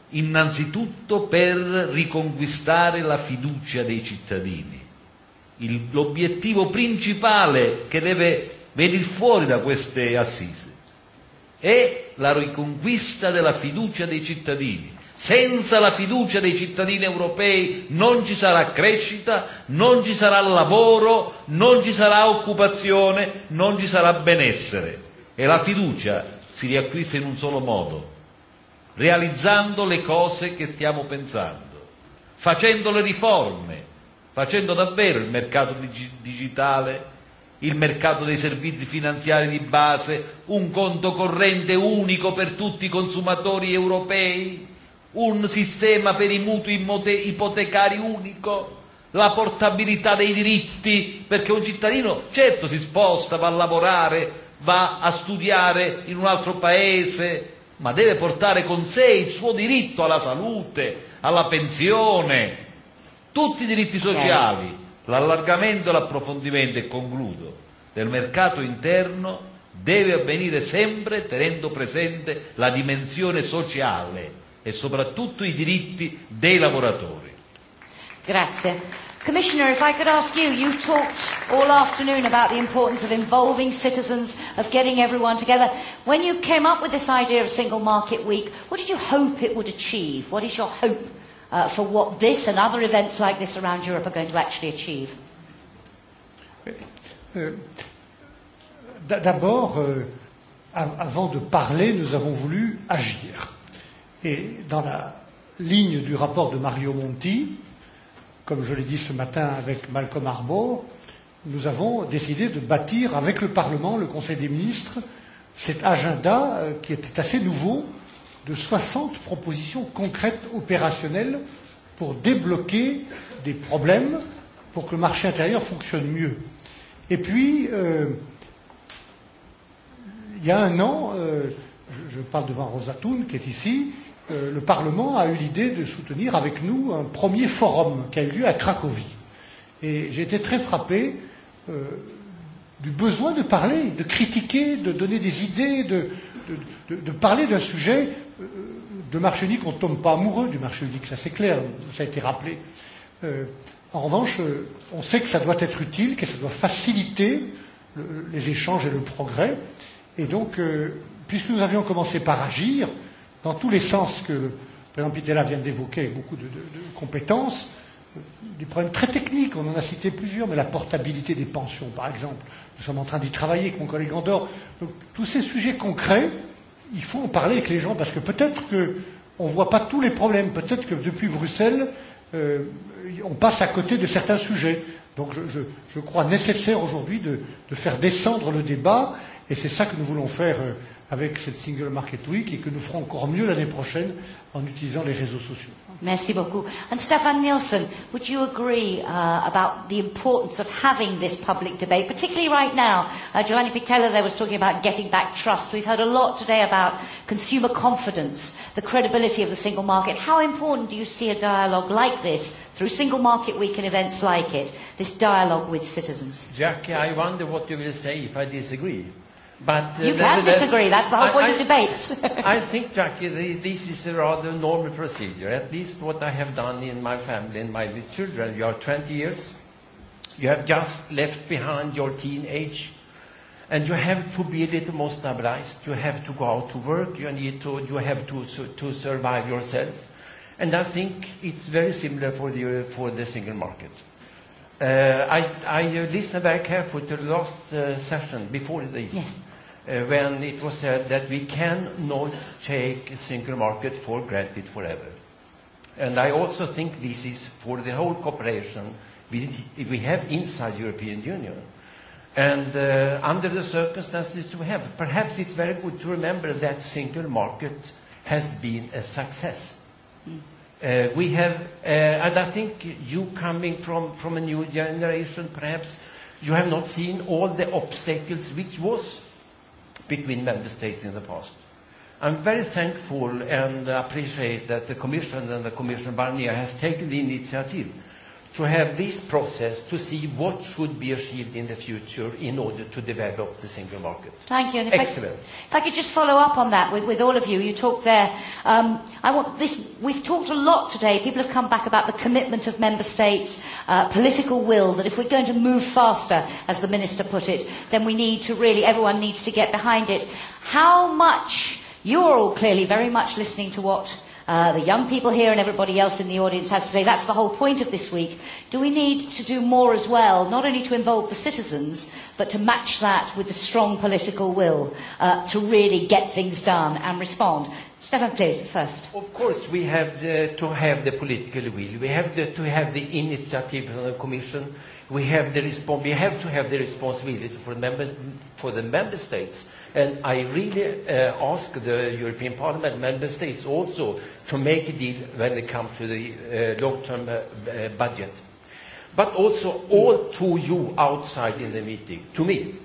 innanzitutto per riconquistare la fiducia dei cittadini. Il, l'obiettivo principale che deve venire fuori da queste assise è la riconquista della fiducia dei cittadini. Senza la fiducia dei cittadini europei non ci sarà crescita, non ci sarà lavoro, non ci sarà occupazione, non ci sarà benessere. E la fiducia si riacquista in un solo modo, realizzando le cose che stiamo pensando, facendo le riforme, facendo davvero il mercato dig- digitale, il mercato dei servizi finanziari di base, un conto corrente unico per tutti i consumatori europei, un sistema per i mutui ipotecari unico, la portabilità dei diritti, perché un cittadino certo si sposta, va a lavorare, va a studiare in un altro paese, ma deve portare con sé il suo diritto alla salute, alla pensione, tutti i diritti sociali. L'allargamento e l'approfondimento, e concludo, del mercato interno deve avvenire sempre tenendo presente la dimensione sociale e soprattutto i diritti dei lavoratori. Grazie. Commissioner, if I could ask you, you talked all afternoon about the importance of involving citizens, of getting everyone together. When you came up with this idea of Single Market Week, what did you hope it would achieve? What is your hope uh, for what this and other events like this around Europe are going to actually achieve? D'abord, avant de parler, nous avons voulu agir Et dans la ligne du rapport de Mario Monti, comme je l'ai dit ce matin avec Malcolm Arbour, nous avons décidé de bâtir avec le Parlement, le Conseil des ministres, cet agenda qui était assez nouveau de 60 propositions concrètes opérationnelles pour débloquer des problèmes pour que le marché intérieur fonctionne mieux. Et puis, euh, il y a un an, euh, je, je parle devant Rosatoun qui est ici, euh, le Parlement a eu l'idée de soutenir avec nous un premier forum qui a eu lieu à Cracovie. Et j'ai été très frappé euh, du besoin de parler, de critiquer, de donner des idées, de, de, de, de parler d'un sujet euh, de marché unique. On ne tombe pas amoureux du marché unique, ça c'est clair, ça a été rappelé. Euh, en revanche, on sait que ça doit être utile, que ça doit faciliter le, les échanges et le progrès. Et donc, euh, puisque nous avions commencé par agir, euh, dans tous les sens que le président Pitella vient d'évoquer avec beaucoup de, de, de compétences, des problèmes très techniques, on en a cité plusieurs, mais la portabilité des pensions, par exemple. Nous sommes en train d'y travailler avec mon collègue Andorre. Donc, tous ces sujets concrets, il faut en parler avec les gens, parce que peut-être qu'on ne voit pas tous les problèmes. Peut-être que depuis Bruxelles, euh, on passe à côté de certains sujets. Donc, je, je, je crois nécessaire aujourd'hui de, de faire descendre le débat, et c'est ça que nous voulons faire. Euh, avec cette Single Market Week et que nous ferons encore mieux l'année prochaine en utilisant les réseaux sociaux. Merci beaucoup. And Stefan Nielsen, would you agree uh, about the importance of having this public debate, particularly right now? Uh, Giovanni Pitella there was talking about getting back trust. We've heard a lot today about consumer confidence, the credibility of the single market. How important do you see a dialogue like this through Single Market Week and events like it, this dialogue with citizens? Jackie, I wonder what you will say if I disagree. But uh, you can disagree. That's the whole point I, of debates. I think, Jackie, the, this is a rather normal procedure. At least what I have done in my family and my children. You are 20 years. You have just left behind your teenage, and you have to be a little more stabilized. You have to go out to work. You need to. You have to to survive yourself. And I think it's very similar for the for the single market. Uh, I, I listened very carefully to the last uh, session before this. Yes when it was said that we cannot take single market for granted forever. And I also think this is for the whole cooperation we, we have inside European Union. And uh, under the circumstances we have, perhaps it's very good to remember that single market has been a success. Mm. Uh, we have, uh, and I think you coming from, from a new generation, perhaps you have not seen all the obstacles which was between member states in the past. I'm very thankful and appreciate that the Commission and the Commissioner Barnier has taken the initiative to have this process to see what should be achieved in the future in order to develop the single market. Thank you. And if Excellent. I, if I could just follow up on that with, with all of you, you talked there. Um, I want this. We've talked a lot today. People have come back about the commitment of member states, uh, political will. That if we're going to move faster, as the minister put it, then we need to really everyone needs to get behind it. How much? You're all clearly very much listening to what uh, the young people here and everybody else in the audience has to say that's the whole point of this week. Do we need to do more as well, not only to involve the citizens, but to match that with the strong political will uh, to really get things done and respond? Stefan, please, first. Of course, we have the, to have the political will. We have the, to have the initiative of the Commission. We have, the respons- we have to have the responsibility for, member- for the member states. And I really uh, ask the European Parliament member states also to make a deal when it comes to the uh, long-term uh, uh, budget. But also all to you outside in the meeting, to me,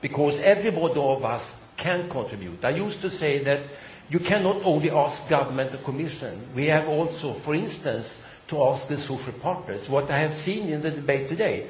because everybody of us can contribute. I used to say that you cannot only ask government or commission. We have also, for instance, to ask the social partners. What I have seen in the debate today,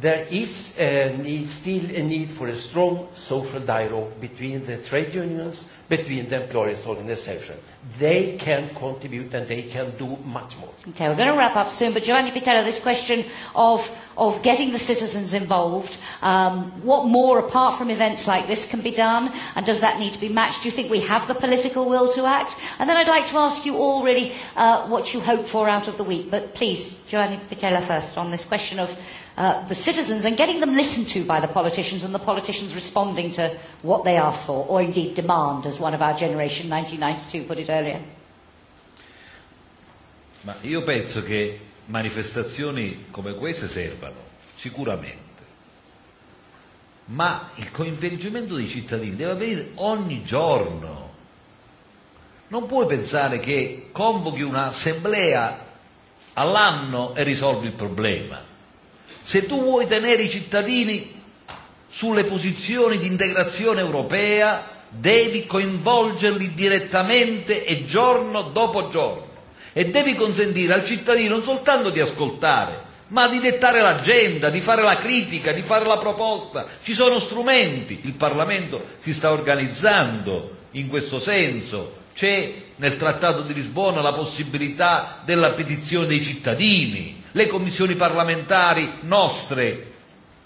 there is a need, still a need for a strong social dialogue between the trade unions, between the employers' organization. They can contribute and they can do much more. Okay, we're going to wrap up soon, but Giovanni Pitello, this question of, of getting the citizens involved, um, what more, apart from events like this, can be done, and does that need to be matched? Do you think we have the political will to act? And then I'd like to ask you all, really, uh, what you hope for out of the week. But please, Giovanni Pitella first on this question of the citizens and getting them listened to by the politicians and the politicians responding to what they ask for, or indeed demand, as one of our generation, 1992, put it earlier? Ma io penso che manifestazioni come queste servano, sicuramente. Ma il coinvolgimento dei cittadini deve avvenire ogni giorno. Non puoi pensare che convochi un'assemblea all'anno e risolvi il problema. Se tu vuoi tenere i cittadini sulle posizioni di integrazione europea, devi coinvolgerli direttamente e giorno dopo giorno e devi consentire al cittadino non soltanto di ascoltare, ma di dettare l'agenda, di fare la critica, di fare la proposta. Ci sono strumenti, il Parlamento si sta organizzando in questo senso, c'è nel Trattato di Lisbona la possibilità della petizione dei cittadini, le commissioni parlamentari nostre,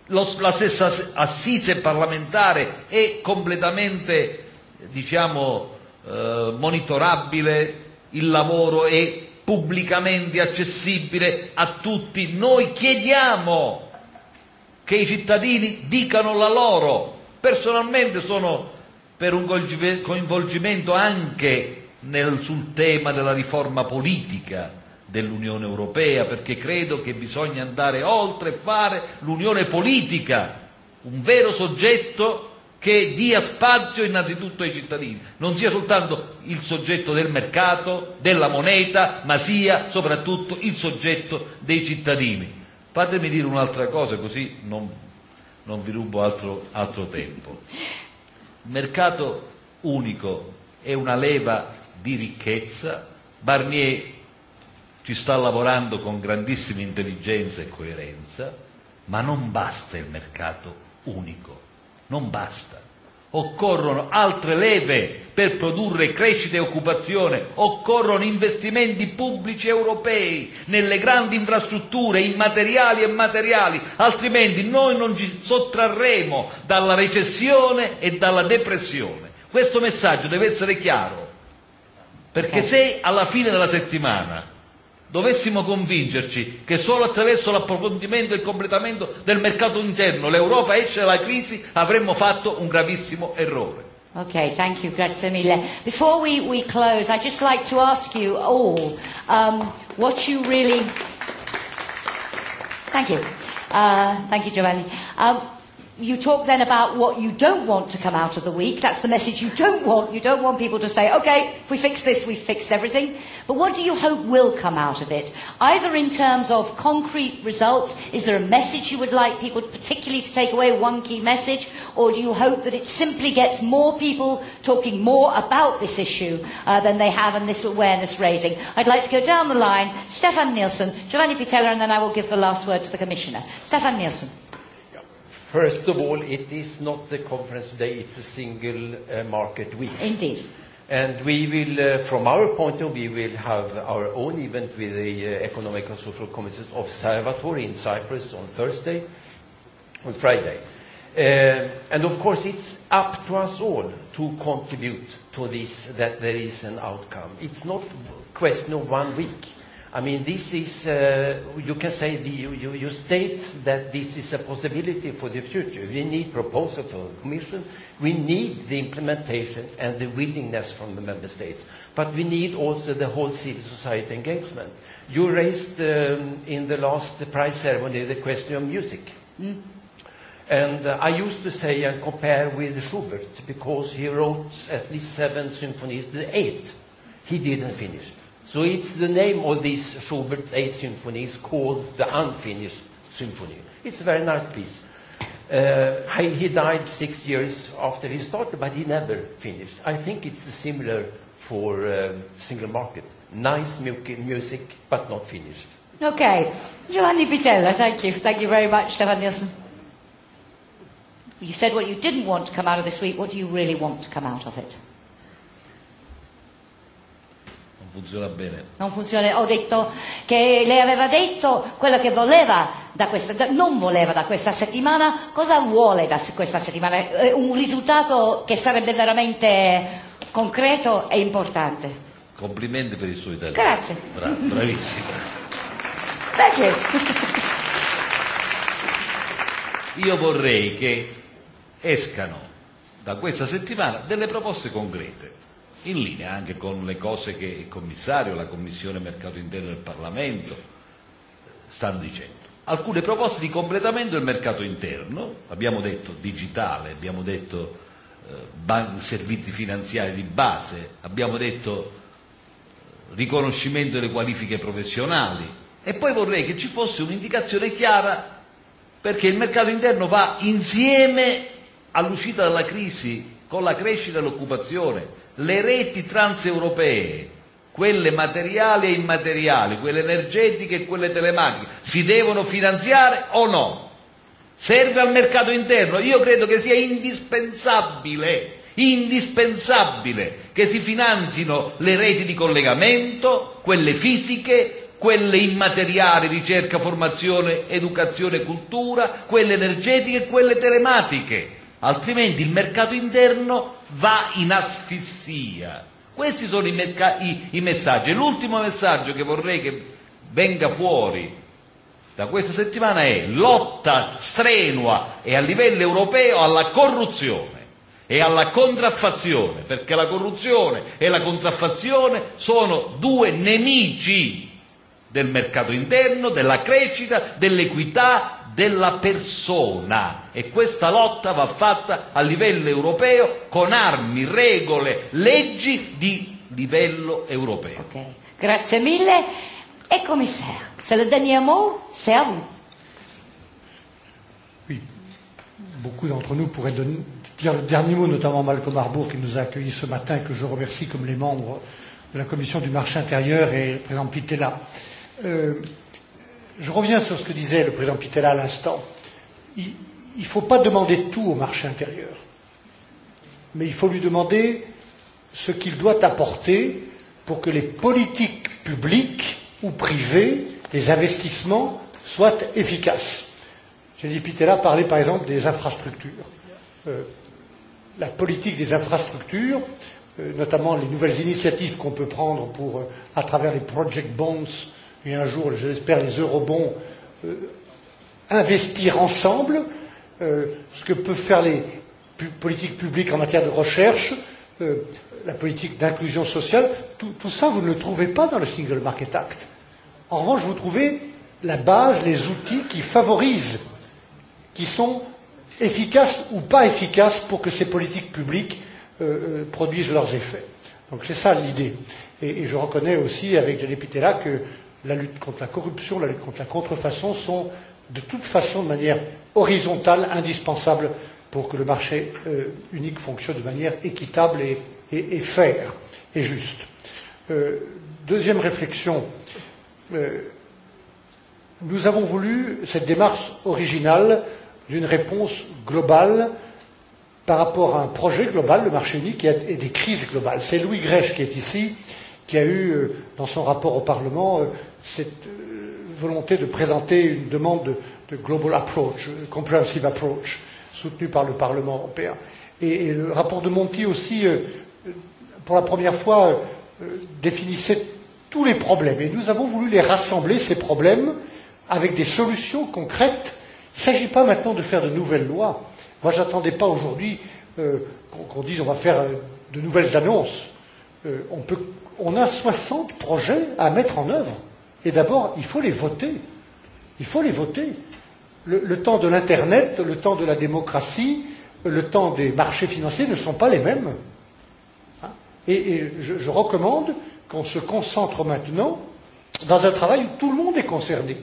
lo, la stessa assise parlamentare è completamente diciamo, eh, monitorabile, il lavoro è pubblicamente accessibile a tutti. Noi chiediamo che i cittadini dicano la loro. Personalmente sono per un coinvolgimento anche nel, sul tema della riforma politica dell'Unione Europea, perché credo che bisogna andare oltre e fare l'unione politica, un vero soggetto che dia spazio innanzitutto ai cittadini, non sia soltanto il soggetto del mercato, della moneta, ma sia soprattutto il soggetto dei cittadini. Fatemi dire un'altra cosa così non, non vi rubo altro, altro tempo. Il mercato unico è una leva di ricchezza, Barnier ci sta lavorando con grandissima intelligenza e coerenza, ma non basta il mercato unico, non basta. Occorrono altre leve per produrre crescita e occupazione, occorrono investimenti pubblici europei nelle grandi infrastrutture immateriali e materiali, altrimenti noi non ci sottrarremo dalla recessione e dalla depressione. Questo messaggio deve essere chiaro, perché se alla fine della settimana dovessimo convincerci che solo attraverso l'approfondimento e il completamento del mercato interno l'Europa esce dalla crisi, avremmo fatto un gravissimo errore. Ok, thank you, grazie mille. Before we, we close, I'd just like to ask you all um, what you really... Thank you. Uh, thank you, Giovanni. Um, you talk then about what you don't want to come out of the week. That's the message you don't want. You don't want people to say, okay, if we fix this, we've fixed everything. But what do you hope will come out of it? Either in terms of concrete results, is there a message you would like people particularly to take away, one key message? Or do you hope that it simply gets more people talking more about this issue uh, than they have and this awareness raising? I'd like to go down the line. Stefan Nielsen, Giovanni Pitella, and then I will give the last word to the Commissioner. Stefan Nielsen. First of all, it is not the conference today, it's a single market week. Indeed. And We will, uh from our point of view, we will have our own event with the Economic and Social Committee's observatory in Cyprus on Thursday, on Friday. And Of course, it's up to us all to contribute to this, that there is an outcome. It's not a question of one week. I mean, this is, uh, you can say, the, you, you, you state that this is a possibility for the future. We need proposal from the Commission. We need the implementation and the willingness from the Member States. But we need also the whole civil society engagement. You raised um, in the last prize ceremony the question of music. Mm. And uh, I used to say and compare with Schubert because he wrote at least seven symphonies, the eight he didn't finish. So it's the name of this Schubert A symphony is called the Unfinished Symphony. It's a very nice piece. Uh, he died six years after he started, but he never finished. I think it's similar for uh, single market. Nice music, but not finished. Okay. Giovanni Pitella, thank you. Thank you very much, Stefan Nielsen. You said what you didn't want to come out of this week. What do you really want to come out of it? funziona bene. Non funziona, ho detto che lei aveva detto quello che voleva da questa, da, non voleva da questa settimana, cosa vuole da questa settimana? un risultato che sarebbe veramente concreto e importante. Complimenti per il suo italiano. Grazie. Bra- bravissimo. Thank you. Io vorrei che escano da questa settimana delle proposte concrete in linea anche con le cose che il commissario, la Commissione Mercato Interno del Parlamento stanno dicendo. Alcune proposte di completamento del mercato interno, abbiamo detto digitale, abbiamo detto eh, servizi finanziari di base, abbiamo detto riconoscimento delle qualifiche professionali e poi vorrei che ci fosse un'indicazione chiara perché il mercato interno va insieme all'uscita dalla crisi con la crescita e l'occupazione. Le reti transeuropee, quelle materiali e immateriali, quelle energetiche e quelle telematiche, si devono finanziare o no? Serve al mercato interno? Io credo che sia indispensabile, indispensabile che si finanzino le reti di collegamento, quelle fisiche, quelle immateriali, ricerca, formazione, educazione e cultura, quelle energetiche e quelle telematiche altrimenti il mercato interno va in asfissia. Questi sono i, merc- i, i messaggi. L'ultimo messaggio che vorrei che venga fuori da questa settimana è lotta strenua e a livello europeo alla corruzione e alla contraffazione, perché la corruzione e la contraffazione sono due nemici del mercato interno, della crescita, dell'equità, della persona e questa lotta va fatta a livello europeo con armi, regole, leggi di livello europeo. Okay. grazie mille et commissaire. se le dernier mot, a voi. Oui, beaucoup d'entre nous pourraient donner, dire le dernier mot, notamment Malcolm Harbour qui nous a accueillis ce matin, que je remercie comme les membres de la commission du marché intérieur et le président Pitella. Euh, Je reviens sur ce que disait le président Pitella à l'instant. Il ne faut pas demander tout au marché intérieur, mais il faut lui demander ce qu'il doit apporter pour que les politiques publiques ou privées, les investissements soient efficaces. J'ai dit Pitella parlait par exemple des infrastructures. Euh, la politique des infrastructures, euh, notamment les nouvelles initiatives qu'on peut prendre pour, euh, à travers les project bonds, euh, et un jour, j'espère les eurobonds euh, investir ensemble euh, ce que peuvent faire les pu politiques publiques en matière de recherche, euh, la politique d'inclusion sociale, tout, tout ça, vous ne le trouvez pas dans le Single Market Act. En revanche, vous trouvez la base, les outils qui favorisent, qui sont efficaces ou pas efficaces pour que ces politiques publiques euh, produisent leurs effets. Donc c'est ça l'idée. Et, et je reconnais aussi avec Jeanne Pitella que la lutte contre la corruption, la lutte contre la contrefaçon sont de toute façon de manière horizontale indispensables pour que le marché euh, unique fonctionne de manière équitable et, et, et et juste. Euh, deuxième réflexion, euh, nous avons voulu cette démarche originale d'une réponse globale par rapport à un projet global, le marché unique, et des crises globales. C'est Louis Grèche qui est ici, euh, qui a eu, dans son rapport au Parlement, cette volonté de présenter une demande de global approach, comprehensive approach, soutenue par le Parlement européen. Et, et le rapport de Monti aussi, pour la première fois, définissait tous les problèmes. Et nous avons voulu les rassembler, ces problèmes, avec des solutions concrètes. Il ne s'agit pas maintenant de faire de nouvelles lois. Moi, je n'attendais pas aujourd'hui euh, qu'on qu dise on va faire de nouvelles annonces. Euh, on peut on a 60 projets à mettre en œuvre. Et d'abord, il faut les voter. Il faut les voter. Le, le temps de l'Internet, le temps de la démocratie, le temps des marchés financiers ne sont pas les mêmes. Et, et je, je recommande qu'on se concentre maintenant dans un travail où tout le monde est concerné.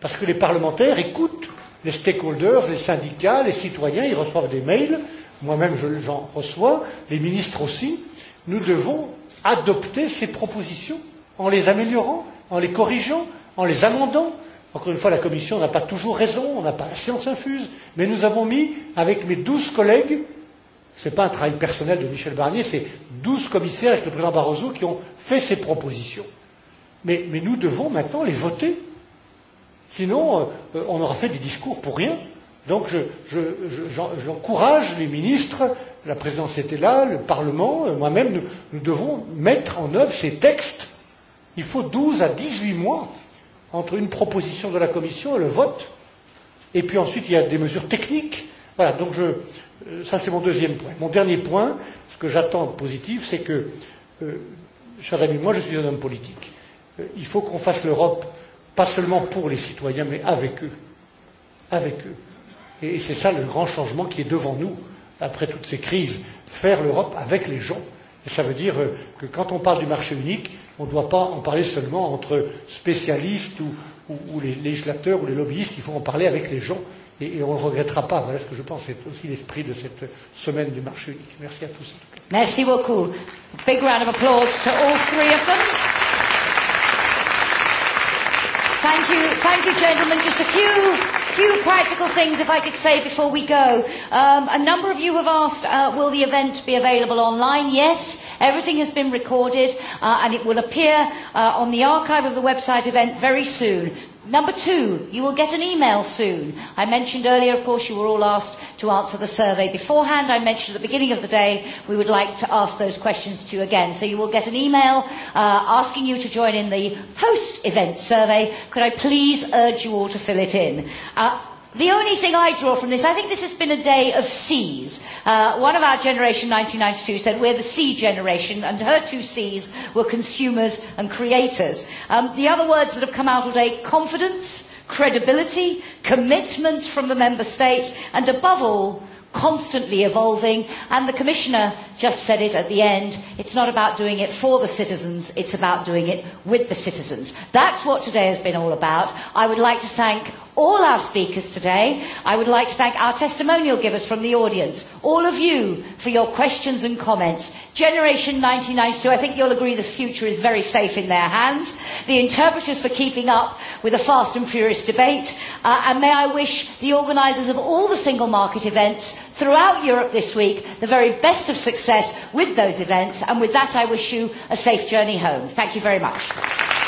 Parce que les parlementaires écoutent les stakeholders, les syndicats, les citoyens, ils reçoivent des mails, moi-même j'en reçois, les ministres aussi. Nous devons adopter ces propositions en les améliorant, en les corrigeant, en les amendant. Encore une fois, la Commission n'a pas toujours raison, on n'a pas la science infuse, mais nous avons mis, avec mes douze collègues, ce n'est pas un travail personnel de Michel Barnier, c'est douze commissaires avec le président Barroso qui ont fait ces propositions. Mais, mais nous devons maintenant les voter. Sinon, euh, on aura fait des discours pour rien. Donc j'encourage je, je, je, les ministres la présidence était là, le Parlement, moi-même, nous, nous devons mettre en œuvre ces textes. Il faut 12 à 18 mois entre une proposition de la Commission et le vote. Et puis ensuite, il y a des mesures techniques. Voilà, donc je, ça c'est mon deuxième point. Mon dernier point, ce que j'attends de positif, c'est que, euh, chers amis, moi je suis un homme politique. Il faut qu'on fasse l'Europe, pas seulement pour les citoyens, mais avec eux. Avec eux. Et c'est ça le grand changement qui est devant nous après toutes ces crises, faire l'Europe avec les gens. Et ça veut dire que quand on parle du marché unique, on ne doit pas en parler seulement entre spécialistes ou, ou, ou les législateurs ou les lobbyistes, il faut en parler avec les gens et, et, on ne le regrettera pas. Voilà ce que je pense, c'est aussi l'esprit de cette semaine du marché unique. Merci à tous. Merci beaucoup. Big round of applause to all three of them. Thank you, thank you, gentlemen. Just a few few practical things, if I could say, before we go. Um, a number of you have asked, uh, will the event be available online? Yes, everything has been recorded, uh, and it will appear uh, on the archive of the website event very soon. Number two, you will get an email soon. I mentioned earlier, of course, you were all asked to answer the survey beforehand. I mentioned at the beginning of the day we would like to ask those questions to you again. So you will get an email uh, asking you to join in the post-event survey. Could I please urge you all to fill it in? Uh, The only thing I draw from this, I think this has been a day of C's. Uh, one of our generation, 1992, said we're the C generation, and her two C's were consumers and creators. Um, the other words that have come out all day, confidence, credibility, commitment from the member states, and above all, constantly evolving. And the Commissioner just said it at the end. It's not about doing it for the citizens, it's about doing it with the citizens. That's what today has been all about. I would like to thank all our speakers today. I would like to thank our testimonial givers from the audience, all of you, for your questions and comments. Generation 1992, I think you'll agree the future is very safe in their hands. The interpreters for keeping up with a fast and furious debate. Uh, and may I wish the organisers of all the single market events throughout Europe this week the very best of success with those events. And with that, I wish you a safe journey home. Thank you very much.